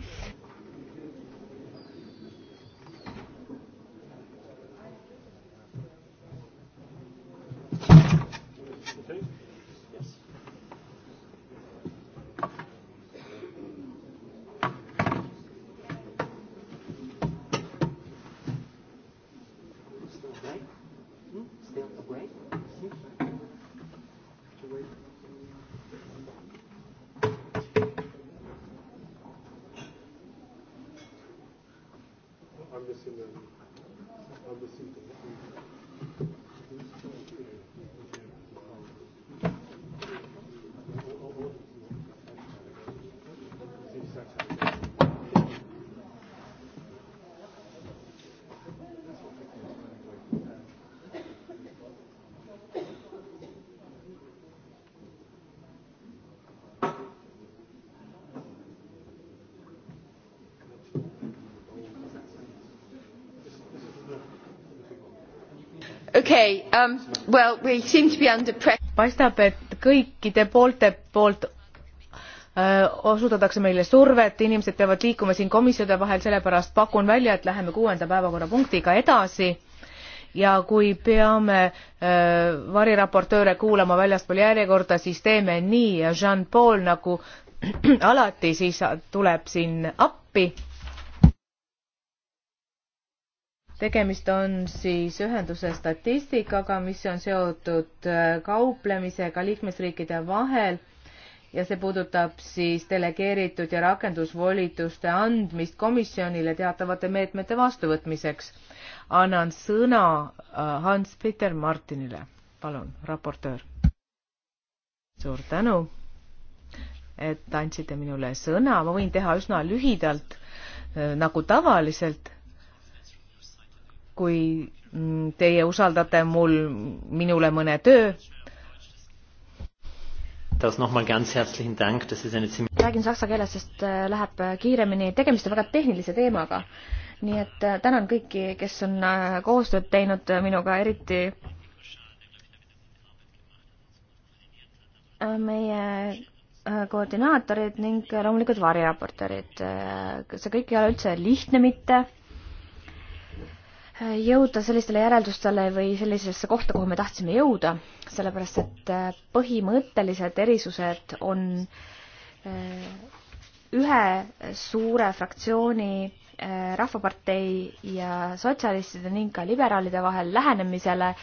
Okay, um, well, we paistab, et kõikide poolte poolt öö, äh, osutatakse meile survet, inimesed peavad liikuma siin komisjonide vahel, sellepärast pakun välja, et läheme kuuenda päevakorrapunktiga edasi ja kui peame öö, äh, variraportööre kuulama väljaspool järjekorda, siis teeme nii ja Jean-Paul nagu *clears throat* alati, siis tuleb siin appi tegemist on siis ühenduse statistikaga, mis on seotud äh, kauplemisega liikmesriikide vahel ja see puudutab siis delegeeritud ja rakendusvolituste andmist komisjonile teatavate meetmete vastuvõtmiseks. annan sõna äh, Hans-Peter Martinile, palun, raportöör. suur tänu, et andsite minule sõna, ma võin teha üsna lühidalt, äh, nagu tavaliselt kui mm, teie usaldate mul, minule mõne töö. räägin saksa keeles, sest äh, läheb äh, kiiremini, tegemist on väga tehnilise teemaga. nii et äh, tänan kõiki, kes on koostööd teinud minuga, eriti meie koordinaatorid ning loomulikult variraportöörid. see kõik ei ole üldse lihtne mitte jõuda sellistele järeldustele või sellisesse kohta, kuhu me tahtsime jõuda, sellepärast et äh, põhimõttelised erisused on äh, ühe suure fraktsiooni äh, Rahvapartei ja sotsialistide ning ka liberaalide vahel lähenemisele,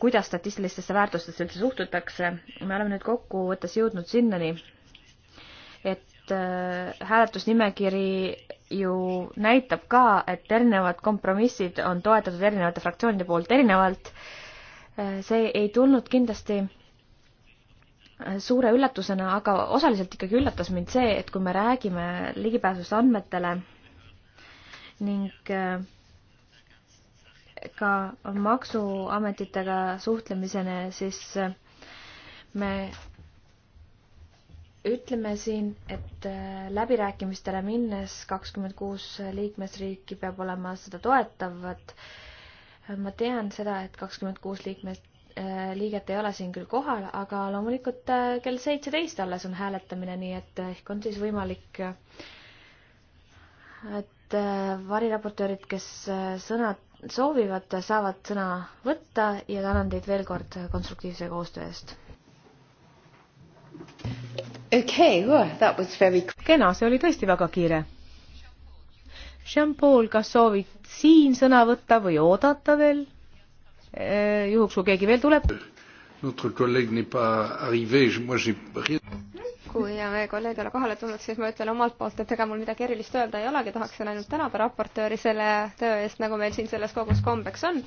kuidas statistilistesse väärtustesse üldse suhtutakse. me oleme nüüd kokkuvõttes jõudnud sinnani, et hääletusnimekiri ju näitab ka, et erinevad kompromissid on toetatud erinevate fraktsioonide poolt erinevalt. see ei tulnud kindlasti suure üllatusena, aga osaliselt ikkagi üllatas mind see, et kui me räägime ligipääsust andmetele ning äh, ka maksuametitega suhtlemisena, siis äh, me ütleme siin, et äh, läbirääkimistele minnes kakskümmend kuus liikmesriiki peab olema seda toetavad. ma tean seda, et kakskümmend kuus liikmes-, äh, liiget ei ole siin küll kohal, aga loomulikult äh, kell seitseteist alles on hääletamine, nii et ehk on siis võimalik, et variraportöörid, kes sõna soovivad, saavad sõna võtta ja tänan teid veel kord konstruktiivse koostöö eest okay, well, that was very... kena, see oli tõesti väga kiire. Jean-Paul, kas soovid siin sõna võtta või oodata veel? Eh, juhuks, kui keegi veel tuleb. kui meie kolleeg ei ole kohale tulnud, siis ma ütlen omalt poolt, et ega mul midagi erilist öelda ei olegi, tahaksin ainult tänada raportööri selle töö eest, nagu meil siin selles kogus kombeks on.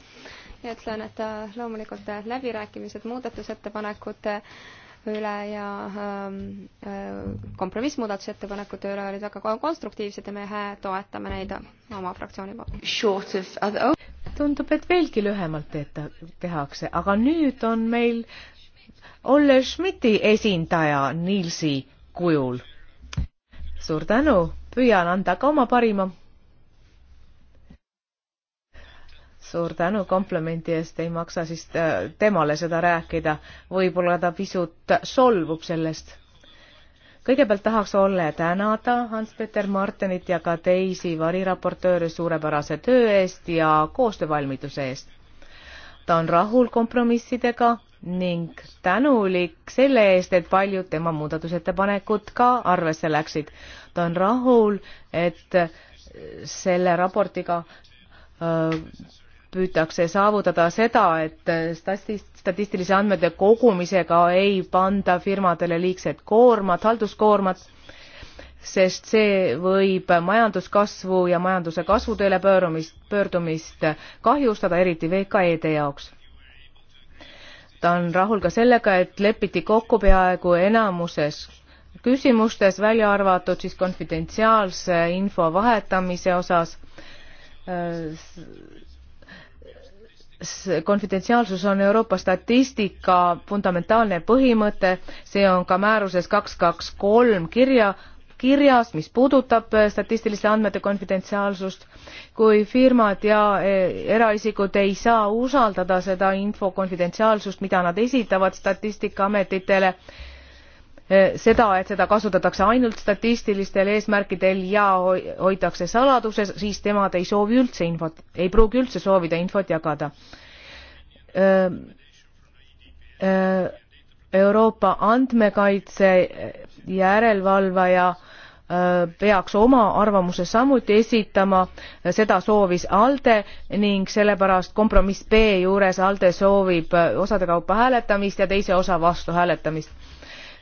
ja ütlen, et äh, loomulikult äh, läbirääkimised muudatusettepanekute äh, üle ja ähm, äh, kompromissmuudatusettepanekute üle olid väga konstruktiivsed ja me toetame neid oma fraktsiooni poolt. tundub, et veelgi lühemalt teeta, tehakse, aga nüüd on meil Olle Schmidti esindaja Nilsi kujul. suur tänu, püüan anda ka oma parima suur tänu komplimendi eest, ei maksa siis äh, temale seda rääkida, võib-olla ta pisut solvub sellest. kõigepealt tahaks Olle tänada Hans-Peter Martenit ja ka teisi variraportööre suurepärase töö eest ja koostöövalmiduse eest. ta on rahul kompromissidega ning tänulik selle eest, et paljud tema muudatusettepanekud ka arvesse läksid. ta on rahul, et selle raportiga äh, püütakse saavutada seda, et statistilise andmete kogumisega ei panda firmadele liigset koormat, halduskoormat, sest see võib majanduskasvu ja majanduse kasvu tööle pöörumist, pöördumist kahjustada, eriti VKE-de jaoks. ta on rahul ka sellega, et lepiti kokku peaaegu enamuses küsimustes, välja arvatud siis konfidentsiaalse info vahetamise osas konfidentsiaalsus on Euroopa statistika fundamentaalne põhimõte, see on ka määruses kaks kaks kolm kirja, kirjas, mis puudutab äh, statistiliste andmete konfidentsiaalsust. kui firmad ja äh, eraisikud ei saa usaldada seda info konfidentsiaalsust, mida nad esitavad statistikaametitele, seda, et seda kasutatakse ainult statistilistel eesmärkidel ja hoitakse saladuses, siis temad ei soovi üldse infot, ei pruugi üldse soovida infot jagada. Euroopa andmekaitse järelevalvaja peaks oma arvamuse samuti esitama, seda soovis ALDE ning sellepärast kompromiss B juures ALDE soovib osade kaupa hääletamist ja teise osa vastu hääletamist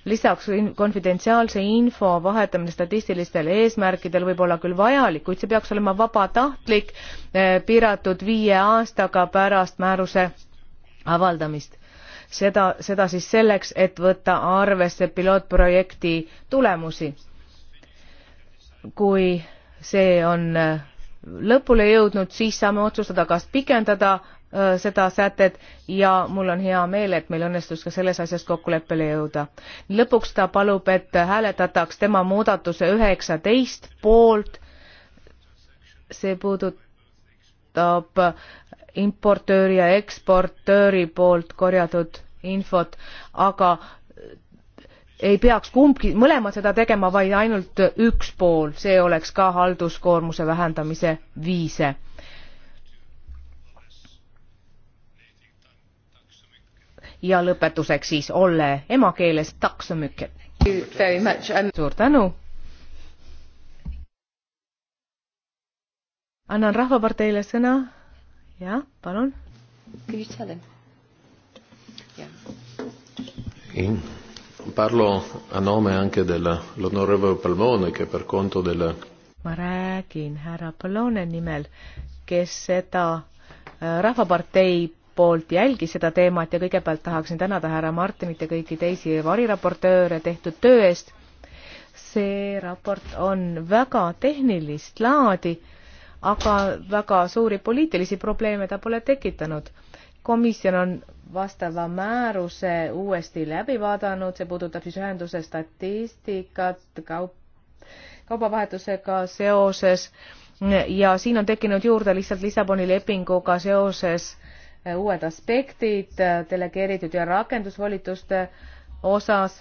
lisaks konfidentsiaalse info vahetamine statistilistel eesmärkidel võib olla küll vajalik, kuid see peaks olema vabatahtlik, eh, piiratud viie aastaga pärast määruse avaldamist seda, seda siis selleks, et võtta arvesse pilootprojekti tulemusi. kui see on eh, lõpule jõudnud, siis saame otsustada, kas pikendada Äh, seda sätet ja mul on hea meel, et meil õnnestus ka selles asjas kokkuleppele jõuda. lõpuks ta palub, et hääletataks tema muudatuse üheksateist poolt. see puudutab importööri ja eksportööri poolt korjatud infot, aga ei peaks kumbki, mõlemad seda tegema, vaid ainult üks pool, see oleks ka halduskoormuse vähendamise viise ja lõpetuseks siis Olle emakeeles taksomükke. suur tänu. annan Rahvaparteile sõna. jah, palun. Parlo a nome anche dell'onorevole Palmone che per conto della ma räägin härra Polone nimel, kes seda eh, Rahvapartei poolt jälgi seda teemat ja kõigepealt tahaksin tänada härra Martinit ja kõiki teisi variraportööre tehtud töö eest. see raport on väga tehnilist laadi, aga väga suuri poliitilisi probleeme ta pole tekitanud. komisjon on vastava määruse uuesti läbi vaadanud, see puudutab siis ühenduse statistikat kaup, kaubavahetusega seoses ja siin on tekkinud juurde lihtsalt Lissaboni lepinguga seoses Äh, uued aspektid äh, delegeeritud ja rakendusvolituste osas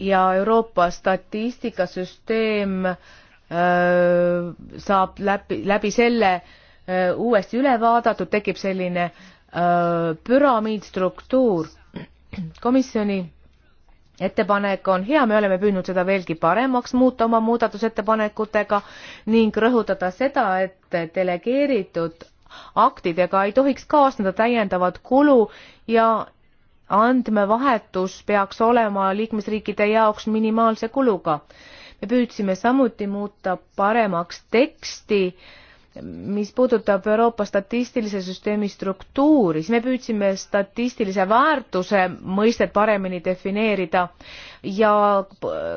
ja Euroopa statistikasüsteem äh, saab läbi, läbi selle uuesti üle vaadatud, tekib selline püramiidstruktuur. *clears throat* komisjoni ettepanek on hea, me oleme püüdnud seda veelgi paremaks muuta oma muudatusettepanekutega ning rõhutada seda, et delegeeritud õigusaktidega ei tohiks kaasneda täiendavat kulu ja andmevahetus peaks olema liikmesriikide jaoks minimaalse kuluga. me püüdsime samuti muuta paremaks teksti, mis puudutab Euroopa statistilise süsteemi struktuuri, siis me püüdsime statistilise väärtuse mõistet paremini defineerida ja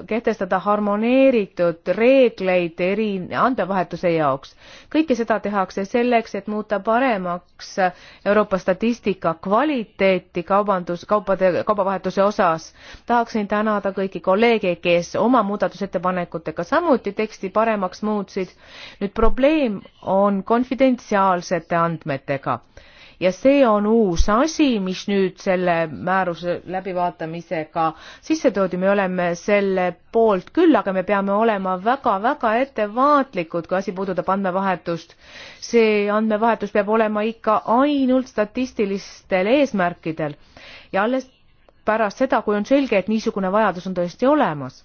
kehtestada harmoneeritud reegleid eri andmevahetuse jaoks. kõike seda tehakse selleks, et muuta paremaks Euroopa statistika kvaliteeti kaubandus, kaupade, kaubavahetuse osas. tahaksin tänada kõiki kolleege, kes oma muudatusettepanekutega samuti teksti paremaks muutsid. nüüd probleem on konfidentsiaalsete andmetega ja see on uus asi, mis nüüd selle määruse läbivaatamisega sisse toodi, me oleme selle poolt küll, aga me peame olema väga-väga ettevaatlikud, kui asi puudutab andmevahetust. see andmevahetus peab olema ikka ainult statistilistel eesmärkidel ja alles pärast seda, kui on selge, et niisugune vajadus on tõesti olemas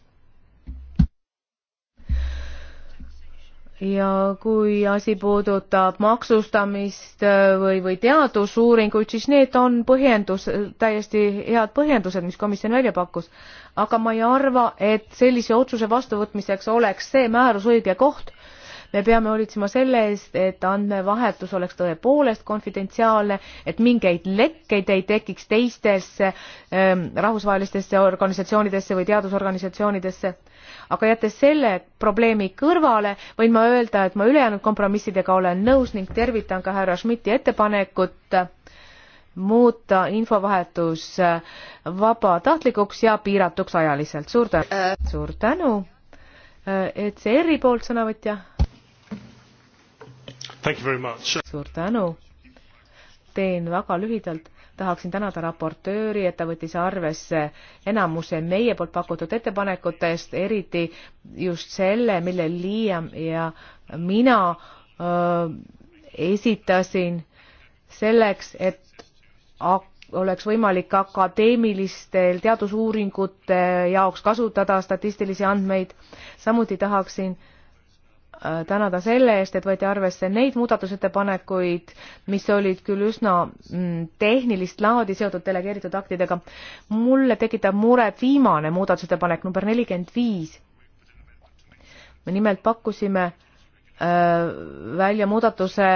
ja kui asi puudutab maksustamist äh, või, või teadusuuringuid, siis need on põhjendus, täiesti head põhjendused, mis komisjon välja pakkus. aga ma ei arva, et sellise otsuse vastuvõtmiseks oleks see määrus õige koht me peame hoolitsema selle eest, et andmevahetus oleks tõepoolest konfidentsiaalne, et mingeid lekkeid ei tekiks teistesse ähm, rahvusvahelistesse organisatsioonidesse või teadusorganisatsioonidesse. aga jättes selle probleemi kõrvale, võin ma öelda, et ma ülejäänud kompromissidega olen nõus ning tervitan ka härra Schmidti ettepanekut muuta infovahetus äh, vabatahtlikuks ja piiratuks ajaliselt. suur tänu äh.. suur tänu. Äh, ECR-i poolt sõnavõtja suur tänu. teen väga lühidalt, tahaksin tänada raportööri, et ta võttis arvesse enamuse meie poolt pakutud ettepanekutest, eriti just selle, mille Liam ja mina öö, esitasin selleks, et oleks võimalik akadeemilistel teadusuuringute jaoks kasutada statistilisi andmeid. samuti tahaksin Äh, tänada selle eest, et võeti arvesse neid muudatusettepanekuid, mis olid küll üsna mm, tehnilist laadi seotud delegeeritud aktidega. mulle tekitab muret viimane muudatusettepanek number nelikümmend viis. me nimelt pakkusime äh, välja muudatuse,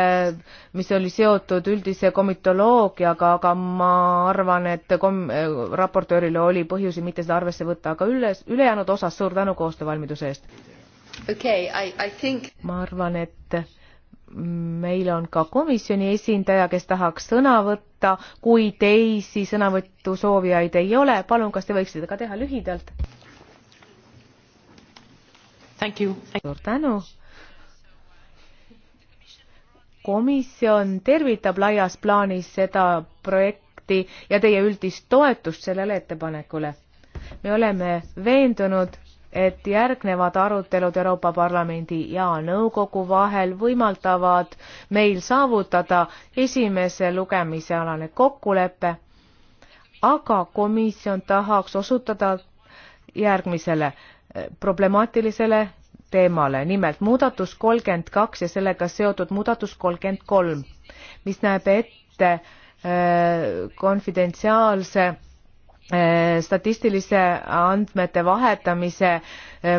mis oli seotud üldise komitoloogiaga, aga ma arvan, et kom-, äh, raportööril oli põhjusi mitte seda arvesse võtta, aga üles, ülejäänud osas suur tänu koostöövalmiduse eest okay,. Think... ma arvan, et meil on ka komisjoni esindaja, kes tahaks sõna võtta, kui teisi sõnavõttu soovijaid ei ole, palun, kas te võiksite ka teha lühidalt? suur tänu. komisjon tervitab laias plaanis seda projekti ja teie üldist toetust sellele ettepanekule. me oleme veendunud, et järgnevad arutelud Euroopa Parlamendi ja nõukogu vahel võimaldavad meil saavutada esimese lugemise alane kokkulepe, aga komisjon tahaks osutada järgmisele eh, problemaatilisele teemale, nimelt muudatus kolmkümmend kaks ja sellega seotud muudatus kolmkümmend kolm, mis näeb ette äh, konfidentsiaalse äh, Äh, statistilise andmete vahetamise äh,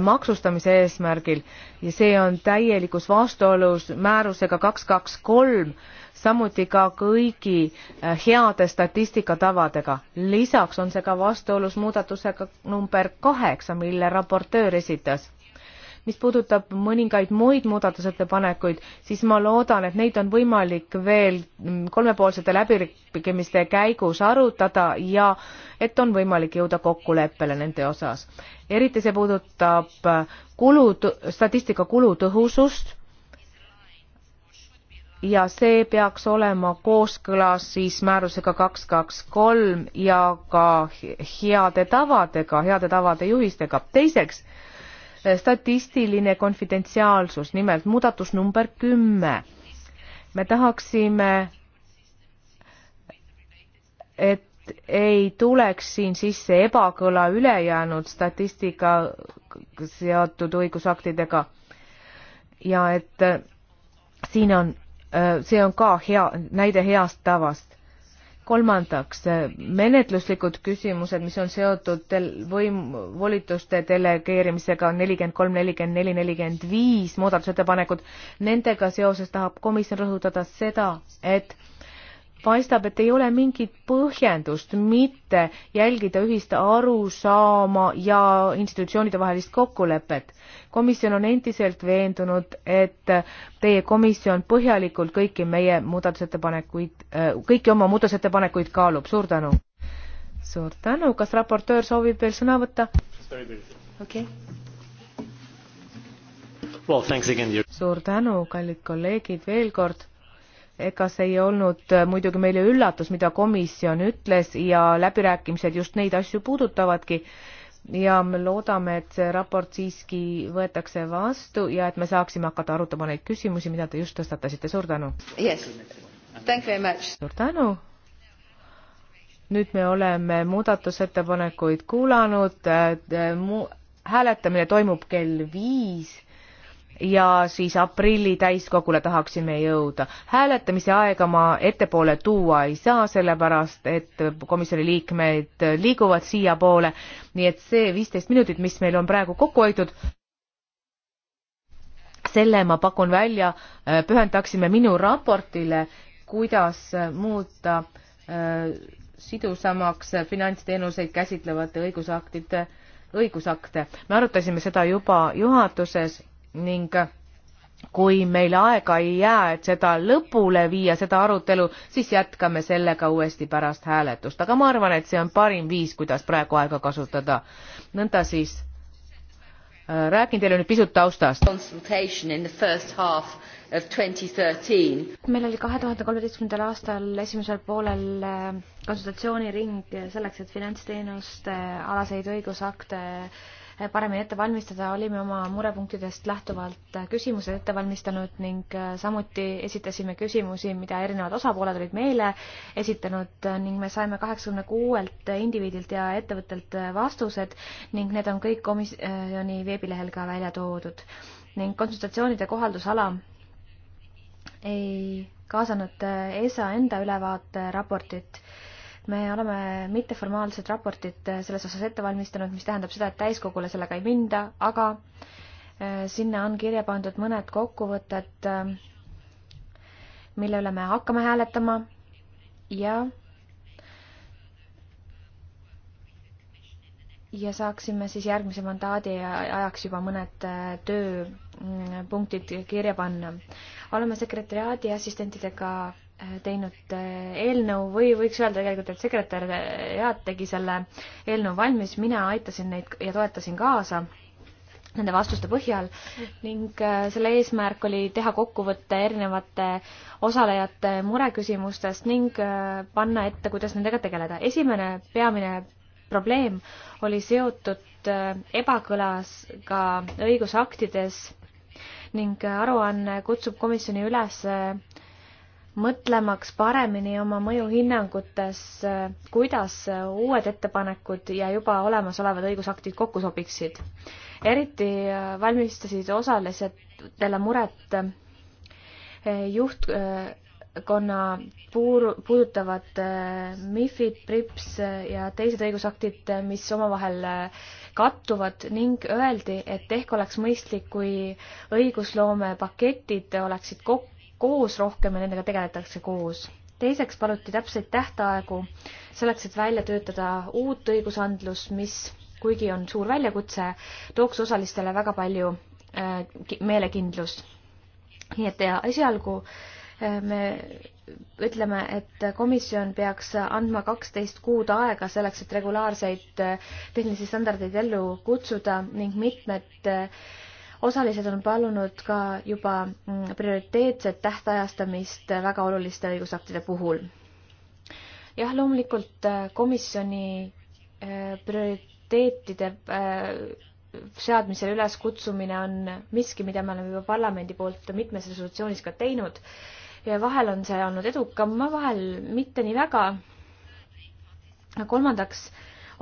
maksustamise eesmärgil ja see on täielikus vastuolus määrusega kaks kaks kolm samuti ka kõigi äh, heade statistikatavadega lisaks on see ka vastuolus muudatusega number kaheksa mille raportöör esitas mis puudutab mõningaid muid muudatusettepanekuid, siis ma loodan, et neid on võimalik veel kolmepoolsete läbirääkimiste käigus arutada ja et on võimalik jõuda kokkuleppele nende osas. eriti see puudutab kulud, statistika kulutõhusust ja see peaks olema kooskõlas siis määrusega kaks kaks kolm ja ka heade tavadega, heade tavade juhistega. teiseks statistiline konfidentsiaalsus, nimelt muudatus number kümme. me tahaksime, et ei tuleks siin sisse ebakõla ülejäänud statistika seotud õigusaktidega ja et siin on, äh, see on ka hea näide heast tavast kolmandaks, eh, menetluslikud küsimused, mis on seotud tel-, võim-, volituste delegeerimisega, nelikümmend kolm, nelikümmend neli, nelikümmend viis muudatusettepanekut, nendega seoses tahab komisjon rõhutada seda, et paistab, et ei ole mingit põhjendust mitte jälgida ühist arusaama ja institutsioonide vahelist kokkulepet. komisjon on endiselt veendunud, et teie komisjon põhjalikult kõiki meie muudatusettepanekuid, äh, kõiki oma muudatusettepanekuid kaalub, suur tänu! suur tänu, kas raportöör soovib veel sõna võtta? okei okay.. Well, suur tänu, kallid kolleegid, veel kord ega see ei olnud muidugi meile üllatus, mida komisjon ütles ja läbirääkimised just neid asju puudutavadki ja me loodame, et see raport siiski võetakse vastu ja et me saaksime hakata arutama neid küsimusi, mida te just tõstatasite, suur tänu yes.! suur tänu! nüüd me oleme muudatusettepanekuid kuulanud, äh, äh, hääletamine toimub kell viis ja siis aprilli täiskogule tahaksime jõuda. hääletamise aega ma ettepoole tuua ei saa, sellepärast et komisjoni liikmed liiguvad siiapoole, nii et see viisteist minutit, mis meil on praegu kokku hoitud, selle ma pakun välja, äh, pühendaksime minu raportile, kuidas muuta äh, sidusamaks finantsteenuseid käsitlevate õigusaktide, õigusakte. me arutasime seda juba juhatuses ning kui meil aega ei jää, et seda lõpule viia, seda arutelu, siis jätkame sellega uuesti pärast hääletust, aga ma arvan, et see on parim viis, kuidas praegu aega kasutada. nõnda siis, äh, räägin teile nüüd pisut taustast. meil oli kahe tuhande kolmeteistkümnendal aastal esimesel poolel äh, konsultatsiooniring selleks, et finantsteenuste äh, alaseid õigusakte äh, paremini ette valmistada, olime oma murepunktidest lähtuvalt küsimused ette valmistanud ning äh, samuti esitasime küsimusi, mida erinevad osapooled olid meile esitanud ning me saime kaheksakümne kuuelt indiviidilt ja ettevõttelt vastused ning need on kõik komisjoni veebilehel ka välja toodud. ning konsultatsioonide kohaldusala ei kaasanud ESA enda ülevaate raportit me oleme mitteformaalsed raportid äh, selles osas ette valmistanud, mis tähendab seda, et täiskogule sellega ei minda, aga äh, sinna on kirja pandud mõned kokkuvõtted, äh, mille üle me hakkame hääletama ja ja saaksime siis järgmise mandaadi ajaks juba mõned tööpunktid kirja panna. oleme sekretäriaadi assistentidega teinud äh, eelnõu või võiks öelda tegelikult, et sekretäriaat tegi selle eelnõu valmis, mina aitasin neid ja toetasin kaasa nende vastuste põhjal ning äh, selle eesmärk oli teha kokkuvõte erinevate osalejate mureküsimustest ning äh, panna ette, kuidas nendega tegeleda. esimene peamine probleem oli seotud ebakõlas ka õigusaktides ning aruanne kutsub komisjoni üles mõtlemaks paremini oma mõjuhinnangutes, kuidas uued ettepanekud ja juba olemasolevad õigusaktid kokku sobiksid. eriti valmistasid osalisetele muret eh, juht, konna puur-, puudutavad eh, MIFID, PRIPS ja teised õigusaktid, mis omavahel eh, kattuvad ning öeldi, et ehk oleks mõistlik, kui õigusloome paketid oleksid kokku koos rohkem ja nendega tegeletakse koos. teiseks paluti täpseid tähtaegu selleks, et välja töötada uut õigusandlus, mis, kuigi on suur väljakutse, tooks osalistele väga palju äh, meelekindlust. nii et ja esialgu äh, me ütleme, et komisjon peaks andma kaksteist kuud aega selleks, et regulaarseid äh, tehnilisi standardeid ellu kutsuda ning mitmed osalised on palunud ka juba mm, prioriteetset tähtajastamist väga oluliste õigusaktide puhul. jah, loomulikult äh, komisjoni äh, prioriteetide äh, seadmisele üleskutsumine on miski, mida me oleme juba parlamendi poolt mitmes resolutsioonis ka teinud ja vahel on see olnud edukam, vahel mitte nii väga. kolmandaks,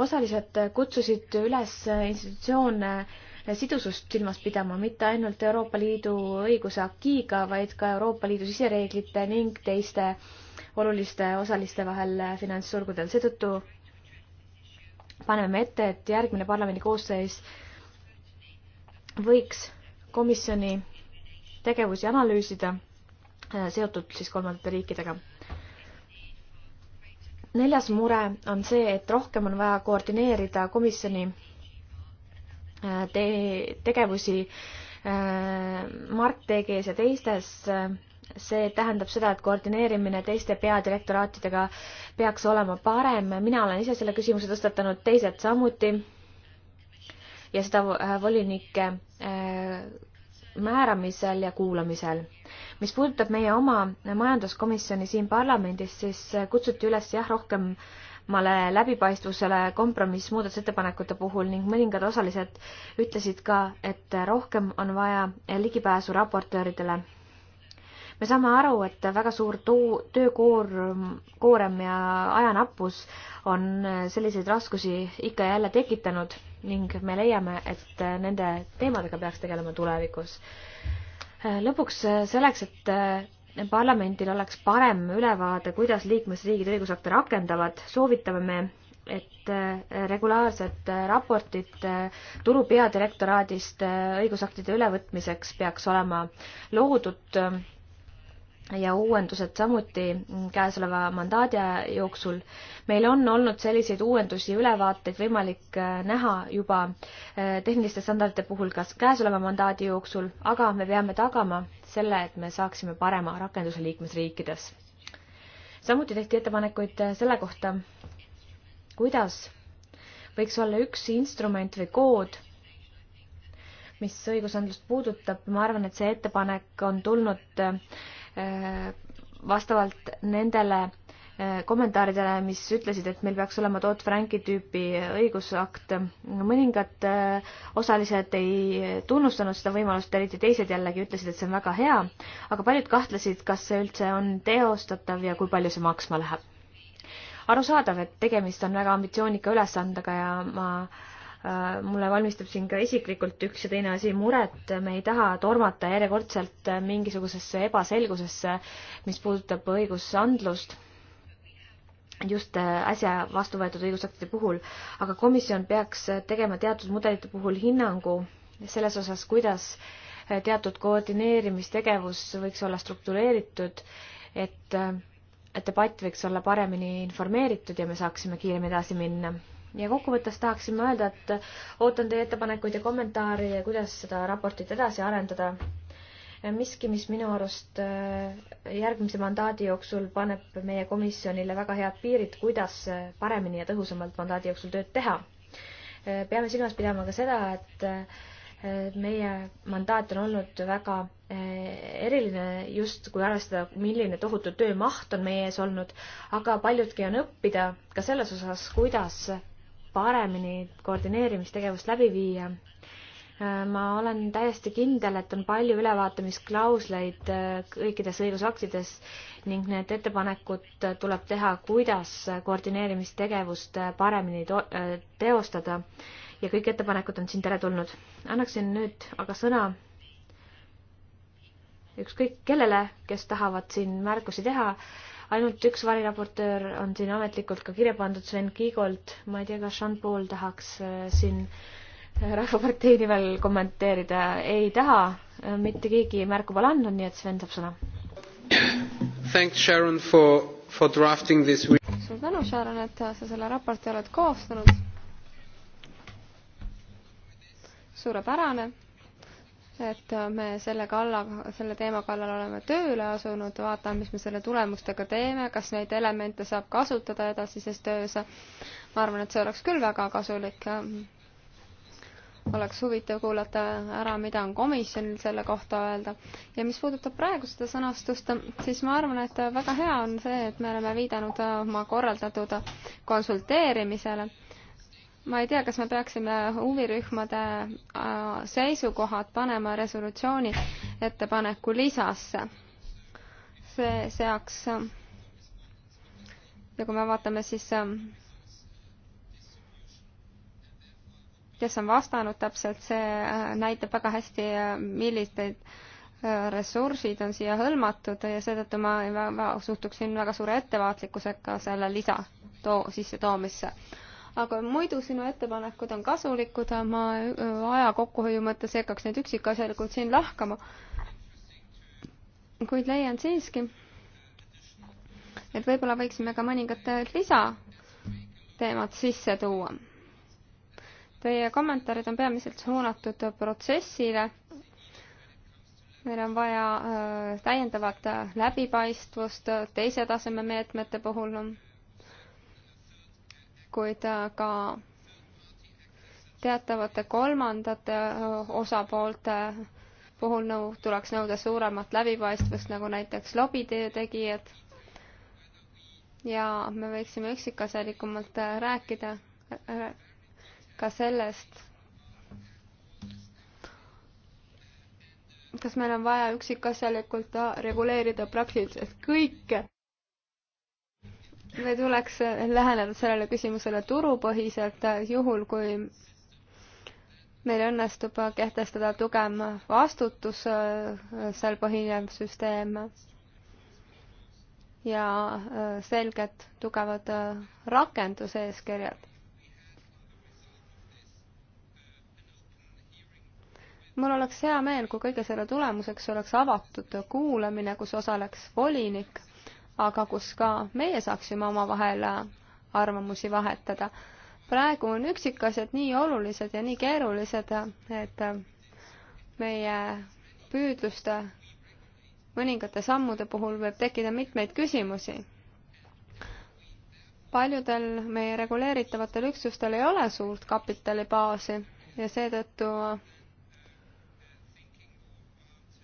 osalised kutsusid üles institutsioone äh, sidusust silmas pidama, mitte ainult Euroopa Liidu õiguse akiiga, vaid ka Euroopa Liidu sisereeglite ning teiste oluliste osaliste vahel finantsturgudel. seetõttu paneme ette, et järgmine parlamendi koosseis võiks komisjoni tegevusi analüüsida äh, seotud siis kolmandate riikidega neljas mure on see, et rohkem on vaja koordineerida komisjoni tee, tegevusi äh, Mart TG-s ja teistes. Äh, see tähendab seda, et koordineerimine teiste peadirektoraatidega peaks olema parem. mina olen ise selle küsimuse tõstatanud, teised samuti. ja seda äh, volinike määramisel ja kuulamisel. mis puudutab meie oma majanduskomisjoni siin parlamendis, siis kutsuti üles jah, rohkem suuremale läbipaistvusele kompromiss muudatusettepanekute puhul ning mõningad osalised ütlesid ka, et rohkem on vaja ligipääsu raportööridele. me saame aru, et väga suur too, töökoorm, koorem ja ajanappus on selliseid raskusi ikka ja jälle tekitanud ning me leiame, et nende teemadega peaks tegelema tulevikus lõpuks selleks, et parlamendil oleks parem ülevaade, kuidas liikmesriigid õigusakte rakendavad, soovitame me, et äh, regulaarsed äh, raportid äh, turu peadirektoraadist õigusaktide ülevõtmiseks peaks olema loodud ja uuendused samuti käesoleva mandaadi jooksul. meil on olnud selliseid uuendusi, ülevaateid võimalik äh, näha juba äh, tehniliste standardite puhul kas käesoleva mandaadi jooksul, aga me peame tagama selle, et me saaksime parema rakenduse liikmesriikides. samuti tehti ettepanekuid äh, selle kohta, kuidas võiks olla üks instrument või kood, mis õigusandlust puudutab, ma arvan, et see ettepanek on tulnud äh, Äh, vastavalt nendele äh, kommentaaridele, mis ütlesid, et meil peaks olema Toot Franki tüüpi õigusakt. mõningad äh, osalised ei tunnustanud seda võimalust, eriti teised jällegi ütlesid, et see on väga hea, aga paljud kahtlesid, kas see üldse on teostatav ja kui palju see maksma läheb. arusaadav, et tegemist on väga ambitsioonika ülesandega ja ma äh, Äh, mulle valmistub siin ka isiklikult üks ja teine asi muret, me ei taha tormata järjekordselt mingisugusesse ebaselgusesse, mis puudutab õigusandlust just äh, äsja vastu võetud õigusaktide puhul, aga komisjon peaks tegema teatud mudelite puhul hinnangu selles osas, kuidas äh, teatud koordineerimistegevus võiks olla struktureeritud, et debatt võiks olla paremini informeeritud ja me saaksime kiiremini edasi minna ja kokkuvõttes tahaksin ma öelda, et ootan teie ettepanekuid ja kommentaare ja kuidas seda raportit edasi arendada. miski, mis minu arust äh, järgmise mandaadi jooksul paneb meie komisjonile väga head piirid, kuidas paremini ja tõhusamalt mandaadi jooksul tööd teha. Äh, peame silmas pidama ka seda, et äh, meie mandaat on olnud väga eriline just, kui arvestada, milline tohutu töömaht on meie ees olnud, aga paljutki on õppida ka selles osas, kuidas paremini koordineerimistegevust läbi viia. Äh, ma olen täiesti kindel, et on palju ülevaatamisklausleid äh, kõikides õigusaktides ning need ettepanekud tuleb teha, kuidas koordineerimistegevust äh, paremini teostada ja kõik ettepanekud on siin teretulnud. annaksin nüüd aga sõna ükskõik kellele, kes tahavad siin märkusi teha ainult üks variraportöör on siin ametlikult ka kirja pandud, Sven Kiigolt. ma ei tea, kas Jean-Paul tahaks äh, siin äh, Rahvapartei nimel kommenteerida. ei taha, äh, mitte keegi märku pole andnud, nii et Sven saab sõna. Thanks Sharon for, for drafting this week. suur tänu, Sharon, et sa selle raporti oled koostanud. suurepärane et me selle kalla, selle teema kallal oleme tööle asunud, vaatame, mis me selle tulemustega teeme, kas neid elemente saab kasutada edasises töös. ma arvan, et see oleks küll väga kasulik. oleks huvitav kuulata ära, mida on komisjonil selle kohta öelda. ja mis puudutab praegu seda sõnastust, siis ma arvan, et väga hea on see, et me oleme viidanud oma korraldatud konsulteerimisele ma ei tea, kas me peaksime huvirühmade äh, seisukohad panema resolutsiooni ettepaneku lisasse. see seaks äh, ja kui me vaatame siis äh, kes on vastanud täpselt, see näitab väga hästi, millised ressursid on siia hõlmatud ja seetõttu ma väga, suhtuksin väga suure ettevaatlikkusega selle lisa too, sissetoomisse aga muidu sinu ettepanekud on kasulikud, ma äh, aja kokkuhoiu mõttes ei hakkaks neid üksikasjalikult siin lahkama. kuid leian siiski, et võib-olla võiksime ka mõningad äh, lisateemad sisse tuua. Teie kommentaarid on peamiselt suunatud protsessile meil on vaja äh, täiendavat läbipaistvust teise taseme meetmete puhul kuid ka teatavate kolmandate äh, osapoolte puhul nõu, tuleks nõuda suuremat läbipaistvust, nagu näiteks lobitöö tegijad. ja me võiksime üksikasjalikumalt äh, rääkida äh, ka sellest, kas meil on vaja üksikasjalikult reguleerida praktiliselt kõike me tuleks äh, läheneda sellele küsimusele turupõhiselt, äh, juhul kui meil õnnestub äh, kehtestada tugev vastutusel põhinev süsteem ja selged tugevad rakenduseeskirjad. mul oleks hea meel, kui kõige selle tulemuseks oleks avatud kuulamine, kus osaleks volinik aga kus ka meie saaksime omavahel arvamusi vahetada. praegu on üksikasjad nii olulised ja nii keerulised, et meie püüdluste mõningate sammude puhul võib tekkida mitmeid küsimusi. paljudel meie reguleeritavatel üksustel ei ole suurt kapitalibaasi ja seetõttu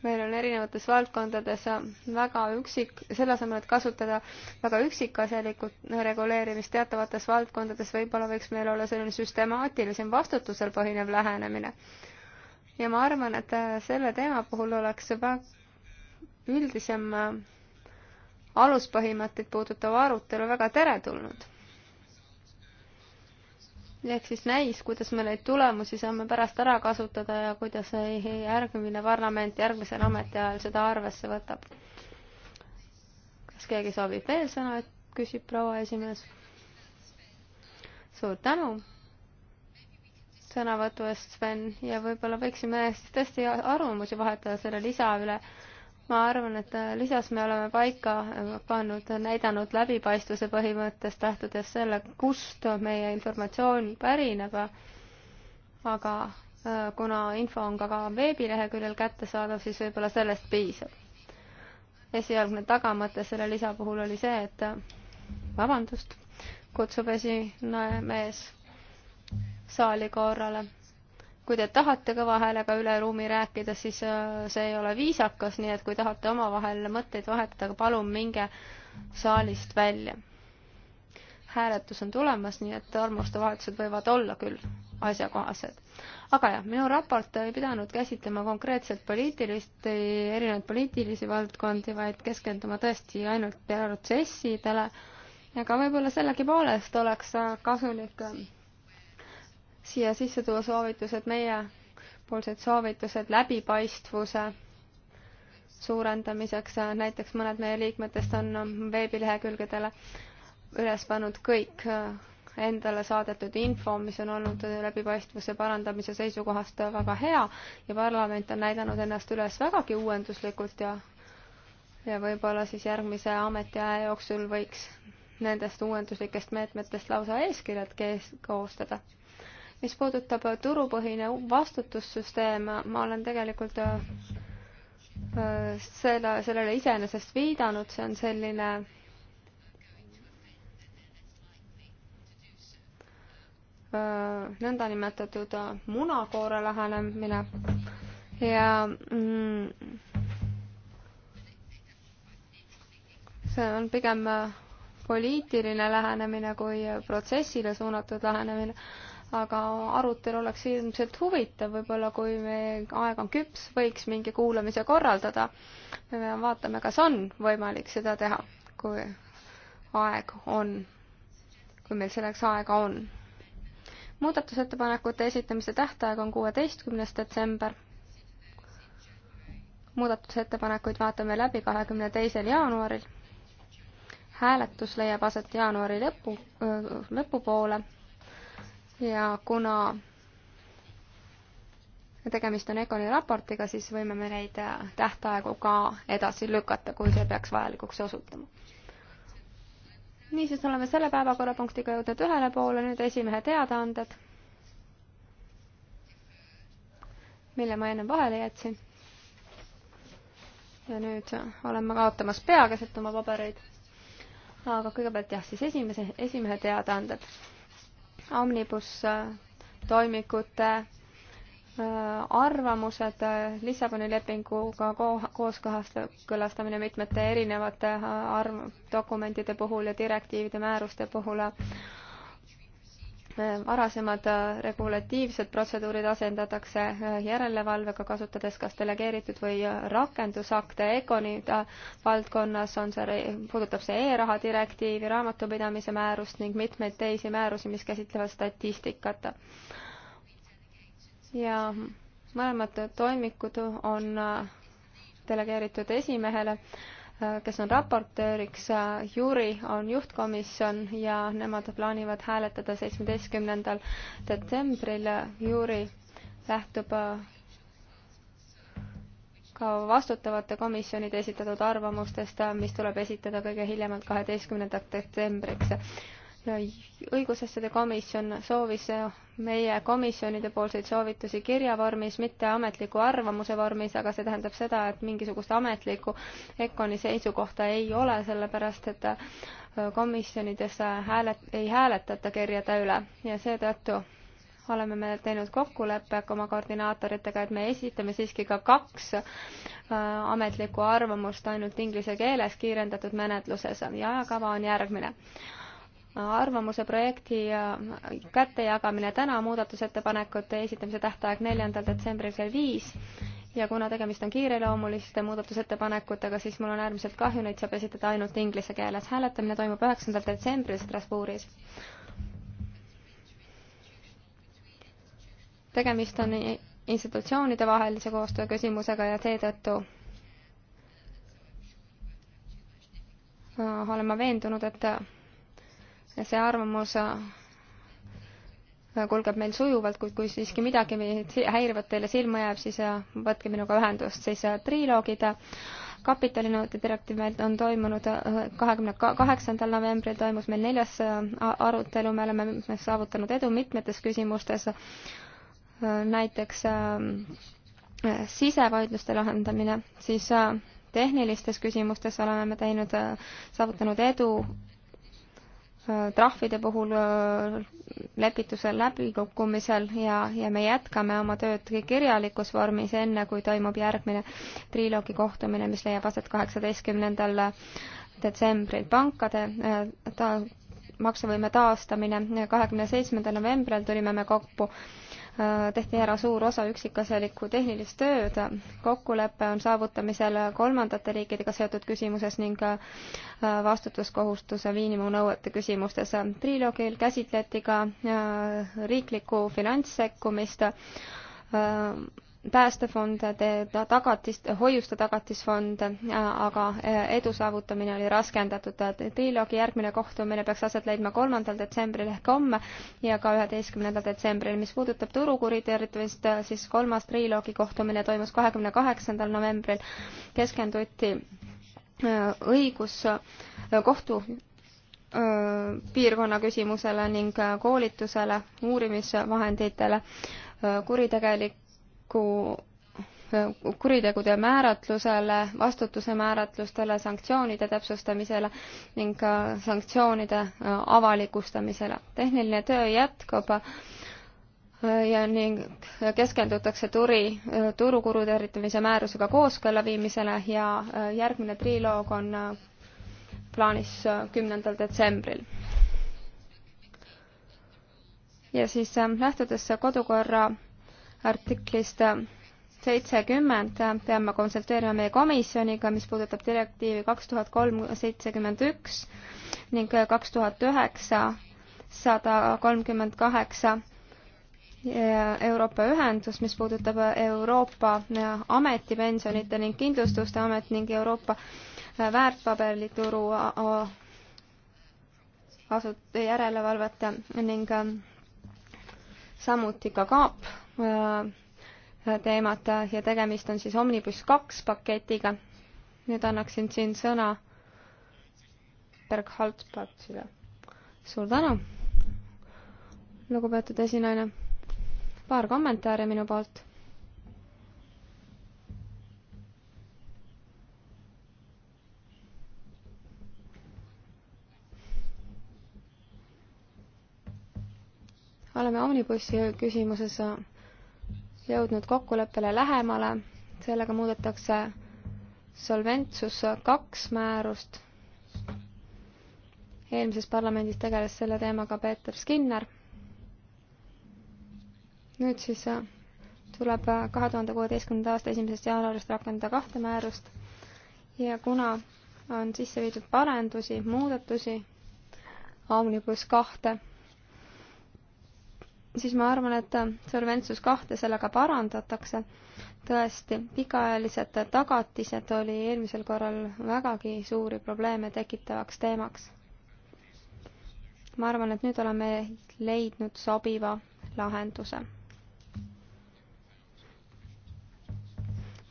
meil on erinevates valdkondades väga üksik, selle asemel, et kasutada väga üksikasjalikult reguleerimist teatavates valdkondades, võib-olla võiks meil olla selline süstemaatilisem vastutusel põhinev lähenemine. ja ma arvan, et selle teema puhul oleks üldisem aluspõhimõtteid puudutav arutelu väga teretulnud ehk siis näis, kuidas me neid tulemusi saame pärast ära kasutada ja kuidas järgmine parlament järgmisel ametiajal seda arvesse võtab. kas keegi soovib veel sõna, et küsib proua esimees? suur tänu sõnavõtu eest, Sven, ja võib-olla võiksime siis tõesti arvamusi vahetada selle lisa üle ma arvan, et äh, lisas me oleme paika äh, pannud, näidanud läbipaistvuse põhimõttest lähtudes selle, kust meie informatsioon pärineb, aga äh, kuna info on ka, ka veebileheküljel kättesaadav, siis võib-olla sellest piisab. esialgne tagamõte selle lisa puhul oli see, et vabandust, kutsub esimees saali korrale kui te tahate kõva häälega üle ruumi rääkida, siis äh, see ei ole viisakas, nii et kui tahate omavahel mõtteid vahetada, palun minge saalist välja. hääletus on tulemas, nii et armustevahetused võivad olla küll asjakohased. aga jah, minu raport ei pidanud käsitlema konkreetselt poliitilist, erinevaid poliitilisi valdkondi, vaid keskenduma tõesti ainult protsessidele, aga võib-olla sellegipoolest oleks kasulik äh, siia sisse tuua soovitused, meiepoolsed soovitused läbipaistvuse suurendamiseks, näiteks mõned meie liikmetest on veebilehekülgedele üles pannud kõik endale saadetud info, mis on olnud läbipaistvuse parandamise seisukohast väga hea ja parlament on näidanud ennast üles vägagi uuenduslikult ja ja võib-olla siis järgmise ametiaja jooksul võiks nendest uuenduslikest meetmetest lausa eeskirjad koostada mis puudutab äh, turupõhine vastutussüsteem, ma olen tegelikult äh, äh, selle, sellele iseenesest viidanud, see on selline nõndanimetatud munakoore lähenemine ja mm, see on pigem poliitiline lähenemine kui protsessile suunatud lähenemine aga arutelu oleks ilmselt huvitav, võib-olla kui me, aeg on küps, võiks mingi kuulamise korraldada. me vaatame, kas on võimalik seda teha, kui aeg on, kui meil selleks aega on. muudatusettepanekute esitamise tähtaeg on kuueteistkümnes detsember. muudatusettepanekuid vaatame läbi kahekümne teisel jaanuaril hääletus leiab aset jaanuari lõpu, lõpupoole ja kuna tegemist on Econi raportiga, siis võime me neid äh, tähtaegu ka edasi lükata, kui see peaks vajalikuks osutuma. niisiis oleme selle päevakorrapunktiga jõudnud ühele poole, nüüd esimehe teadaanded, mille ma ennem vahele jätsin. ja nüüd äh, olen ma kaotamas pea keset oma pabereid. aga kõigepealt jah, siis esimese, esimehe teadaanded omnibus äh, toimikute äh, arvamused, äh, Lissaboni lepinguga kooskõlastamine mitmete erinevate arv-, dokumentide puhul ja direktiivide määruste puhul varasemad äh, regulatiivsed protseduurid asendatakse äh, järelevalvega, kasutades kas delegeeritud või äh, rakendusakte. ECONi valdkonnas on see, puudutab see e-raha direktiivi, raamatupidamise määrust ning mitmeid teisi määrusi, mis käsitlevad statistikat. ja mõlemad toimikud on delegeeritud esimehele kes on raportööriks, Juri on juhtkomisjon ja nemad plaanivad hääletada seitsmeteistkümnendal detsembril. Juri lähtub ka vastutavate komisjonide esitatud arvamustest, mis tuleb esitada kõige hiljemalt kaheteistkümnendaks detsembriks õigusasjade komisjon soovis meie komisjonide poolseid soovitusi kirjavormis, mitte ametliku arvamuse vormis, aga see tähendab seda, et mingisugust ametlikku EKONi seisukohta ei ole, sellepärast et komisjonides häälet-, ei hääletata kirjade üle ja seetõttu oleme me teinud kokkuleppe oma koordinaatoritega, et me esitame siiski ka kaks äh, ametlikku arvamust ainult inglise keeles kiirendatud menetluses ja ajakava on järgmine arvamuse projekti äh, kättejagamine täna, muudatusettepanekute esitamise tähtaeg neljandal detsembril kell viis ja kuna tegemist on kiireloomuliste muudatusettepanekutega, siis mul on äärmiselt kahju, neid saab esitada ainult inglise keeles. hääletamine toimub üheksandal detsembril Strasbourgis. tegemist on institutsioonide vahelise koostöö küsimusega ja seetõttu äh, olen ma veendunud, et ja see arvamus äh, kulgeb meil sujuvalt, kuid kui siiski midagi häirivat teile silma jääb, siis äh, võtke minuga ühendust, siis äh, triloogid kapitalinõuete direktiiv meil on toimunud kahekümne kaheksandal novembril toimus meil neljas arutelu, me oleme saavutanud edu mitmetes küsimustes, näiteks sisevaidluste lahendamine, siis tehnilistes küsimustes oleme me teinud, saavutanud edu Äh, trahvide puhul äh, lepituse läbikukkumisel ja, ja me jätkame oma tööd kirjalikus vormis, enne kui toimub järgmine triloogi kohtumine, mis leiab aset kaheksateistkümnendal äh, detsembril. pankade ta, maksevõime taastamine kahekümne seitsmendal novembril tulime me kokku Äh, tehti ära suur osa üksikasjalikku tehnilist tööd. kokkulepe on saavutamisel kolmandate riikidega seotud küsimuses ning äh, vastutuskohustuse miinimumnõuete küsimustes. triloogil käsitleti ka äh, riiklikku finantssekkumist päästefonde, tagatist, hoiuste tagatisfonde, aga e, edu saavutamine oli raskendatud. triloogi järgmine kohtumine peaks aset leidma kolmandal detsembril ehk homme ja ka üheteistkümnendal detsembril. mis puudutab turukuritarvitamist, siis kolmas triloogi kohtumine toimus kahekümne kaheksandal novembril. keskenduti e, õigus, kohtu e, piirkonna küsimusele ning koolitusele, uurimisvahenditele kuritegelik, kui äh, kuritegude määratlusele, vastutuse määratlustele, sanktsioonide täpsustamisele ning ka sanktsioonide äh, avalikustamisele. tehniline töö jätkub äh, ja ning keskendutakse turi, turukuru tervitamise määrusega kooskõlla viimisele ja järgmine triloog on plaanis kümnendal detsembril ja siis lähtudes kodukorra artiklist seitsekümmend peame konsulteerima meie komisjoniga, mis puudutab direktiivi kaks tuhat kolm seitsekümmend üks ning kaks tuhat üheksa sada kolmkümmend kaheksa Euroopa ühendus, mis puudutab Euroopa ametipensionite ning kindlustuste amet ning Euroopa väärtpaberituru asut-, järelevalvet ning samuti ka KAAP Äh, teemat ja tegemist on siis Omnibus kaks paketiga. nüüd annaksin siin sõna Berghaldt Patsile. suur tänu, lugupeetud esinaine. paar kommentaari minu poolt oleme Omnibussi küsimuses jõudnud kokkuleppele lähemale, sellega muudetakse Solventsus kaks määrust. eelmises parlamendis tegeles selle teemaga Peeter Skinner. nüüd siis äh, tuleb äh, kahe tuhande kuueteistkümnenda aasta esimesest jaanuarist rakendada kahte määrust ja kuna on sisse viidud parendusi, muudatusi, Omnibus kahte siis ma arvan, et Solventsus kahte sellega parandatakse. tõesti, pikaajalised tagatised oli eelmisel korral vägagi suuri probleeme tekitavaks teemaks. ma arvan, et nüüd oleme leidnud sobiva lahenduse.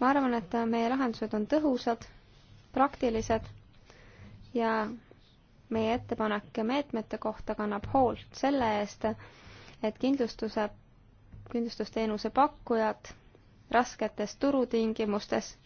ma arvan, et meie lahendused on tõhusad, praktilised ja meie ettepanek meetmete kohta kannab hoolt selle eest, et kindlustuse, kindlustusteenuse pakkujad rasketes turutingimustes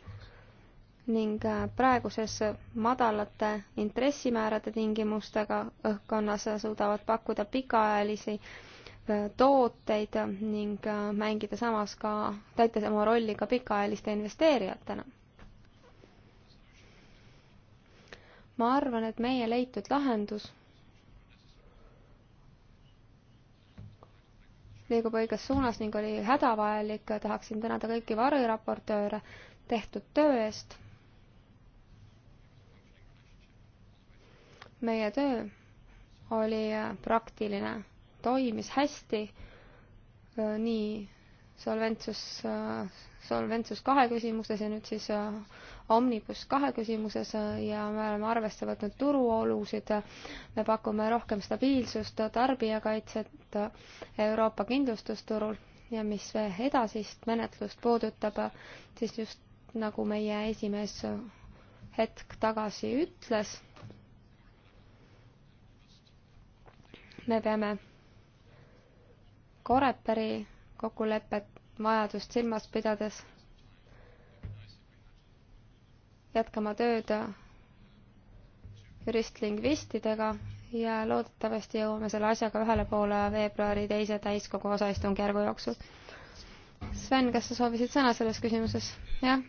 ning äh, praeguses madalate intressimäärade tingimustega õhkkonnas suudavad pakkuda pikaajalisi äh, tooteid ning äh, mängida samas ka, täita oma rolli ka pikaajaliste investeerijatena. ma arvan, et meie leitud lahendus liigub õiges suunas ning oli hädavajalik. tahaksin tänada kõiki variraportööre tehtud töö eest. meie töö oli praktiline, toimis hästi. Äh, nii Solventsus, äh, Solventsus kahe küsimuses ja nüüd siis äh, Omnibus kahe küsimuses ja me oleme arvesse võtnud turuolusid, me pakume rohkem stabiilsust, tarbijakaitset Euroopa kindlustusturul ja mis edasist menetlust puudutab, siis just nagu meie esimees hetk tagasi ütles, me peame Koreperi kokkulepet vajadust silmas pidades jätkama tööd juristlingvistidega ja loodetavasti jõuame selle asjaga ühele poole veebruari teise täiskogu osaistungjärgu jooksul. Sven, kas sa soovisid sõna selles küsimuses? jah?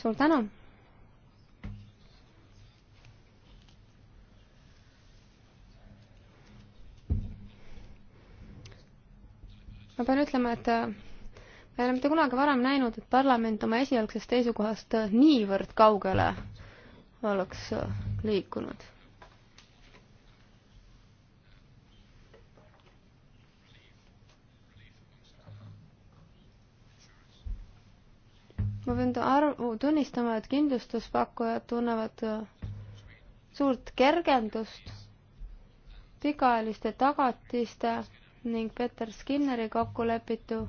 suur tänu! ma pean ütlema, et äh, ei ole mitte kunagi varem näinud, et parlament oma esialgsest seisukohast äh, niivõrd kaugele oleks äh, liikunud. ma pean arv-, tunnistama, et kindlustuspakkujad tunnevad äh, suurt kergendust pikaajaliste tagatiste ning Peter Skinneri kokkulepitu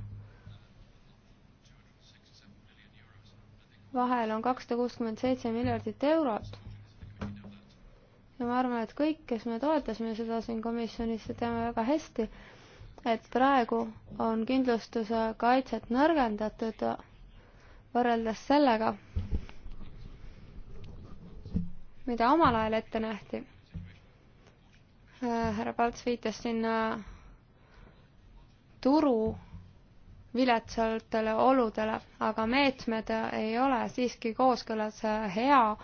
vahel on kakssada kuuskümmend seitse miljardit eurot. ja ma arvan, et kõik, kes me toetasime seda siin komisjonis, teame väga hästi, et praegu on kindlustuse kaitset nõrgendatud võrreldes sellega, mida omal ajal ette nähti. Äh, härra Palts viitas siin äh, turu viletsatele oludele, aga meetmed ei ole siiski kooskõlas hea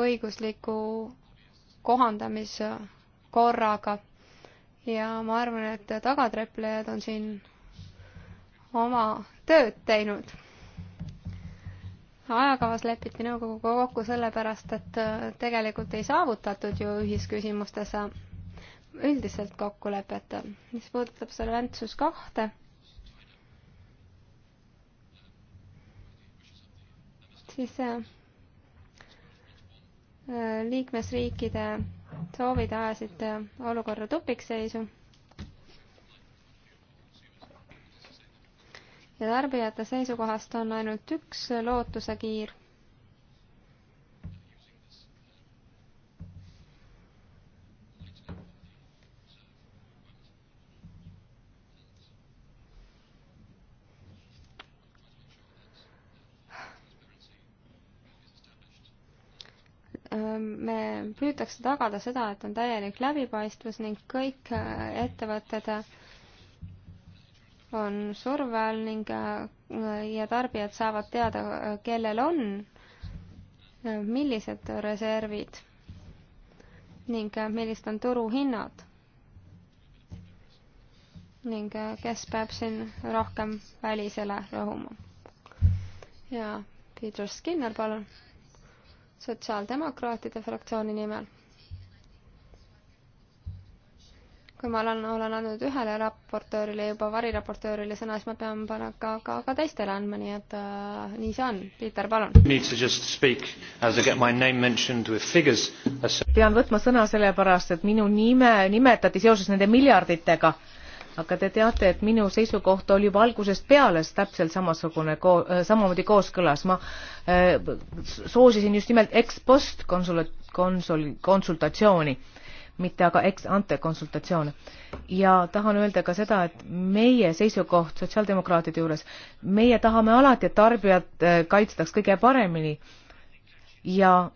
õigusliku kohandamiskorraga. ja ma arvan, et tagatreplejad on siin oma tööd teinud. ajakavas lepiti nõukoguga kokku sellepärast, et tegelikult ei saavutatud ju ühisküsimustes üldiselt kokkulepet. mis puudutab Solventsus kahte siis äh, äh, liikmesriikide soovid ajasid äh, olukorra tupikseisu. ja tarbijate seisukohast on ainult üks lootusekiir me püütakse tagada seda, et on täielik läbipaistvus ning kõik äh, ettevõtted äh, on surve all ning äh, ja tarbijad saavad teada, kellel on millised reservid ning millised on turuhinnad ning kes peab siin rohkem välisele rõhuma. ja Peter Skinner, palun sotsiaaldemokraatide fraktsiooni nimel. kui ma olen, olen andnud ühele raportöörile, juba variraportöörile sõna, siis ma pean panema ka, ka, ka teistele andma, nii et äh, nii see on. Piiter, palun. pean võtma sõna sellepärast, et minu nime nimetati seoses nende miljarditega aga te teate, et minu seisukoht oli juba algusest peale täpselt samasugune ko-, äh, samamoodi kooskõlas, ma äh, soosisin just nimelt ex post konsul-, konsul-, konsultatsiooni, mitte aga ex ante konsultatsioone. ja tahan öelda ka seda, et meie seisukoht sotsiaaldemokraatide juures, meie tahame alati, et tarbijat äh, kaitstaks kõige paremini ja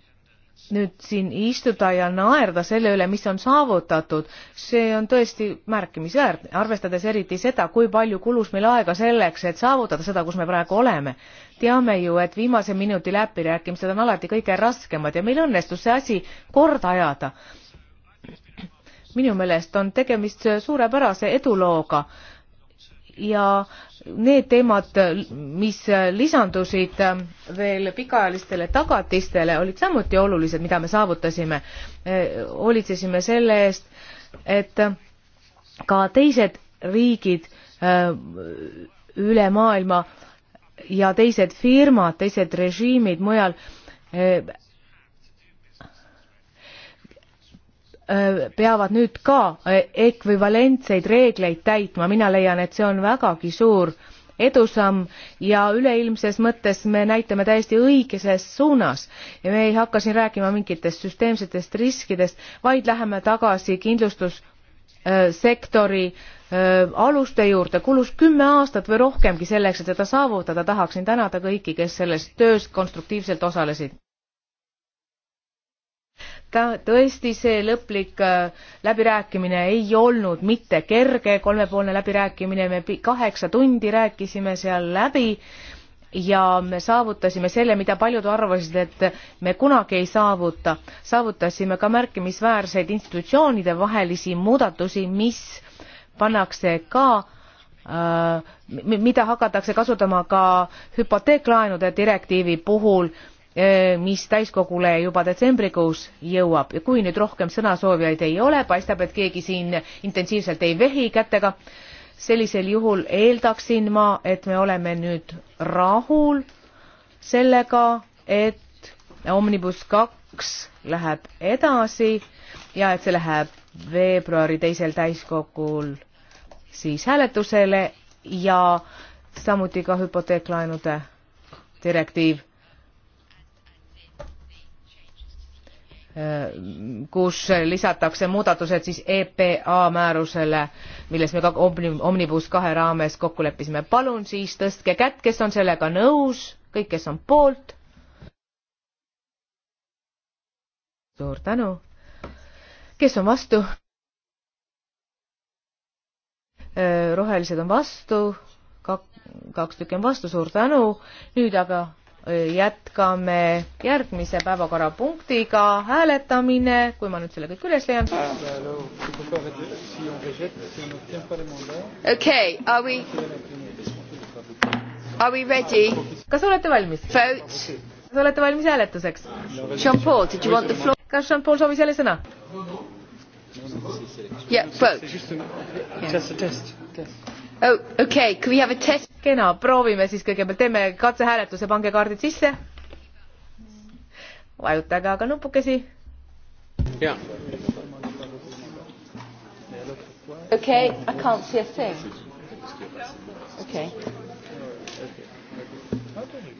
nüüd siin istuda ja naerda selle üle, mis on saavutatud, see on tõesti märkimisväärne, arvestades eriti seda, kui palju kulus meil aega selleks, et saavutada seda, kus me praegu oleme. teame ju, et viimase minuti läbirääkimised on alati kõige raskemad ja meil õnnestus see asi korda ajada. minu meelest on tegemist suurepärase edulooga ja need teemad, mis lisandusid veel pikaajalistele tagatistele, olid samuti olulised, mida me saavutasime. hoolitsesime selle eest, et ka teised riigid äh, üle maailma ja teised firmad, teised režiimid mujal äh, peavad nüüd ka ekvivalentseid reegleid täitma, mina leian, et see on vägagi suur edusamm ja üleilmses mõttes me näitame täiesti õigeses suunas ja me ei hakka siin rääkima mingitest süsteemsetest riskidest, vaid läheme tagasi kindlustussektori aluste juurde kulus kümme aastat või rohkemgi selleks, et seda saavutada, tahaksin tänada kõiki, kes selles töös konstruktiivselt osalesid ta tõesti, see lõplik äh, läbirääkimine ei olnud mitte kerge, kolmepoolne läbirääkimine, me kaheksa tundi rääkisime seal läbi ja me saavutasime selle, mida paljud arvasid, et me kunagi ei saavuta. saavutasime ka märkimisväärseid institutsioonide vahelisi muudatusi, mis pannakse ka äh, mida hakatakse kasutama ka hüpoteeklaenude direktiivi puhul äh, Äh, mis täiskogule juba detsembrikuus jõuab ja kui nüüd rohkem sõnasoovijaid ei ole, paistab, et keegi siin intensiivselt ei vehi kätega, sellisel juhul eeldaksin ma, et me oleme nüüd rahul sellega, et Omnibus kaks läheb edasi ja et see läheb veebruari teisel täiskogul siis hääletusele ja samuti ka hüpoteeklaenude direktiiv kus lisatakse muudatused siis EPA määrusele, milles me ka Omnibus kahe raames kokku leppisime. palun siis tõstke kätt, kes on sellega nõus, kõik, kes on poolt. suur tänu. kes on vastu? rohelised on vastu, kaks tükki on vastu, suur tänu. nüüd aga jätkame järgmise päevakorrapunktiga, hääletamine, kui ma nüüd selle kõik üles leian. okei, are we, are we ready? kas olete valmis? kas olete valmis hääletuseks? Jean-Paul, did you want the floor? kas Jean-Paul soovis jälle sõna? Yeah, vote. Yeah. Just a test, test oh,. okei okay., can we have a test? kena, proovime siis kõigepealt, teeme katsehääletuse, pange kaardid sisse. vajutage aga nupukesi. jaa. okei okay,, I can't see a thing. okei okay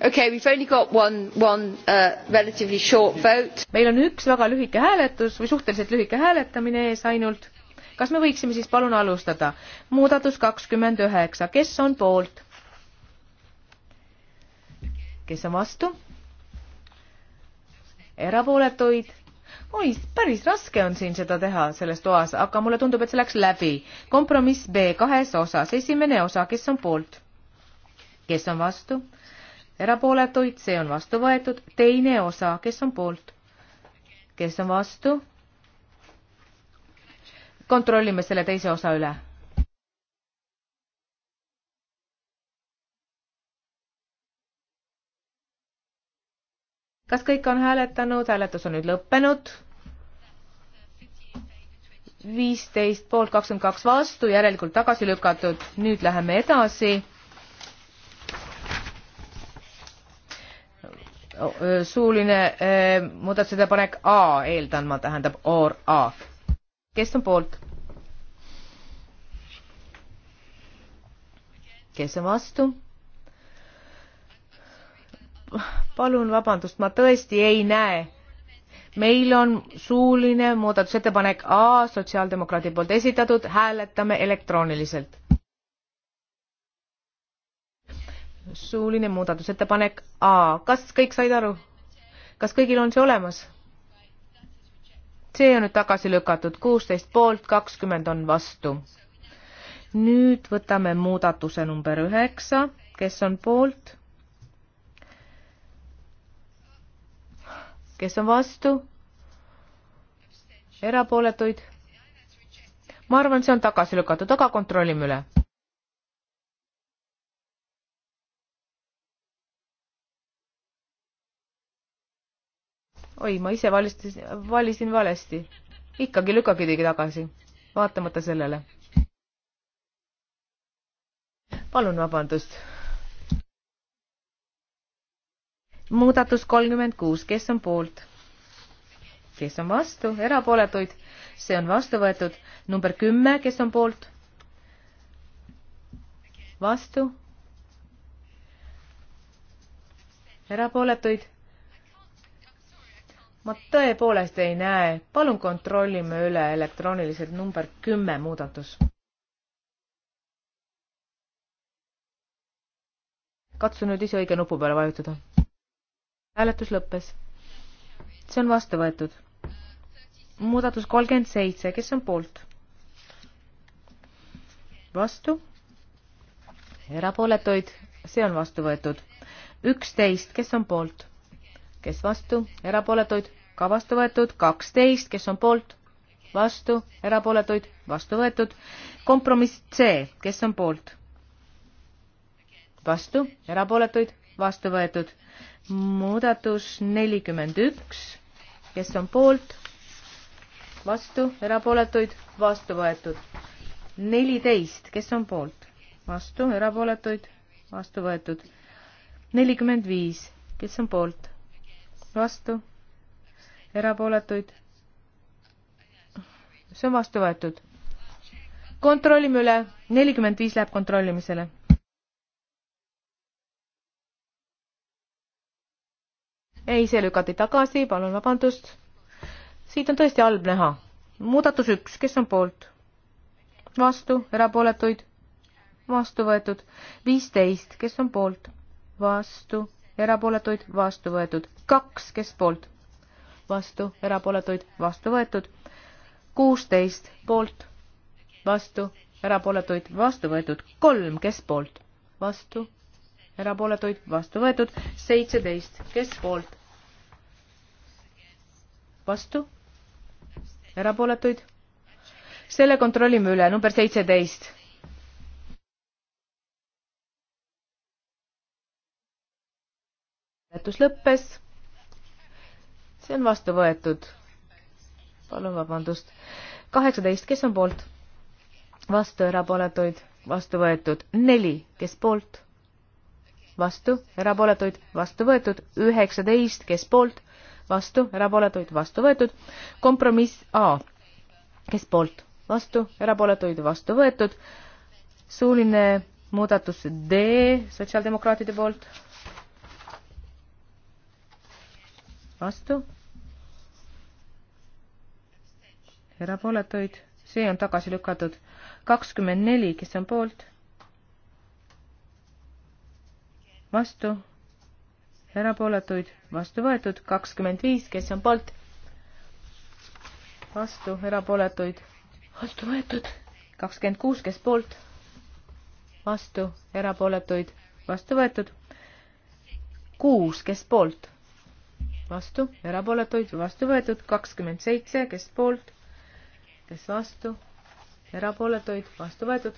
okay we have only got one, one uh, relatively short vote. meil on üks väga lühike hääletus või suhteliselt lühike hääletamine ees ainult kas me võiksime siis palun alustada? muudatus kakskümmend üheksa, kes on poolt? kes on vastu? erapooletuid? oi, päris raske on siin seda teha selles toas, aga mulle tundub, et see läks läbi. kompromiss B kahes osas, esimene osa, kes on poolt? kes on vastu? erapooletuid, see on vastu võetud, teine osa, kes on poolt? kes on vastu? kontrollime selle teise osa üle. kas kõik on hääletanud, hääletus on nüüd lõppenud? viisteist poolt kakskümmend kaks vastu, järelikult tagasi lükatud, nüüd läheme edasi. suuline muudatusettepanek A eeldan ma, tähendab or A kes on poolt? kes on vastu? palun vabandust, ma tõesti ei näe. meil on suuline muudatusettepanek A sotsiaaldemokraadi poolt esitatud, hääletame elektrooniliselt. suuline muudatusettepanek A, kas kõik said aru? kas kõigil on see olemas? see on nüüd tagasi lükatud, kuusteist poolt, kakskümmend on vastu. nüüd võtame muudatuse number üheksa, kes on poolt? kes on vastu? erapooletuid? ma arvan, see on tagasi lükatud, aga kontrollime üle oi, ma ise valistasin, valisin valesti. ikkagi lükake tagasi, vaatamata sellele. palun vabandust. muudatus kolmkümmend kuus, kes on poolt? kes on vastu, erapooletuid, see on vastu võetud. number kümme, kes on poolt? vastu? erapooletuid ma tõepoolest ei näe, palun kontrollime üle elektrooniliselt number kümme muudatus. katsu nüüd ise õige nupu peale vajutada. hääletus lõppes. see on vastu võetud. muudatus kolmkümmend seitse, kes on poolt? vastu? erapooletuid, see on vastu võetud. üksteist, kes on poolt? kes vastu, erapooletuid, ka vastu võetud, kaksteist, kes on poolt, vastu, erapooletuid, vastu võetud. kompromiss C, kes on poolt? vastu, erapooletuid, vastu võetud. muudatus nelikümmend üks, kes on poolt? vastu, erapooletuid, vastu võetud. neliteist, kes on poolt? vastu, erapooletuid, vastu võetud. nelikümmend viis, kes on poolt? vastu, erapooletuid. see on vastu võetud. kontrollime üle, nelikümmend viis läheb kontrollimisele. ei, see lükati tagasi, palun vabandust. siit on tõesti halb näha. muudatus üks, kes on poolt? vastu, erapooletuid? vastu võetud. viisteist, kes on poolt? vastu erapooletuid, vastu võetud. kaks, kes poolt, vastu, erapooletuid, vastu võetud. kuusteist poolt, vastu, erapooletuid, vastu võetud. kolm, kes poolt, vastu, erapooletuid, vastu võetud. seitseteist, kes poolt, vastu, erapooletuid. selle kontrollime üle, number seitseteist hääletus lõppes. see on vastu võetud. palun vabandust. kaheksateist, kes on poolt? vastu, erapooletuid, vastu võetud. neli, kes poolt? vastu, erapooletuid, vastu võetud. üheksateist, kes poolt? vastu, erapooletuid, vastu võetud. kompromiss A, kes poolt? vastu, erapooletuid, vastu võetud. suuline muudatus D sotsiaaldemokraatide poolt vastu, erapooletuid, see on tagasi lükatud. kakskümmend neli, kes on poolt, vastu, erapooletuid, vastu võetud, kakskümmend viis, kes on poolt, vastu, erapooletuid, vastu võetud, kakskümmend kuus, kes poolt, vastu, erapooletuid, vastu võetud, kuus, kes poolt vastu, erapooletuid vastu võetud kakskümmend seitse, kes poolt, kes vastu, erapooletuid vastu võetud.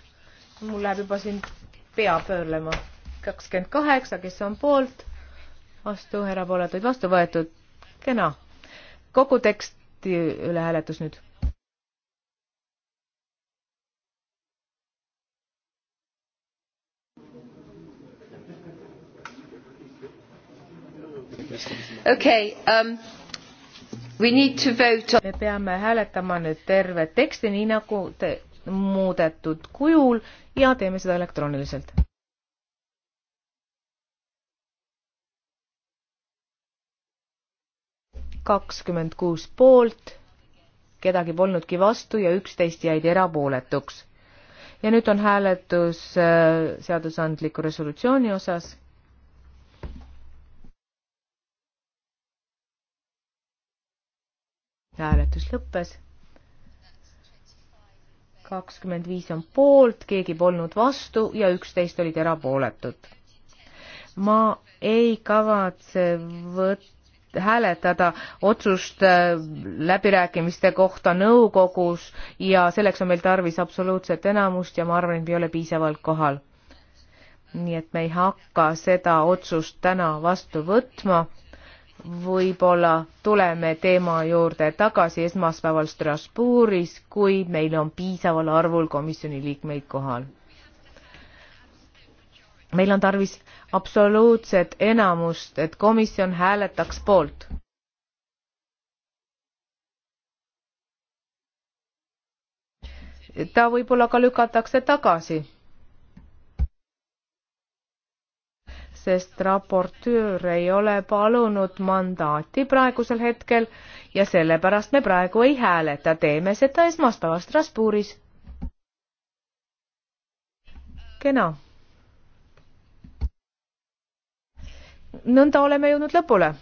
mul läheb juba siin pea pöörlema. kakskümmend kaheksa, kes on poolt, vastu, erapooletuid vastu võetud. kena. kogu teksti üle hääletus nüüd Okay, um, me peame hääletama nüüd tervet teksti, nii nagu te, muudetud kujul ja teeme seda elektrooniliselt. kakskümmend kuus poolt, kedagi polnudki vastu ja üksteist jäid erapooletuks. ja nüüd on hääletus äh, seadusandliku resolutsiooni osas ja hääletus lõppes. kakskümmend viis on poolt, keegi polnud vastu ja üksteist olid erapooletud. ma ei kavatse võtta hääletada otsust äh, läbirääkimiste kohta nõukogus ja selleks on meil tarvis absoluutset enamust ja ma arvan, et me ei ole piisavalt kohal. nii et me ei hakka seda otsust täna vastu võtma võib-olla tuleme teema juurde tagasi esmaspäeval Strasbourgis, kui meil on piisaval arvul komisjoni liikmeid kohal. meil on tarvis absoluutset enamust, et komisjon hääletaks poolt. ta võib-olla ka lükatakse tagasi sest raportöör ei ole palunud mandaati praegusel hetkel ja sellepärast me praegu ei hääleta, teeme seda esmaspäeval Strasbourgis. kena. nõnda oleme jõudnud lõpule